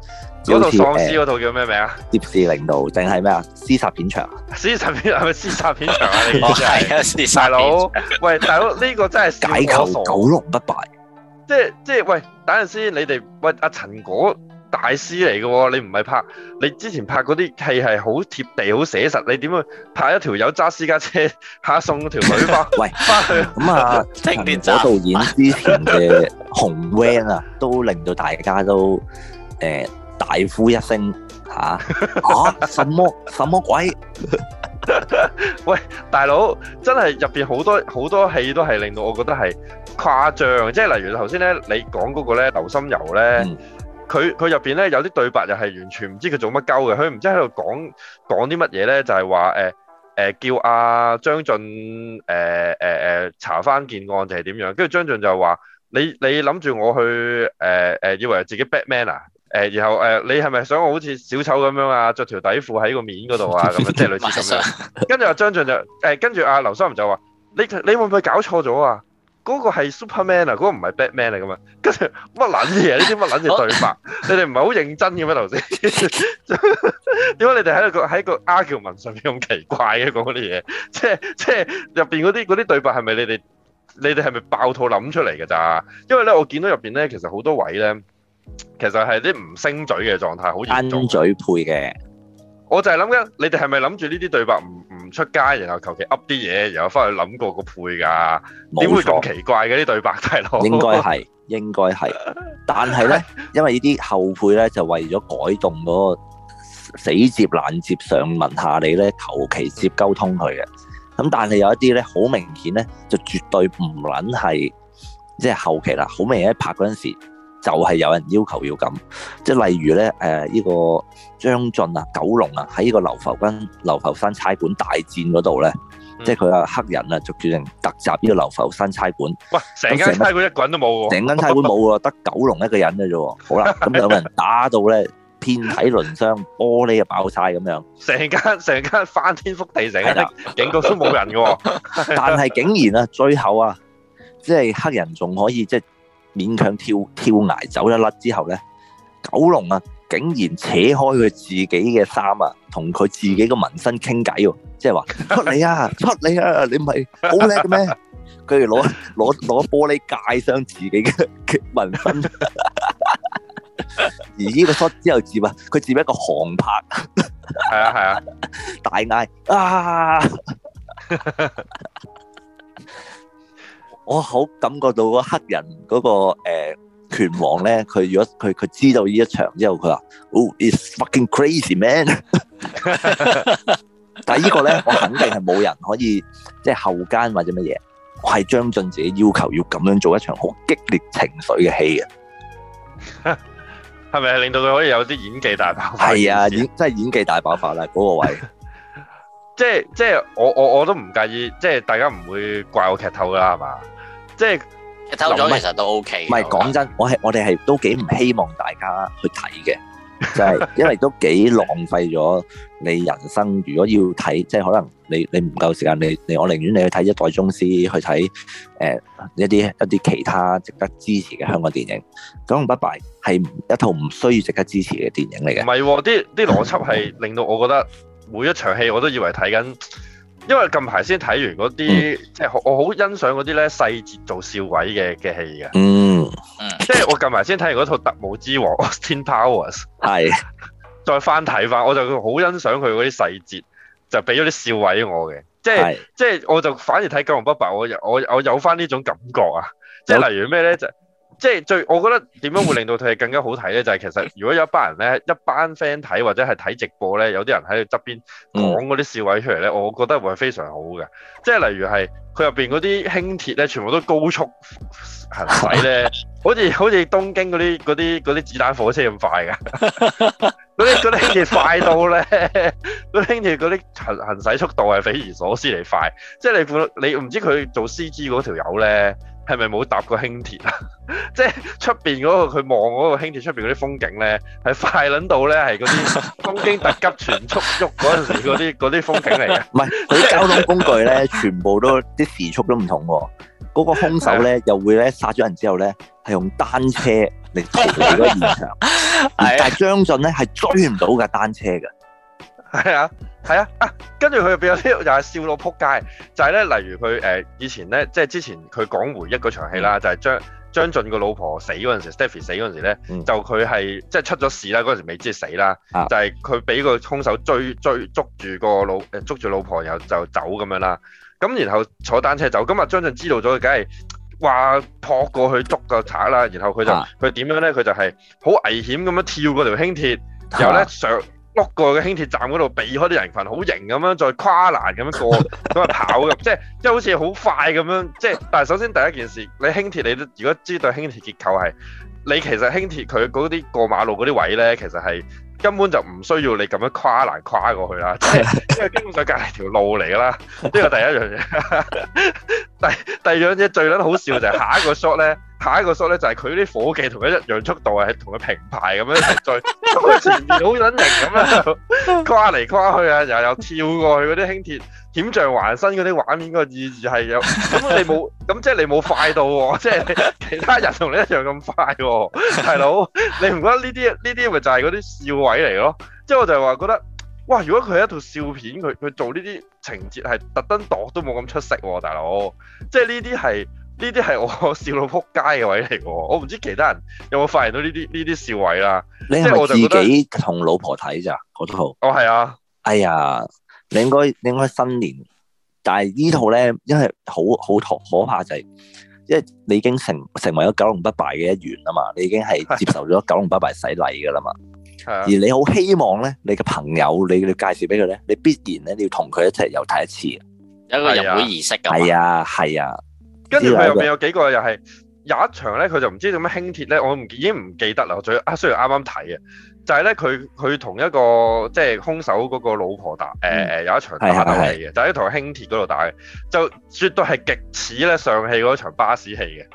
D: 嗰套喪屍
A: 嗰套叫咩名啊？
D: 攝氏零度定係咩啊？廝殺片場，
A: 廝殺片係咪廝殺片場啊？你講係 啊，大佬 喂，大佬呢、這個真係解構九龍不敗，即係即係喂，等陣先，你哋喂阿陳、啊啊、果。大師嚟嘅、哦，你唔係拍你之前拍嗰啲戲係好貼地、好寫實，你點會拍一條友揸私家車下、啊、送
C: 條女返？ 喂，
D: 咁去、嗯、啊，年嗰導演之前嘅紅 van 啊，都令到大家都誒、呃、大呼一聲吓？啊， 啊，什麼什麼鬼？
A: 喂，大佬，真係入邊好多好多戲都係令到我覺得係誇張，即係例如頭先咧，你講嗰個咧，劉心悠咧。佢佢入邊咧有啲對白又係完全唔知佢做乜鳩嘅，佢唔知喺度講講啲乜嘢咧，就係話誒誒叫阿、啊、張俊誒誒誒查翻件案件就係點樣，跟住張俊就話你你諗住我去誒誒、呃、以為自己 Batman 啊，誒、呃、然後誒、呃、你係咪想我好似小丑咁樣啊，着條底褲喺個面嗰度啊，咁樣 即係類似咁樣，跟住阿張俊就誒跟住阿劉生就話你你，你會唔會搞錯咗啊？嗰個係 Superman 啊，嗰個唔係 Batman 嚟、啊、噶嘛？跟住乜撚嘢呢啲乜撚嘢對白？你哋唔係好認真嘅咩？頭先點解你哋喺個喺個阿喬文上面咁奇怪嘅講啲嘢？即係即係入邊嗰啲啲對白係咪你哋你哋係咪爆肚諗出嚟嘅咋？因為咧我見到入邊咧，其實好多位咧，其實係啲唔聲嘴嘅狀態，好
D: 陰嘴配嘅。
A: 我就係諗緊，你哋係咪諗住呢啲對白唔唔出街，然後求其噏啲嘢，然後翻去諗過個配㗎？點會咁奇怪嘅啲對白，大佬，應該係應該係？但係咧，
D: 因為呢啲後配咧就為咗改動嗰個死接難接上文下理咧，求其接溝通佢嘅。咁但係有一啲咧，好明顯咧，就絕對唔撚係即係後期啦，好明顯拍嗰陣時，就係有人要求要咁，即係例如咧，誒、呃、依、這個張進啊、九龍啊，喺呢個流浮崗、流浮山差館大戰嗰度咧，嗯、即係佢阿黑人啊，就決定突襲呢個流浮山差館。哇！成間差
A: 館一、哦、 一個人都冇，成間差館冇
D: 喎，得九龍一個人嘅啫喎。好啦，咁有人打到咧遍體鱗傷，玻璃啊爆晒咁樣。
A: 成間成間翻天覆地，成間警局都冇人嘅、哦。 但係
D: 竟然啊，最後啊，即係黑人仲可以即係。勉強跳跳崖走一甩之後咧，九龍啊，竟然扯開佢自己嘅衫啊，同佢自己嘅紋身傾偈喎，即係話出嚟啊，就是、出嚟啊，你唔係好叻嘅咩？佢哋攞攞攞玻璃界上自己嘅紋身， 而呢個 shot 之後接啊，佢接一個航拍，係啊係啊，大嗌啊！我好感覺到嗰黑人嗰、嗰個、欸、拳王咧，佢如果佢佢知道呢一場之後，佢話：Oh, it's fucking crazy man！ 但係呢個咧，我肯定係冇人可以即後奸或者乜嘢，我係將盡自己要求要咁樣做一場好激烈情緒嘅戲嘅。
A: 係咪令到佢可以有啲演技大爆發？係啊，
D: 演即演技大爆發啦！嗰、嗰個位
A: 即，即即我我我都唔介意，即大家唔會怪我劇透㗎啦，係嘛？即係睇咗，其實都 OK。唔係講
D: 真、嗯我，我係我哋係都幾唔希望大家去睇嘅，就係、是、因為都幾浪費咗你人生。如果要睇，即係可能你你唔夠時間，你你我寧願你去睇《一代宗師》，去睇誒、呃、一啲一啲其他值得支持嘅香港電影。 《九龍不敗》係一套唔需要值得支持嘅電影嚟嘅。
A: 唔係，啲啲邏輯係令到我覺得每一場戲我都以為睇緊。因為近排先睇完嗰啲，嗯、即係我好欣賞嗰啲咧細節做笑位嘅嘅戲嘅。
C: 嗯，
A: 即係我近排先睇完嗰套《特務之王》《Austin Powers》，係再翻睇翻，我就好欣賞佢嗰啲細節，就俾咗啲笑位我嘅。即係是即係，我就反而睇《九龍不敗》，我我我有翻呢種感覺啊！即係例如咩咧就？即係最，我覺得點樣會令到佢更加好睇咧？就係、是、其實，如果有一班人咧，一班 friend 睇或者係睇直播咧，有啲人喺佢側邊講嗰啲笑位出嚟咧，我覺得會係非常好嘅。即係例如係佢入邊嗰啲輕鐵咧，全部都高速行駛咧，好似好似東京嗰啲嗰啲嗰啲子彈火車咁快嘅。嗰啲嗰啲輕鐵快到咧，嗰啲輕鐵嗰啲行行駛速度係匪夷所思嚟快。即係你你唔知佢做 CG 嗰條友咧？係咪冇搭過輕鐵啊？即係出邊嗰個佢望嗰個輕鐵出邊嗰啲風景咧，係快撚到咧，係嗰啲東京特急全速喐嗰陣時嗰啲嗰啲風景嚟嘅。
D: 唔係，佢交通工具咧，全部都啲時速都唔同喎。嗰個兇手咧又會咧殺咗人之後咧，係用單車嚟逃離嗰個現場，係，但係張進咧係追唔到架單車
A: 嘅。係啊，係啊，啊，跟住佢入邊有啲又係笑到、就是、仆街，就係、是、咧，例如佢誒以前咧，即係之前佢講回憶嗰場戲啦，嗯、就係張張晉個老婆死嗰陣時，Stephy、嗯、死嗰陣時咧，就佢係即係出咗事啦，嗰陣時未知死啦，嗯、就係佢俾個凶手追追，追捉住個老誒捉住老婆又就走咁樣啦，咁然後坐單車走，咁啊張晉知道咗，梗係話撲過去捉個賊啦，然後佢就佢點、嗯嗯、樣咧，佢就係好危險咁樣跳嗰條輕鐵，然後咧上，碌過嘅輕鐵站嗰度，避開啲人羣，好型咁樣再跨欄咁樣過，咁啊跑咁，即係即係好似好快咁樣。即係，但係首先第一件事，你輕鐵你如果知道輕鐵結構係，你其實輕鐵佢嗰啲過馬路嗰啲位咧，其實係根本就唔需要你咁樣跨欄跨過去啦。即係因為基本上隔籬條路嚟嘅啦。呢、這個第一樣嘢。第 第二樣嘢最撚好笑就係下一個 shot 咧。下一個 shot 咧，就係佢啲伙計同佢一樣速度係同佢平排咁樣在，咁嘅情節好引人咁樣，跨嚟跨去啊，又有跳過去嗰啲輕鐵，險象環生嗰啲畫面個意義係有，咁你冇，咁即係你冇快到喎，即係其他人同你一樣咁快喎，大佬，你唔覺得呢啲呢啲咪就係嗰啲笑位嚟咯？即係我就係話覺得，哇！如果佢係一套笑片，佢佢做呢啲情節係特登度都冇咁出色喎，大佬，即係呢啲係。呢啲係我笑到扑街嘅位嚟嘅，我唔知其他人有冇發現到呢啲呢啲笑位啦。你係咪自己
D: 同老婆睇咋嗰套。我都哦，係啊。哎呀，你應該應該新年，但係呢套咧，因為好好可怕就係、是，因為你已經成成為咗九龍不敗嘅一員啊嘛，你已經係接受咗九龍不敗洗禮噶啦嘛。 而你好希望咧，你嘅朋友，你要介紹俾佢咧，你必然咧，你要同佢一齊又睇一次。
B: 有一個入會儀式
A: 噶
D: 係啊，係啊。
A: 跟住佢入面有幾個又係有一場咧，佢就唔知做咩輕鐵咧，我唔已經唔記得啦。我最啊雖然啱啱睇嘅，就係咧佢佢同一個即係凶手嗰個老婆打誒誒、欸、有一場打鬥戲嘅，嗯、就喺同輕鐵嗰度打嘅，就絕對係極似咧上戲嗰場巴士戲嘅。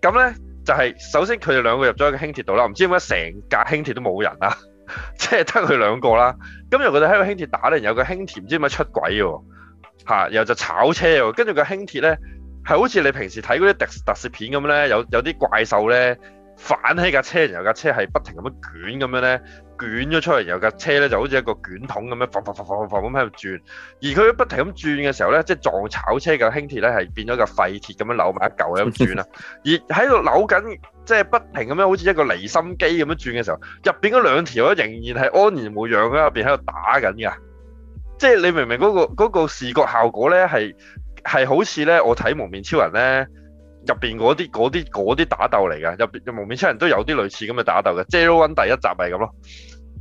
A: 咁咧就係、是、首先佢哋兩個入咗一個輕鐵度啦，唔知點解成架輕鐵都冇人啦，即係得佢兩個啦。咁又佢哋喺個輕鐵打，然後個輕鐵唔知點解出軌嘅，吓、啊、然後就炒車，跟住個輕鐵咧。係好似你平時睇嗰啲特特攝片咁咧，有有啲怪獸咧，反起架車，然後架車係不停咁樣捲咁樣咧，捲咗出嚟，然後架車咧就好似一個捲筒咁樣，拂拂拂拂咁喺度轉，而佢不停咁轉嘅時候咧，即係撞炒車架輕鐵咧，係變咗個廢鐵咁樣扭埋一嚿咁轉啦。而喺度扭緊，即係不停咁樣好似一個離心機咁樣轉嘅時候，入邊嗰兩條咧仍然係安然無恙喺入邊喺度打緊㗎。即係你明唔明嗰個嗰個視覺效果咧係？係好似咧，我睇蒙面超人咧入邊嗰啲啲啲打鬥嚟嘅入入蒙面超人都有啲類似咁嘅打鬥嘅。Zero One 第一集咪咁咯，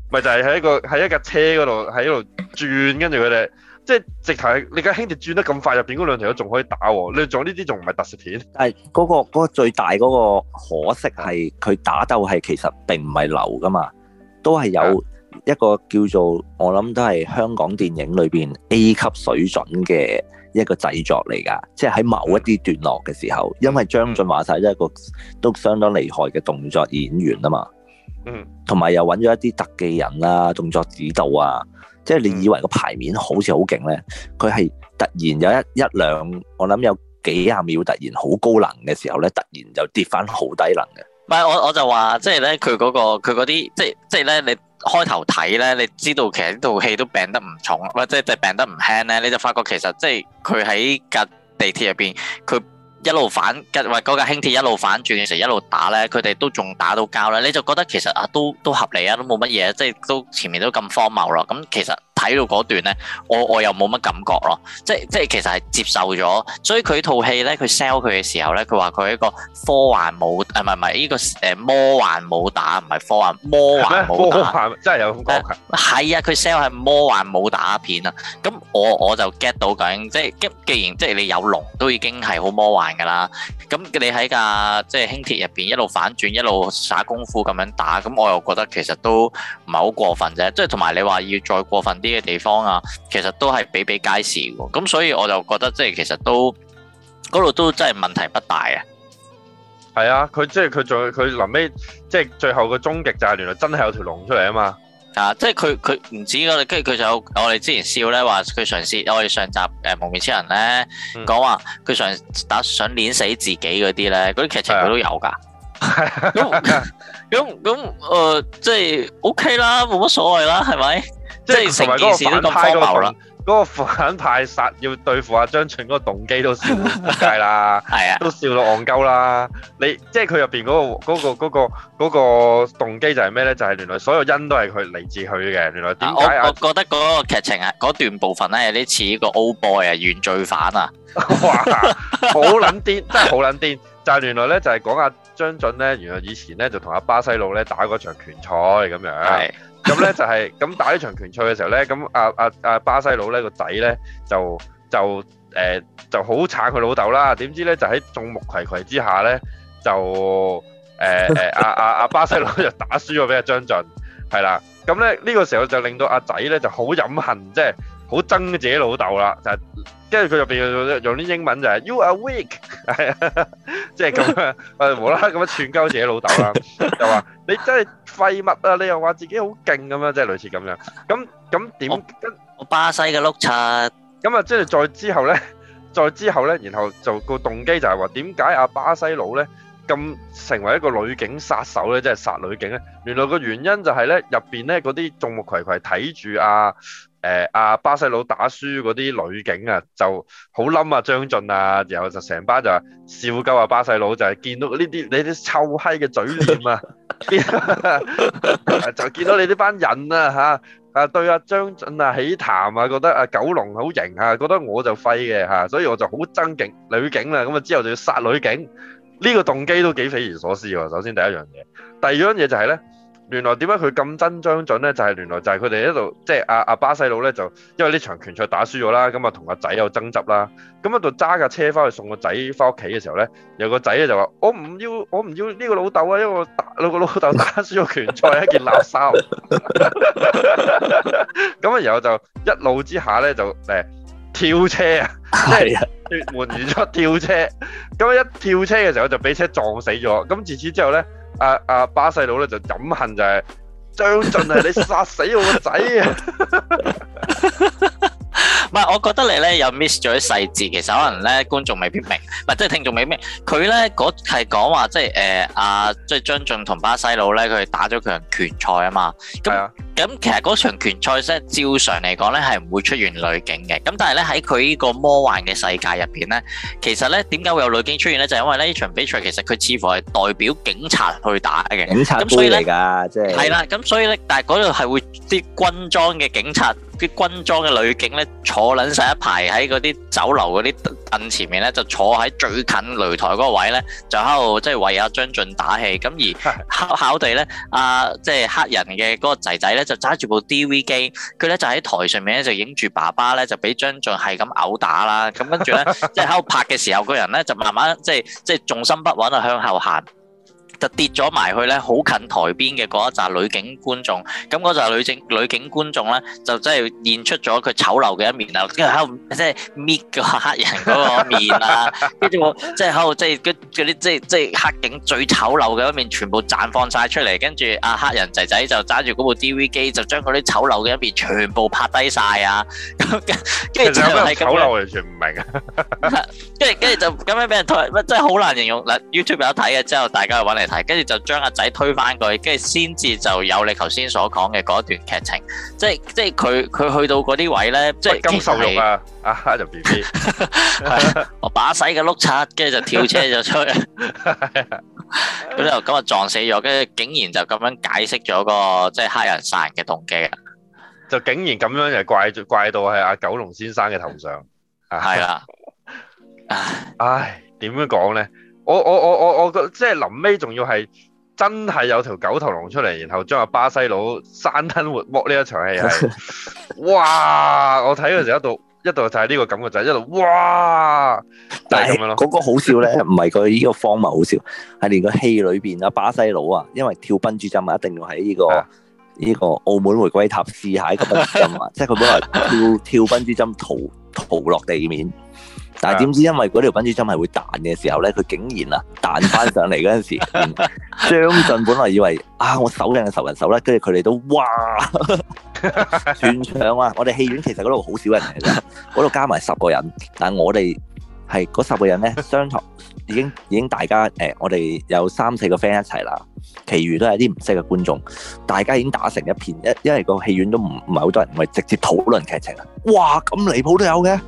A: 咪就係、是、喺一個喺一架車嗰度喺度轉跟住佢哋，即係直頭係你家兄弟轉得咁快，入邊嗰兩條友仲可以打喎。你做呢啲仲唔係特攝片？但係、
D: 那、嗰、個那個最大嗰個可惜係佢打鬥係其實並唔係流噶嘛，都係有一個叫做我諗都係香港電影裏邊 A 級水準嘅。一個製作嚟噶，即係喺某一啲段落嘅時候，因為張晉話晒一個都相當厲害嘅動作演員啊嘛，嗯，同埋又揾咗一啲特技人啦、啊、動作指導啊，即係你以為個牌面好似好勁呢，佢係突然有一一兩，我諗有幾廿秒突然好高能嘅時候呢，突然就跌翻好低能嘅。
B: 唔係我我就話，即係咧佢嗰個佢嗰啲，即係即係咧你開頭睇咧，你知道其實呢套戲都病得唔重，或者即係病得唔輕咧，你就發覺其實即係佢喺隔地鐵入邊，佢一路反架或嗰架輕鐵一路反轉嘅時候一路打咧，佢哋都仲打到交啦，你就覺得其實啊都都合理啊，都冇乜嘢，即係都前面都咁荒謬咯，咁其實。睇到嗰段咧，我我又冇乜感覺咯，即係即係其實係接受咗，所以佢套戲咧，佢 sell 佢嘅時候咧，佢話佢係一個科幻武，誒唔係唔係呢個誒魔幻武打，唔係科幻魔幻武打，科幻真係有咁講㗎？係啊，佢 sell 係魔幻武打片啊，咁我我就 get 到咁，即係既然即係你有龍都已經係好魔幻噶啦，咁你喺架、這個、即係輕鐵入邊一路反轉一路耍功夫咁樣打，咁我又覺得其實都唔係好過分啫，即係同埋你話要再過分啲。啲嘅地方啊，其實都係比比皆是，咁所以我就覺得即係其實都嗰度都真係問題不大啊。
A: 係啊，佢即係佢再佢
B: 臨尾即係最後個終極就係原來，真係有條龍出嚟啊嘛。啊，即係佢佢唔止咯，跟住佢就，就，就我哋之前笑咧話佢嘗試，我哋上集誒蒙面超人咧講話佢想打想碾死自己嗰啲咧，嗰啲劇情佢都有噶。咁咁咁誒，即係 OK 啦，冇乜所謂啦，係咪？ 即係同埋嗰個反派嗰個動，
A: 嗰個反派殺要對付阿、啊、張晉嗰個動機都笑曬啦，係啊，都笑到戇鳩啦。你即係佢入邊嗰個嗰、那個嗰、那個那個動機就係咩咧？就係、是、原來所有因都係佢嚟自佢嘅。原來點解、啊啊？
B: 我覺得嗰個劇情係嗰段部分咧有啲似個 Old Boy 啊，原罪犯啊，
C: 哇！好撚
A: 癲，真係好撚癲。就原來咧就係講阿張晉咧，原來以前咧就同阿巴西佬咧打嗰場拳賽咁樣。咁咧 就係、是、咁打呢場拳賽嘅時候咧，咁阿阿阿巴西佬咧個仔咧就就誒、呃、就好撐佢老豆啦，點知咧就喺眾目睽睽之下咧就誒誒阿阿阿巴西佬就 打輸咗俾阿張進，係啦，咁咧呢、這個時候就令到阿仔咧就好飲恨，即係。好憎自己老豆啦，就係跟住佢入邊用用啲英文就係 You are weak，係啊，即係咁啊，無啦啦咁樣串鳩自己老豆啦，就話你真係廢物啊！你又話自己好勁咁啊，即係類似咁樣。咁咁點？我巴西嘅碌柒。咁啊，即係再之後咧，再之後咧，然後就個動機就係話點解阿巴西佬咧咁成為一個女警殺手咧，即係殺女警咧？原來個原因就係咧入邊咧嗰啲眾目睽睽睇住啊。誒，阿巴西佬打輸嗰啲女警啊，就好冧啊，張晉啊，然後就成班就笑鳩啊，巴西佬就係見到呢啲你啲臭閪嘅嘴臉啊，就見到你呢班人啊，吓啊對阿張晉啊起談啊，覺得阿九龍好型吓，覺得我就廢嘅吓，所以我就好憎警女警啦，咁啊之後就要殺女警，呢個動機都幾匪夷所思喎。首先第一樣嘢，第二樣嘢就係咧。原來點解佢咁真將準咧？就係、是、原來就係佢哋喺度，即係阿阿巴細佬咧，就，是啊、爸爸弟弟就因為呢場拳賽打輸咗啦，咁啊同阿仔有爭執啦，咁喺度揸架車翻去送個仔翻屋企嘅時候咧，有個仔咧就話：我唔要，我唔要呢個老豆啊！因為我打我個老豆打輸咗拳賽，一件垃圾。咁啊，然後就一怒之下咧就誒跳車啊！係啊，門完出跳車，咁一跳車嘅時候就俾車撞死咗。咁自此之後咧。
B: 阿阿、uh, uh, 巴西佬咧就飲恨，就係
A: 張晉，係你殺死我個仔
B: 啊！唔 係， 我覺得你咧有 miss 咗啲細節，其實可能咧觀眾未必明，唔係即係聽眾未必明。佢咧嗰係講話即係誒，阿、呃啊、即係張晉同巴西佬咧，佢打咗場拳賽啊嘛。係咁其實場拳賽咧，照常嚟講咧係唔會出現女警嘅。咁但係咧喺佢呢個魔幻嘅世界入邊，咧，其實咧點解會有女警出現咧？就係因為咧呢場比賽其實佢似乎係代表警察去打嘅，警察杯嚟㗎，即係啦。咁所以咧，但係度係會啲軍裝嘅警察，啲軍裝嘅女警咧坐撚晒一排喺嗰啲酒樓嗰啲凳前面咧，就坐喺最近擂台個位咧，就喺度即係為阿張俊打氣，咁而巧巧地咧，阿即係黑人嘅個仔仔咧。就揸住部 DV 機，佢咧就喺台上面咧就影住爸爸咧就俾張俊係咁毆打啦，咁跟住咧即係喺度拍嘅時候，個人咧就慢慢即係即係重心不穩啊，向後行。就跌咗埋去咧，好近台邊嘅嗰一紮女警觀眾，咁嗰扎女警女警觀眾咧，就真係現出咗佢醜陋嘅一面啊！即係喺度即係搣個黑人嗰個面啊，跟住我即係喺度即係嗰啲即係即係黑警最醜陋嘅一面全部綻放晒出嚟，跟住阿黑人仔仔就揸住部 DV 機就將嗰啲醜陋嘅一面全部拍低晒啊！咁跟住就係咁啊！醜陋完全唔明啊！跟住跟住就咁樣俾人拖，真係好難形容嗱。YouTube 有睇啊，之後，大家揾嚟。跟住就將阿仔推翻過去，跟住先至就有你頭先所講嘅嗰段劇情，即係即係佢佢去到嗰啲位咧，即係接受啊啊即是 就 B B，我把使嘅碌漆，跟住 就跳車就出去。咁 就今日撞死咗，跟住竟然就咁樣解釋咗個即係黑人殺人嘅動機啊，就
A: 竟然咁樣就怪住怪到係阿九龍先生嘅頭上啊，係啦，唉點樣講咧？我我我我我嘅即係臨尾仲要係真係有條九頭龍出嚟，然後將個巴西佬生吞活剝呢一場戲，哇！我睇嘅時候一度一度就係呢個感覺就係一路哇，咁樣
D: 咯。嗰個好笑咧，唔係佢呢個荒謬好笑，係連個戲裏邊啊巴西佬啊，因為跳蹦珠針啊，一定要喺呢個呢個澳門回歸塔試下個蹦珠針啊，即係佢本來跳跳蹦珠針，逃逃落地面。但係點知因為嗰條珍珠針係會彈嘅時候咧，佢竟然啊彈翻上嚟嗰陣時、 嗯，張晉本來以為啊我手硬嘅仇人手咧，跟住佢哋都哇， 全場啊！我哋戲院其實嗰度好少人嚟㗎，嗰度加埋十個人，但係我哋係嗰十個人咧雙重。相同已經已經大家誒、呃，我哋有三四個 friend 一齊啦，其餘都係啲唔識嘅觀眾，大家已經打成一片，一因為個戲院都唔唔係好多人，唔係直接討論劇情啊！哇，咁離譜都有嘅，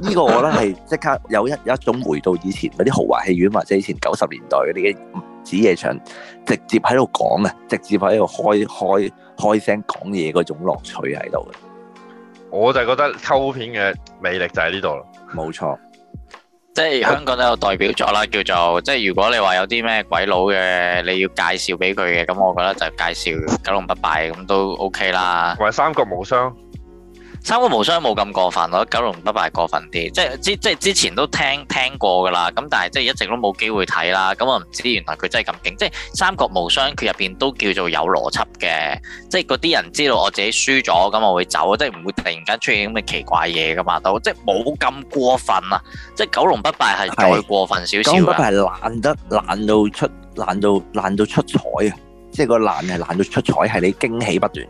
D: 呢 個我覺得係即刻有一有一種回到以前嗰啲豪華戲院或者以前九十年代嗰啲子夜場，直接喺度講啊，直接喺度開開開聲講嘢嗰種
A: 樂趣喺度。我就覺得溝片嘅魅力就喺呢度，冇錯。
B: 即係香港都有代表作啦，叫做即係如果你話有啲咩鬼佬嘅，你要介紹俾佢嘅，咁我覺得就介紹九龍不敗咁都 OK 啦，或者三國無雙。三國無雙冇咁過分，我覺得九龍不敗過分啲，即係之即係之前都聽聽過㗎啦，咁但係即係一直都冇機會睇啦，咁我唔知原來佢真係咁勁，即係三國無雙佢入邊都叫做有邏輯嘅，即係嗰啲人知道我自己輸咗，咁我會走，即係唔會突然間出現咁嘅奇怪嘢㗎嘛，都即係冇咁過分啊，即係九龍不敗係再過分少少，九龍不敗
D: 難得難到出難到難到出彩啊！即係個爛係爛到出彩，係你驚喜不斷。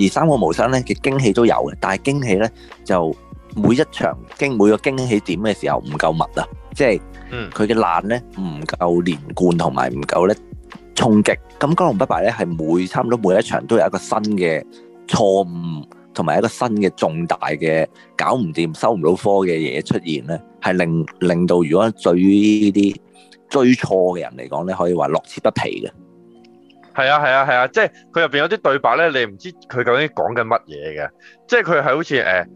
D: 而三個無生咧嘅驚喜都有嘅，但係驚喜咧就每一場驚每個驚喜點嘅時候唔夠密啊！即係佢嘅爛咧唔夠連貫同埋唔夠咧衝擊。咁《九龍不敗》咧係每差唔多每一場都有一個新嘅錯誤同埋一個新嘅重大嘅搞唔掂收唔到科嘅嘢出現咧，係令令到如果對於呢啲追錯嘅人嚟講咧，可以話樂此不疲嘅。
A: 係啊係啊係啊，即係佢入邊有啲對白咧，你唔知佢究竟講緊乜嘢嘅，即係佢係好似誒，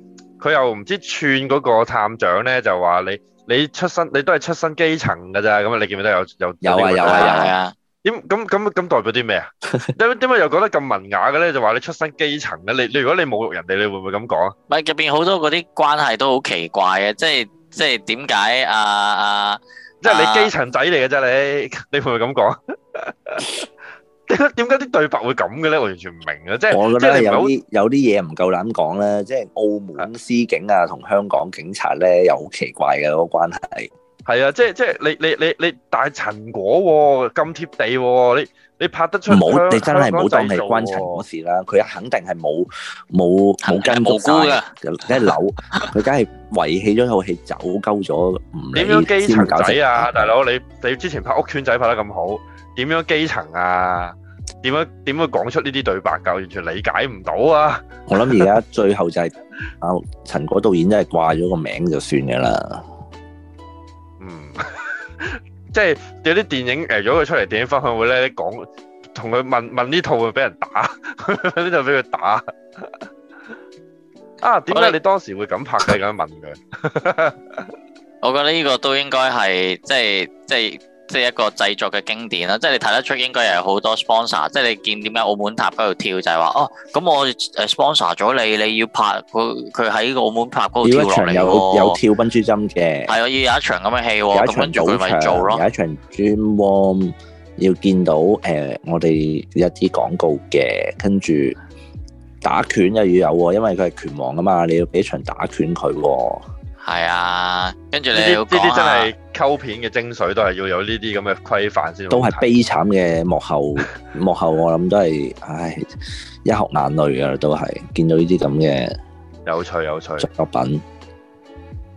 A: 佢又唔知串嗰個探長咧，就話你你出身你都係出身基層噶咋，咁啊你記唔記得有有有啊有啊有啊？點咁咁咁代表啲咩啊？點點解又講得咁文雅嘅咧，就話你出身基層咧，你你如果你侮辱人哋，你會唔會咁講啊？
B: 咪入邊好多嗰啲關係都好奇怪嘅，即係即係點解啊啊？即係你基
A: 層仔嚟嘅啫，你你會唔會咁講？點解點解啲對白會咁嘅咧？我完全唔明啊！即係即係有啲
D: 有啲嘢唔夠膽講咧。即係澳門司警啊，同香港警察咧又好奇怪嘅個關係。
A: 係啊，即係即係你你你你，但係陳果咁貼地，你你拍得出。唔好，你真係唔好當係關陳果
D: 事啦。佢肯定係冇冇冇跟無辜噶，佢梗係扭，佢梗係遺棄咗套戲，走鳩咗。點樣基層仔啊，
A: 大佬你你之前拍屋村仔拍得咁好？點樣基層啊？點樣點樣講出呢啲對白噶？我完全理解唔到啊！
D: 我諗而家最後就係阿陳果導演真係掛咗個名就算噶啦。嗯，
A: 即係有啲電影誒，如果佢出嚟電影分享會咧，講同佢問問呢套會俾人打，呢 套俾佢打 啊？點解你當時會咁拍嘅？咁樣問佢？
B: 我覺得呢個都應該係即係即係。就是就是即係一個製作嘅經典啦，即係你睇得出應該有好多 sponsor，即係你見點解澳門塔嗰度跳就係、是、話哦，咁我誒 sponsor 咗你，你要拍佢佢喺澳門塔嗰度跳落嚟。有有跳笨
D: 豬跳嘅，係
B: 啊，要有一場咁嘅戲喎，咁樣做咪做咯。有一場
D: 拳王一要見到誒、呃，我哋一啲廣告嘅，跟住打拳又要有喎，因為佢係拳王啊嘛，你要俾場打拳佢喎。
A: 係啊，跟住你呢啲真係溝片嘅精髓，都係要有呢啲咁嘅規範先。都係
D: 悲慘嘅幕後幕後，我諗都係唉一盒眼淚噶，都係見到呢啲咁嘅有趣有趣作品。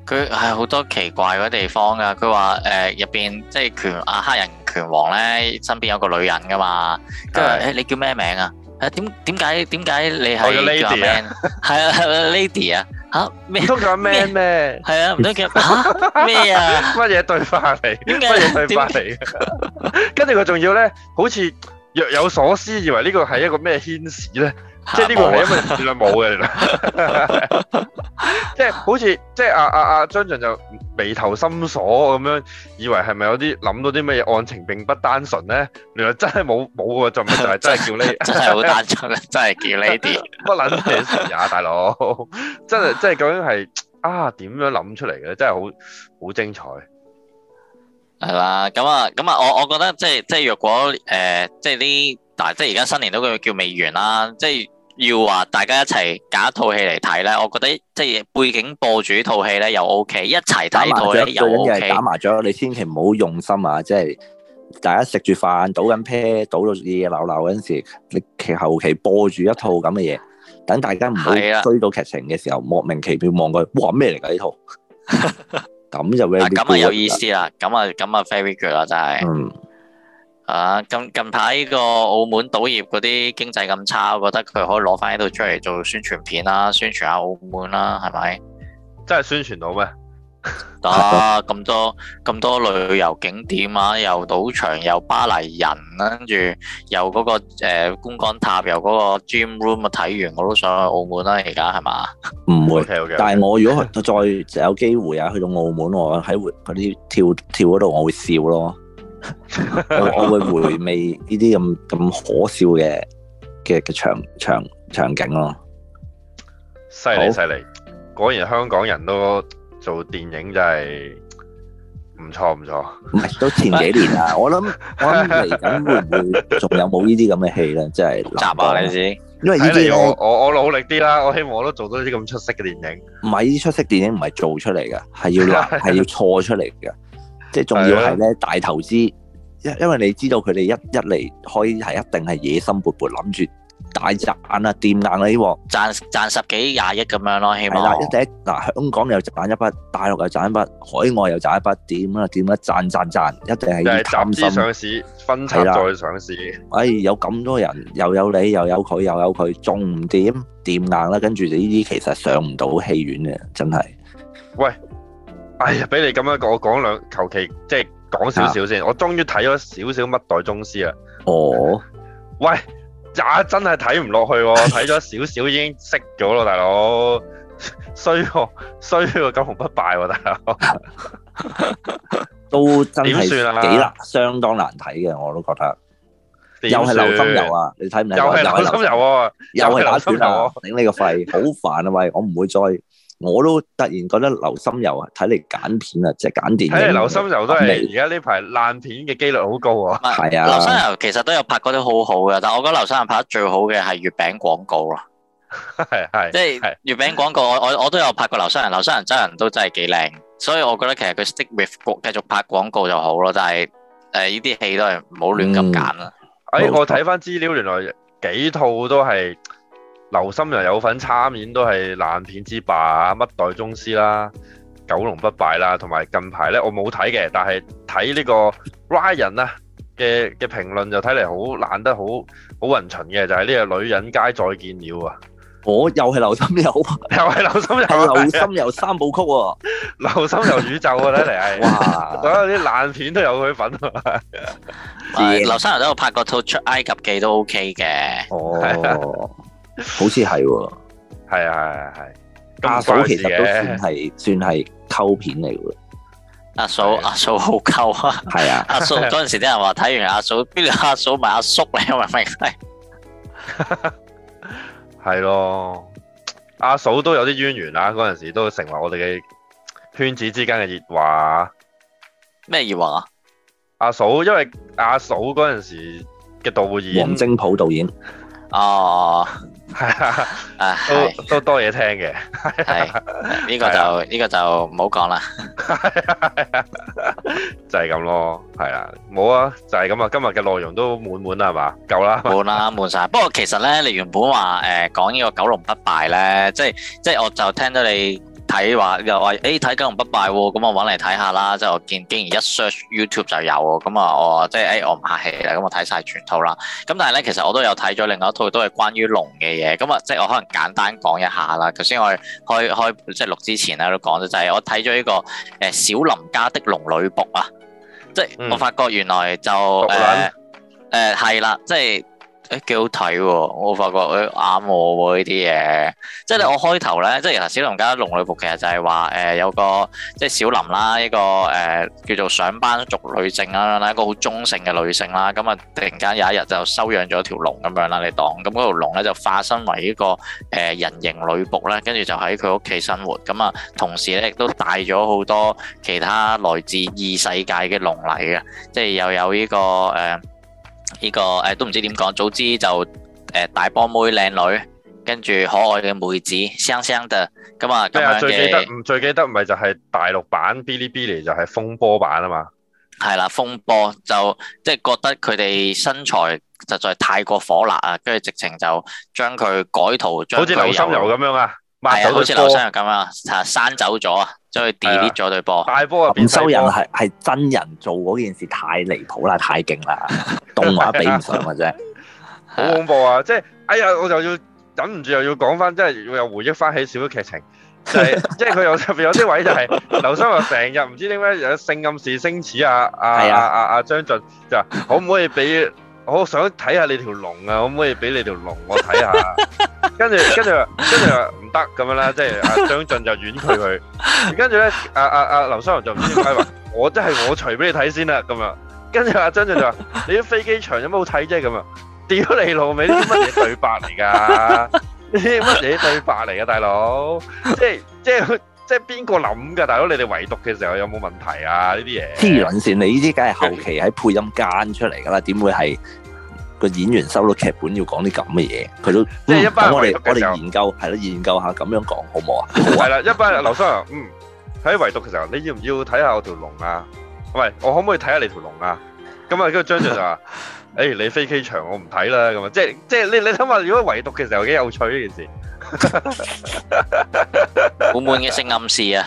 B: 佢係好多奇怪嘅地方噶。佢話誒入邊即係拳啊，黑人拳王咧，身邊有個女人噶嘛。跟住誒你叫咩名啊？誒點點解點解你係個 lady？係啊，lady 啊。嚇！唔通佢有咩咩？係啊，唔通佢
C: 咩啊？
A: 乜嘢、啊啊、 對話嚟？乜嘢對話嚟？
B: 跟住佢仲要
A: 咧，好似～若有所思，以為呢個係一個咩牽使咧？即係呢個係因為算啦冇嘅，原來即係好似即係阿阿阿張俊就眉頭深鎖咁樣，以為係咪有啲諗到啲咩案情並不單純咧？原來真係冇冇嘅，就咪就係真係叫你 真係好單純，真係叫呢啲乜撚嘢事啊！大佬真係即係究竟係啊點樣諗出嚟嘅？真係好好精彩。
B: 係啦，咁啊，咁啊，我我覺得即係即係，若果誒，即係呢，但即係而家新年都叫叫未完啦，即係要話大家一齊搞一套戲嚟睇咧，我覺得即係背景播住套戲咧又 O K，一齊睇套
D: 咧又 O K。打麻雀最緊要係打麻雀，你千祈唔好用心啊！即係大家食住飯賭緊啤，a 賭到夜鬧鬧嗰陣時，你其後期播住一套咁嘅嘢，等
B: 大家唔好追
D: 到劇情嘅時候，莫名其妙望佢，哇咩嚟噶呢套？ 咁就咁啊，有意思
B: 啦！咁啊，咁啊，very good 啦，真係。啊，嗯，近近排呢個澳門賭業嗰啲經濟咁差，我覺得佢可以攞翻呢度出嚟做宣傳片啦，宣傳下澳門啦，係咪？真係宣傳到咩？啊，咁多咁多旅遊景點啊，又賭場又巴黎人，啊。跟住又嗰、嗰個誒觀光塔，又嗰個 gym room，啊，睇完我都想去澳門啦，啊，而家係嘛？唔會，okay, okay, okay. 但係我
D: 如果去再有機會啊，去到澳門我喺嗰啲跳跳嗰度我會笑咯， 我，我會回味呢啲咁咁可笑嘅嘅嘅場場場景咯。
A: 犀利犀利，果然香港人都～做電影就係唔錯唔錯，唔係都前幾年啦。我諗我諗嚟緊
D: 會唔會仲有冇呢啲咁嘅戲咧？即係雜
A: 啊你知，因為呢啲我我我努力啲啦，我希望我都做多到啲咁出色嘅電影。
D: 唔係呢啲出色電影唔係做出嚟噶，係要係要錯出嚟噶。即係仲要係咧大投資，因因為你知道佢哋一一嚟開係一定係野心勃勃諗住。大賺啊，掂硬你，賺
B: 賺十幾廿億咁樣咯，啊，起碼。嗱，一啲
D: 嗱，啊，香港又賺一筆，大陸又賺一筆，海外又賺一筆，點啊？點啦，啊，賺賺賺，一定係啲貪心。集資上
B: 市，分拆
D: 再上市。哎，有咁多人，又有你，又有佢，又有佢，仲唔掂？掂硬啦，跟住就呢啲，其實上唔到戲院嘅，真係。
A: 喂，哎呀，俾你咁樣講講兩，求其即係講少少先。我終於睇咗少少《乜代宗師》啊。哦。喂。也真係睇唔落去、哦，睇咗少少已經熄咗咯，大佬 衰喎衰喎，九龍不敗喎、哦，大
D: 佬 都真係點算呀？幾難，
A: 相當難睇嘅，我都覺得又係流心油啊！你睇唔睇？又係流心油啊！又係打斷啊！啊啊頂
D: 你個肺，好 煩啊！喂，我唔會再。我都突然覺得劉心悠啊，睇嚟，揀片啊，即係揀電影。睇嚟劉心悠都係而
B: 家呢排爛片嘅幾率好高啊是！係是啊，劉心悠其實都有拍過啲好好嘅，但係我覺得劉心悠拍得最好嘅係月餅廣告咯。
C: 係係
B: 即係月餅廣告，我我我都有拍過劉心悠。劉心悠真人都真係幾靚，所以我覺得其實佢 stick with 繼續拍廣告就好咯。但係誒呢啲戲都係唔好亂咁
C: 揀
A: 啦。嗯、哎，我睇翻資料，原來幾套都係。劉心游有份參演都係爛片之霸乜代宗師啦，九龍不敗啦，同埋近排咧我冇睇嘅，但係睇呢個 Ryan 啊嘅嘅評論就睇嚟好爛得好好混群嘅，就係、是、呢個女人街再見了、哦、啊！我又係劉心游，又係劉心游，劉心游三部曲喎，劉心游宇宙啊，睇嚟係哇，所有啲爛片都有佢份啊！劉心游
B: 喺度拍個套出埃及記都 OK 嘅哦。
D: 好似係、哦，係啊係係
B: 係，阿、啊啊、嫂其實都算係
D: 算係溝片嚟嘅。
B: 阿嫂阿嫂好溝啊，係啊。阿嫂嗰陣時啲人話睇完阿嫂，邊、啊啊、個阿、啊、嫂埋阿、啊、叔你有明唔明？
A: 係 咯， 阿、啊、嫂都有啲淵源啊。嗰陣時都成為我哋嘅圈子之間嘅熱話。咩熱話啊？阿嫂，因為阿、啊、嫂嗰陣時
B: 嘅導演黃精甫導演 啊。係啊，都都多嘢聽嘅，係呢個就呢個就唔好講啦，
A: 就係咁咯，係啊，冇啊，就係咁啊，今日嘅內容
B: 都滿滿啦，係嘛，夠啦，滿啦，滿晒。不過其實咧，你原本話誒講呢個九龍不敗咧，即係即係我就聽到你。睇話又話，誒、欸、睇《九龍不敗》喎、嗯，咁我搵嚟睇下啦。即係我見竟然一 search YouTube 就有喎，咁、嗯、啊我即係誒我唔客氣啦，咁、嗯、我睇晒全套啦。咁但係咧，其實我都有睇咗另外一套，都係關於龍嘅嘢。咁、嗯、啊，即係我可能簡單講一下啦。頭先我開開，開即係錄之前咧都講咗就係、是、我睇咗呢個誒、呃、小林家的龍女僕啊，即係我發覺原來就誒誒係啦，即係。誒，幾好睇喎！我發覺佢啱我喎呢啲嘢，即係咧我開頭呢，即係其實小林家龍女僕其實就係話誒，有個即係小林啦，一個誒、呃、叫做上班族女性啦，一個好中性嘅女性啦，咁啊突然間有一日就收養咗條龍咁樣啦，你當咁嗰條龍呢，就化身為一個誒人形女僕咧，跟住就喺佢屋企生活，咁啊同時呢，亦都帶咗好多其他來自異世界嘅龍嚟嘅，即係又有呢、這個誒、呃呢、這個誒、哎、都唔知點講，早知就誒、呃、大波妹、靚女，跟住可愛嘅妹子，聲聲的咁啊咁樣、哎、最記得
A: 唔最記得唔咪就係大陸版《嗶
B: 哩嗶哩》，就係風波版啊嘛。係啦，風波就即係覺得佢哋身材實在太過火辣啊，跟住直情就將佢改圖，將好似劉心柔咁樣啊，係好似劉心柔咁啊，係刪走咗啊。就去 delete 咗對波、嗯，大波入邊收人係
D: 係真人做嗰件事太離譜啦，太勁啦，動畫比唔上或者 、
A: 嗯、好恐怖啊！即、就、係、是、哎呀，我就要忍唔住又要講翻，即係又回憶翻起少少劇情，就係即係佢有入邊有啲位就係劉生啊，成日唔知點解有性暗示、星矢 啊，啊，啊，啊阿張晉就可、是、唔可以俾？我想睇下你條龍啊，可唔可以俾你條龍我睇下？跟住跟住跟住話唔得咁樣啦，即係阿、啊、張俊就婉拒佢佢。跟住咧，阿阿阿劉雙龍就唔知咩話。我真係我除俾你睇先啦，咁樣。跟住阿張俊就話：你啲飛機場有乜好睇啫？咁啊，屌你老味，啲乜嘢對白嚟㗎？啲乜嘢對白嚟㗎，大佬？即係即係即係邊個諗㗎？大佬，你哋圍讀嘅時候有冇問題啊？呢啲嘢黐撚線，你呢
D: 啲梗係後期喺配音間出嚟㗎啦，點會係？個演員收到劇本要講啲咁嘅嘢，佢都即係一班我哋我哋研究係咯，研究下咁樣講好唔好
A: 啊？係啦，一班劉生，嗯，喺圍讀嘅時候，你要唔要睇下我條龍啊？喂，我可唔可以睇下你條龍啊？咁啊，跟住張俊就話，誒，你飛機場我唔睇啦。咁啊，即係即係你你諗下，如果圍讀嘅時候幾有趣呢件事？好悶
B: 嘅，性暗示啊！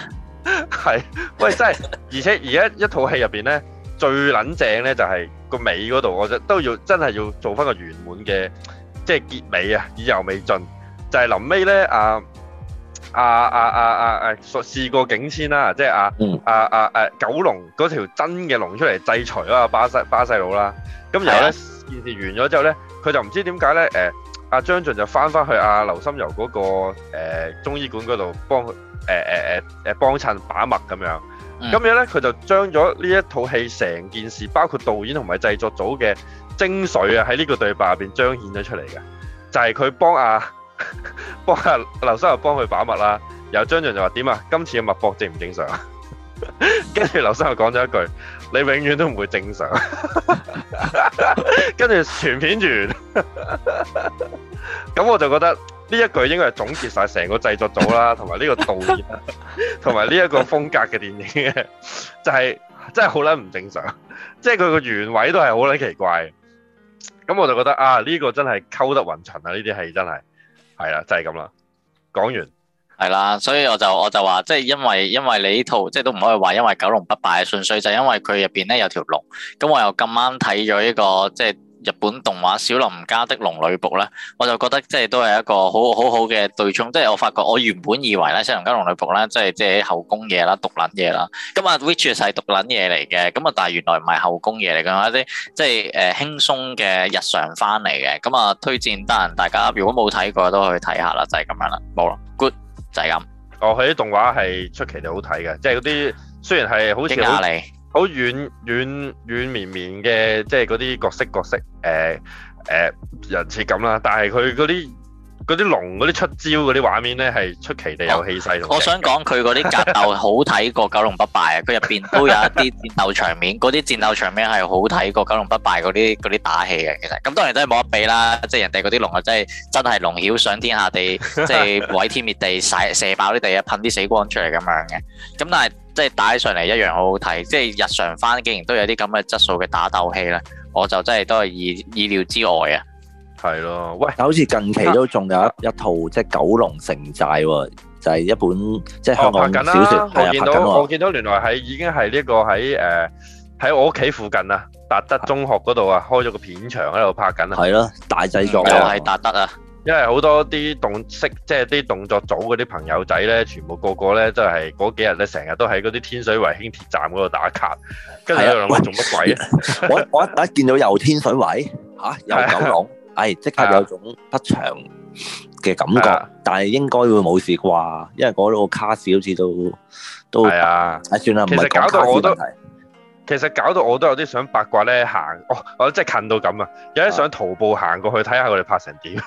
A: 係，喂，真係，而且而家一套戲入邊咧。最撚正咧就係個尾嗰度，我真都要真係要做翻個圓滿嘅，即係結尾啊，意猶未盡。就係臨尾咧，啊，啊，啊，啊，啊，誒，試過境遷啦，即係啊，啊，啊，誒、啊，九龍嗰條真嘅龍出嚟制裁啊，個巴西巴西佬啦。咁然後咧，的件事完咗之後咧，佢就唔知點解咧誒。呃阿張俊就返返去阿劉心柔嗰、那個、呃、中醫館嗰度幫佢誒誒誒誒幫襯把脈咁樣，咁樣咧佢就將咗呢一套戲成件事，包括導演同埋製作組嘅精髓、就是、啊，喺呢個對白入邊彰顯咗出嚟嘅，就係佢幫阿幫阿劉心柔幫佢把脈啦，然後張俊就話點啊，今次嘅脈搏正唔正常，啊？跟 住劉心柔講咗一句。你永遠都唔會正常， 跟住全片完， 咁我就覺得呢一句應該係總結晒成個製作組啦，同埋呢個導演同埋呢一個風格嘅電影、啊，嘅就係、係、真係好撚唔正常，即係佢個原位都係好撚奇怪。咁我就覺得啊，呢、這個真係溝得雲塵啊！呢啲戲真係，係啦、啊，就係咁啦，
B: 講完。係啦，所以我就我就話，即係因為因為你呢套即係都唔可以話，因為九龍不敗，純粹就係因為佢入邊咧有條龍。咁我又咁啱睇咗呢個即係日本動畫《小林家的龍女僕》咧，我就覺得即係都係一個好好好嘅對沖。即係我發覺我原本以為咧《小林家龍女僕》咧，即係即係後宮嘢啦、毒撚嘢啦。咁啊，which 係毒撚嘢嚟嘅。咁啊，但係、er、原來唔係後宮嘢嚟嘅，一啲即係誒輕鬆嘅日常番嚟嘅。咁啊，推薦得閒大家如果冇睇過都去睇下啦，就係、是、咁樣啦，冇啦，good。就係
A: 咁。哦，佢啲動畫係出奇地好睇嘅，即係嗰啲雖然係好似好好軟軟軟綿綿嘅，即係嗰啲角色角色，誒、呃、誒、呃、人設咁啦，但係佢嗰啲。嗰啲龍嗰啲出招嗰啲
B: 畫面咧，係出奇地有氣勢。我想講佢嗰啲格鬥好睇過《九龍不敗》啊，佢入邊都有一啲戰鬥場面，嗰啲戰鬥場面係好睇過《九龍不敗》嗰啲啲打戲嘅。其實咁當然都係冇得比啦，即係人哋嗰啲龍啊，真係真係龍曉上天下地，即係毀天滅地，射射爆啲地啊，噴啲死光出嚟咁樣嘅。咁但係即係打起上嚟一樣好好睇，即係日常番竟然都有啲咁嘅質素嘅打鬥戲啦，我就真係都係意意料之外啊！係咯，
A: 喂！
D: 好似近期都仲有一一套即係九龍城寨喎，就係一本即係香港小說。拍緊啦，我見到我
A: 見到原來喺已經係呢個喺誒喺我屋企附近啊，達德中學嗰度啊，開咗個片場喺度拍緊啊。係咯，
D: 大製作又係達
A: 德啊！因為好多啲動式即係啲動作組嗰啲朋友仔咧，全部個個咧都係嗰幾日咧，成日都喺嗰啲天水圍輕鐵站嗰度打卡。跟住喺度諗喂，做乜鬼？
D: 我我一見到又天水圍吓，又九龍。哎，即刻有種不祥嘅感覺，Yeah. 但係應該會冇事啩，因為嗰度卡士好似都都，係啊 Yeah.、哎，算啦，其實
A: 搞到我都，其實搞到我都有啲想八卦咧行，哦，我即係近到咁啊，有啲想徒步行過去睇下佢哋拍成點，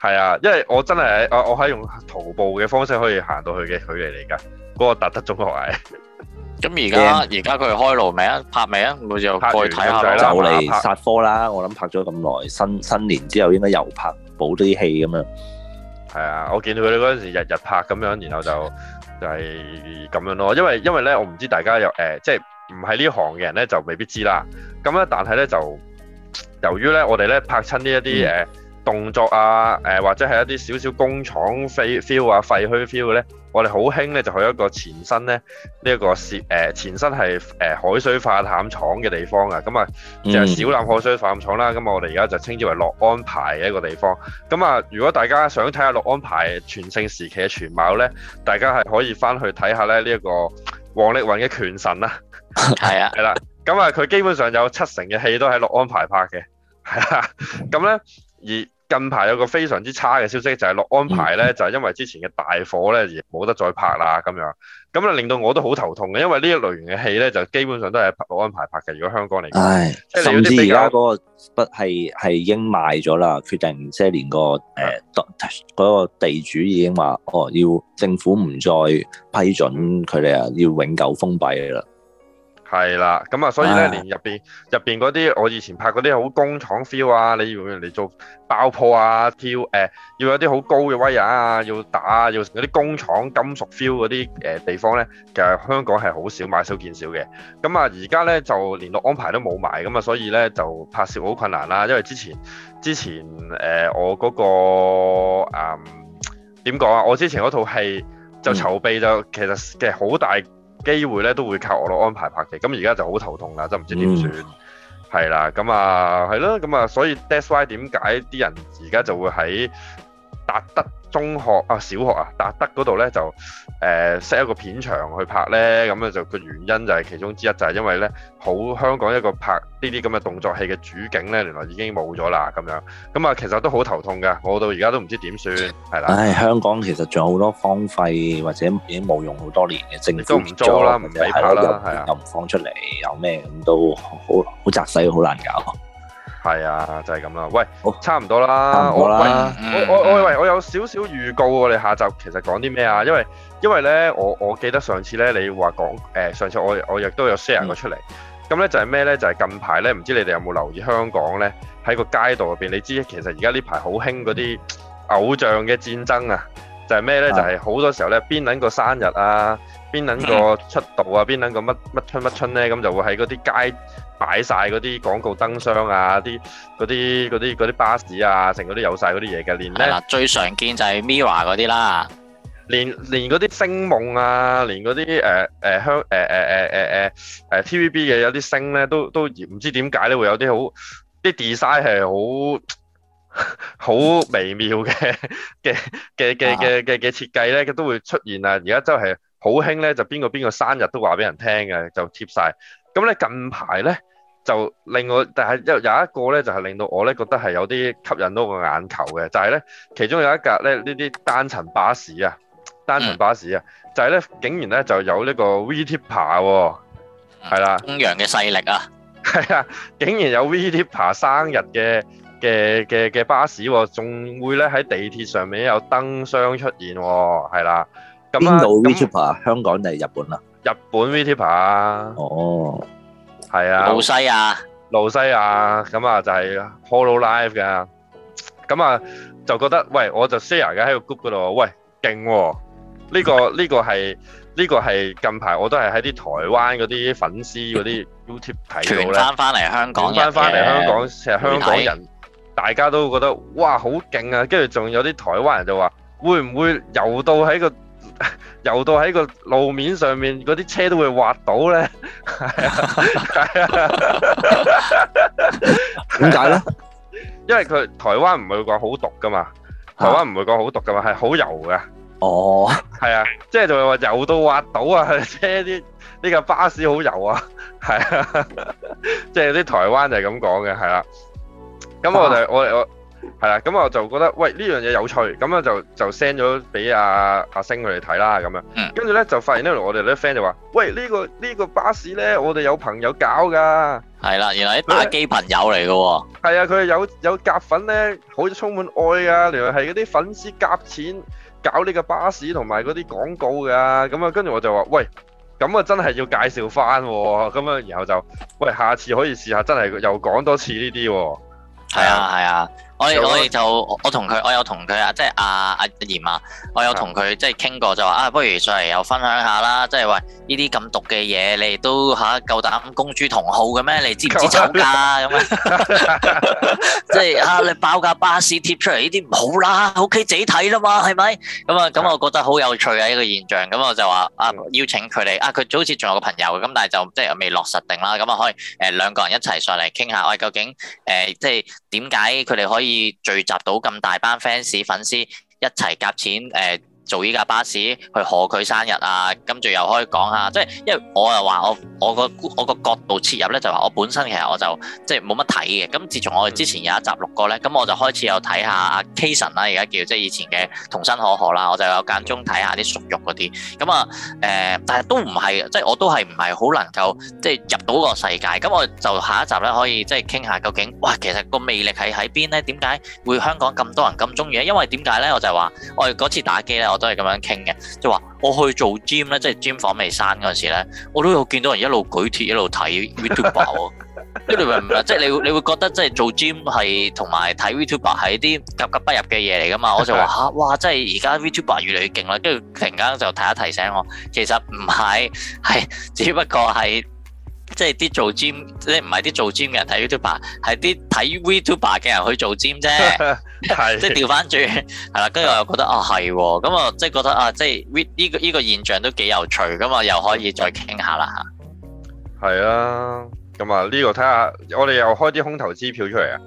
A: 係啊，因為我真係我我係用徒步嘅方式可以行到去嘅距離嚟噶，嗰、嗰個突突仲快。
B: 咁而家而家佢開路未啊？拍未啊？我又過去睇下啦。就嚟殺
D: 科啦！我諗拍咗咁耐，新新年之後應該又拍補啲戲咁
A: 樣。係啊，我見到佢哋嗰陣時日日拍咁樣，然後就就係咁樣咯。因為因為咧，我唔知大家又誒，即係唔喺呢行嘅人咧，就未必知啦。咁咧，但係咧就由於咧，我哋咧拍親呢一啲嘢。動作啊，誒、呃、或者係一啲少少工廠 f feel 啊廢墟 feel 咧，我哋好興咧就去一個前身咧呢一、這個攝誒、呃、前身係誒、呃、海水化淡廠嘅地方啊，咁啊就係小欖海水化淡廠啦，咁、嗯、我哋而家就稱之為樂安牌嘅一個地方。咁啊，如果大家想睇下樂安牌全盛時期嘅全貌咧，大家係可以翻去睇下咧呢一個王力宏嘅《拳神》啦。係啊， 係啦，咁啊佢基本上有七成嘅戲都喺樂安牌拍嘅，係 啊、嗯，咁咧而。近排有個非常之差嘅消息，就係、是、樂安排咧，就係、是、因為之前嘅大火咧，而冇得再拍啦，咁樣。咁啊，令到我都好頭痛嘅，因為呢一類型嘅戲咧，就基本上都係樂安排拍嘅。如果香港嚟講，唉即
C: 甚至而家嗰個
D: 不係係已經賣咗啦，決定即係連個誒嗰、呃那個、地主已經話，哦要政府唔再批准佢哋啊，要永久封閉啦。
A: 係啦，咁啊，所以咧，的連入邊入邊嗰啲我以前拍嗰啲好工廠 feel 啊，你要人嚟做爆破啊，跳誒、呃，要有啲好高嘅威壓啊，要打要嗰啲工廠金屬 feel 嗰啲誒地方咧，其實香港係好少買少見少嘅。咁啊，而家咧就聯絡安排都冇埋，咁啊，所以咧就拍攝好困難啦、啊。因為之前之前誒、呃、我嗰、那個誒點講啊，我之前嗰套戲就籌備就、嗯、其實嘅好大。機會咧都會靠我哋安排拍嘅，咁而家就好頭痛啦，真係唔知點算，係啦、嗯，咁啊，係咯，咁啊，所以 that's why 點解啲人而家就會喺。達德中學啊，小學啊，達德嗰度咧就誒 set、呃、一個片場去拍咧，咁啊就個原因就係其中之一，就係因為咧好香港一個拍呢啲咁嘅動作戲嘅主景咧，原來已經冇咗啦咁樣，咁啊其實都好頭痛嘅，我到而家都唔知點算，係啦。唉，
D: 香港其實仲有好多荒廢或者已經冇用好多年嘅政府都唔做啦，唔畀拍啦，又唔放出嚟，又咩咁都好好窄細，好難搞。
A: 係啊，就係咁啦。喂，好差唔多啦、嗯。我我我我以為我有少少預告。我哋下集其實講啲咩啊？因為因為咧，我我記得上次咧，你話講誒，上次我我亦都有 share 過出嚟。咁咧就係咩咧？就係、是、近排咧，唔知你哋有冇留意香港咧？喺個街道入邊，你知其實而家呢排好興嗰啲偶像嘅戰爭啊！係咩咧？就係、是、好多時候咧，邊諗個生日啊，邊諗個出道啊，邊諗個乜乜春乜春咧，咁就會喺嗰啲街擺晒嗰啲廣告燈箱啊，啲嗰啲啲啲巴士啊，成嗰啲有晒嗰啲嘢嘅。連咧
C: 最
B: 常見就係 Mirror 嗰
C: 啲啦，
A: 連連嗰啲星夢啊，連嗰啲誒誒香誒誒誒誒誒誒 TVB 嘅有啲星咧，都都唔知點解咧會有啲好啲 design 係好。好 微妙嘅嘅嘅嘅嘅嘅嘅設計咧，都會出現啊。而家真係好興咧，就邊個邊個生日都話俾人聽嘅，就貼晒。咁咧近排咧就另外，但係又有，有一個咧就係、是、令到我咧覺得係有啲吸引到個眼球嘅，就係、是、咧其中有一格咧呢啲單層巴士啊，單層巴士啊，嗯、就係咧竟然咧就有呢個 V t 貼爬、啊，係啦、啊，東洋嘅勢力啊，係啊，竟然有 V t 貼爬生日嘅。嘅嘅嘅巴士，仲會咧喺地鐵上面有燈箱出現，係啦。咁啊邊度
D: VTuber 香港定日
A: 本啊？日本 VTuber 啊？哦，係啊的，露西亞，露西亞，咁啊就係 Hololive 噶。咁啊就覺得喂，我就 share 喺個 group 嗰度，喂勁呢、呢個呢、呢個係呢、呢個係近排我都係喺啲台灣嗰啲粉絲嗰啲 YouTube 睇到咧，翻翻嚟香港，翻翻嚟香港，成香港人。大家都覺得哇好勁啊！跟住仲有啲台灣人就話：會唔會游到喺個游到喺個路面上面嗰啲車都會滑到呢？係 啊，點解咧？為呢因為佢台灣唔會講好毒噶嘛，台灣唔會講好毒噶嘛，係好、啊、油噶。
D: 哦，
A: 係啊，即係就要話游到滑到啊！車啲呢架巴士好油啊，係啊，即係啲台灣就係咁講嘅，係啦、啊。咁我就我哋我係啦，咁我就覺得喂呢樣嘢有趣，咁啊就就 send 咗俾阿阿星佢哋睇啦，咁樣。嗯。跟住咧就發現呢度我哋啲 friend 就話：喂呢個呢個巴士咧，我哋有朋友搞㗎。
B: 係啦，原來啲打機朋友嚟㗎喎。
A: 係啊，佢有有夾粉咧，好充滿愛啊！原來係嗰啲粉絲夾錢搞呢個巴士同埋嗰啲廣告㗎。咁啊，跟住我就話：喂，咁啊真係要介紹翻喎。咁啊，然後就喂下次可以試下，真係又講多次呢啲。係啊，係啊。我我哋
B: 就我同佢，我有同佢啊，即係阿阿嚴啊，我有同佢即係傾過就話啊，不如上嚟有分享下啦，即係話呢啲咁毒嘅嘢，你都嚇、啊、夠膽公諸同好嘅咩？你知唔知醜㗎咁啊？即係嚇你爆架巴士貼出嚟呢啲唔好啦，屋企自己睇啦嘛，係咪？咁啊咁我覺得好有趣啊呢、這個現象，咁我就話啊邀請佢哋啊，佢好似仲有個朋友，咁但係就即係未落實定啦，咁啊可以誒兩、呃、個人一齊上嚟傾下，喂、哎、究竟誒、呃、即係點解佢哋可以？可以聚集到咁大班 fans 粉絲，粉一齊夾錢誒，呃做依架巴士去賀佢生日啊！跟住又可以講下，即係因為我又話我我個我個角度切入咧，就話我本身其實我就即係冇乜睇嘅。咁自從我哋之前有一集錄過咧，咁我就開始有睇下阿 Kason 啦，啊，而家叫即係以前嘅桐生可可啦，我就有間中睇下啲熟肉嗰啲。咁啊誒、呃、但係都唔係，即係我都係唔係好能夠即係入到個世界。咁我就下一集咧可以即係傾下究竟哇，其實個魅力係喺邊咧？點解會香港咁多人咁中意咧？因為點解咧？我就係話我哋嗰次打機咧。我都係咁樣傾嘅，即係話我去做 gym 咧，即係 gym 房未閂嗰陣時咧，我都有見到人一路舉鐵一路睇 VTuber，即係你明唔明啊？即係你你會覺得即係做 gym 係同埋睇 VTuber 係啲格格不入嘅嘢嚟㗎嘛？ 我就話嚇、啊，哇！即係而家 VTuber 越嚟越勁啦，跟住突然間就提下提醒我，其實唔係，係只不過係。即係啲做 gym，即係唔係啲做 gym 嘅人睇 YouTuber，係啲睇 YouTuber 嘅人去做 gym 啫 是、哦哦啊，即係調翻轉係啦。跟住我又覺得啊係喎，咁啊即係覺得啊即係呢呢個呢個現象都幾有趣咁啊，又可以再傾下啦吓，係啊，咁啊呢個睇下，我哋
A: 又開啲空頭支票出嚟啊！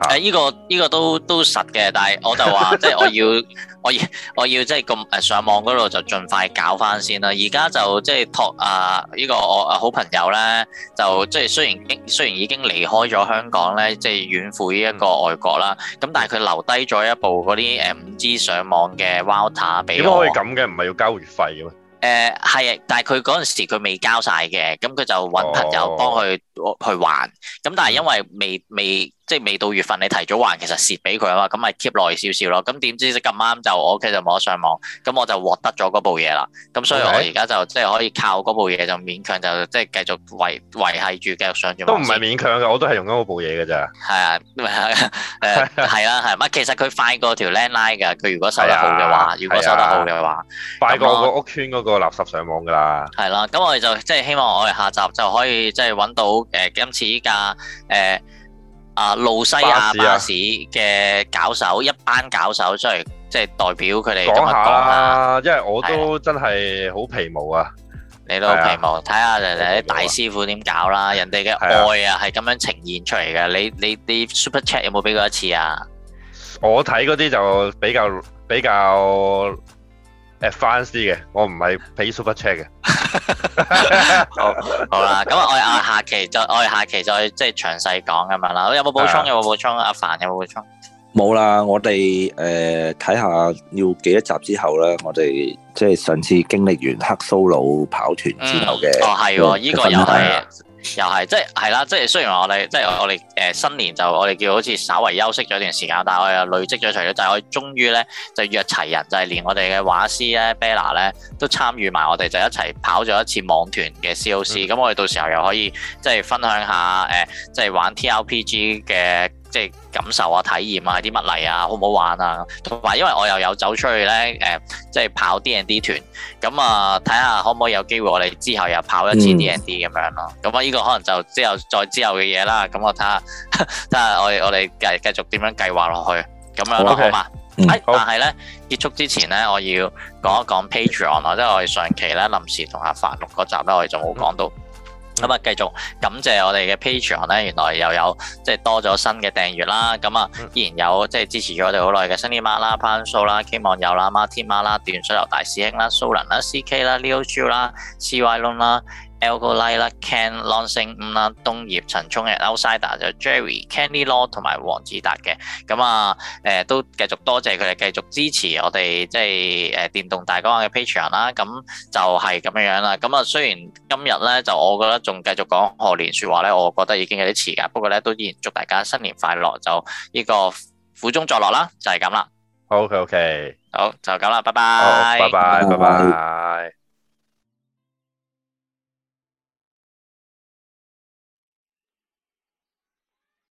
B: 誒依、啊，這個依、這個都都實嘅，但係我就話即係我要 我要我要即係咁誒上網嗰度就盡快搞翻先啦。而家就即係託啊依、這個我啊，啊好朋友咧，就即係、就是、雖然經雖然已經離開咗香港咧，即係遠赴呢一個外國啦。咁但係佢留低咗一部嗰啲誒五 G 上網嘅 Router 俾我。點解可以咁
A: 嘅？唔係要交月費
B: 嘅咩？誒啊、呃，但係佢嗰陣時佢未交晒嘅，咁佢就揾朋友幫佢、哦。去還，咁但係因為未未即係未到月份，你提早還，其實蝕俾佢啊嘛，咁咪 keep 耐少少咯。咁點知咁啱就我屋企就冇得上網，咁我就獲得咗嗰部嘢啦。咁所以我而家就即係可以靠嗰部嘢就勉強就即係繼續維維係住繼續上住。都唔係
A: 勉強嘅，我都係用緊嗰部嘢噶咋。
B: 係啊，誒係啦係，唔其實佢快過條 land line 噶，佢如果收得好嘅話，如果收得好嘅話，
A: 快過個屋村嗰個垃圾上網噶啦。
B: 係啦，咁我哋就即係希望我哋下集就可以即係搵到。誒，今次依架誒啊，路西亞巴士嘅搞手，一班搞手出嚟，即係代表佢哋講下啦。因為我都真係好皮毛啊，你都好皮毛。睇下人哋啲大師傅點搞啦，人哋嘅愛啊，係咁樣呈現出嚟嘅。你你你 Super Chat 有冇俾過一次啊？
A: 我睇嗰啲就比較比較。誒，翻師嘅，我唔係俾 super check 嘅。
B: 好，好啦，咁我哋下期再，我哋下期再即係詳細講啊嘛啦。有冇補充？的有冇補充？阿凡有冇補充？
D: 冇啦，我哋誒睇下要幾多集之後咧，我哋即係上次經歷完黑蘇魯跑
B: 團之後嘅、嗯、哦係，依個又係。 又係，即係係啦，即係雖然我哋，即係我哋誒、呃、新年就我哋叫好似稍微休息咗一段時間，但係我又累積咗，除咗就我終於咧就約齊人，就係、是、連我哋嘅畫師咧，Bella 咧都參與埋我哋，就一齊跑咗一次網團嘅 COC，咁我哋到時候又可以即係分享下誒、呃，即係玩 TRPG 嘅。即係感受啊、體驗啊啲乜嚟啊，好唔好玩啊？同埋因為我又有走出去咧，誒、呃，即係跑 D&D 團，咁啊，睇下可唔可以有機會我哋之後又跑一次 D&D 咁樣咯。咁啊、嗯，呢個可能就之後再之後嘅嘢啦。咁我睇下，睇 下我我哋繼繼續點樣計劃落去咁樣咯，好嘛？誒、okay, 嗎，嗯、但係咧好結束之前咧，我要講一講 Patreon，即係我哋上期咧臨時同阿凡六個集咧，我哋就冇講到。咁啊，繼續感謝我哋嘅 Patreon 咧，原來又有即係多咗新嘅訂閱啦。咁啊，依然有即係支持咗我哋好耐嘅 sonny 馬拉潘數啦，希望有啦，馬天媽啦，斷水流大師兄啦，蘇林啦，C K 啦，Leo Chu 啦，C Y Lung 啦。Algalai 啦，Ken Long 星五啦，冬葉陳聰嘅 Outsider 就 Jerry，Candy Law 同埋黃子達嘅，咁啊，誒、呃、都繼續多謝佢哋繼續支持我哋，即係誒、呃、電動大 GO 玩嘅 Patreon 啦、啊，咁、嗯、就係、是、咁樣樣、啊、啦，咁、嗯、啊雖然今日咧就我覺得仲繼續講賀年說話咧，我覺得已經有啲遲噶，不過咧都依然祝大家新年快樂，就呢個苦中作樂啦，就係咁啦。OK，OK，好
C: 就咁啦，拜拜，拜拜，拜拜。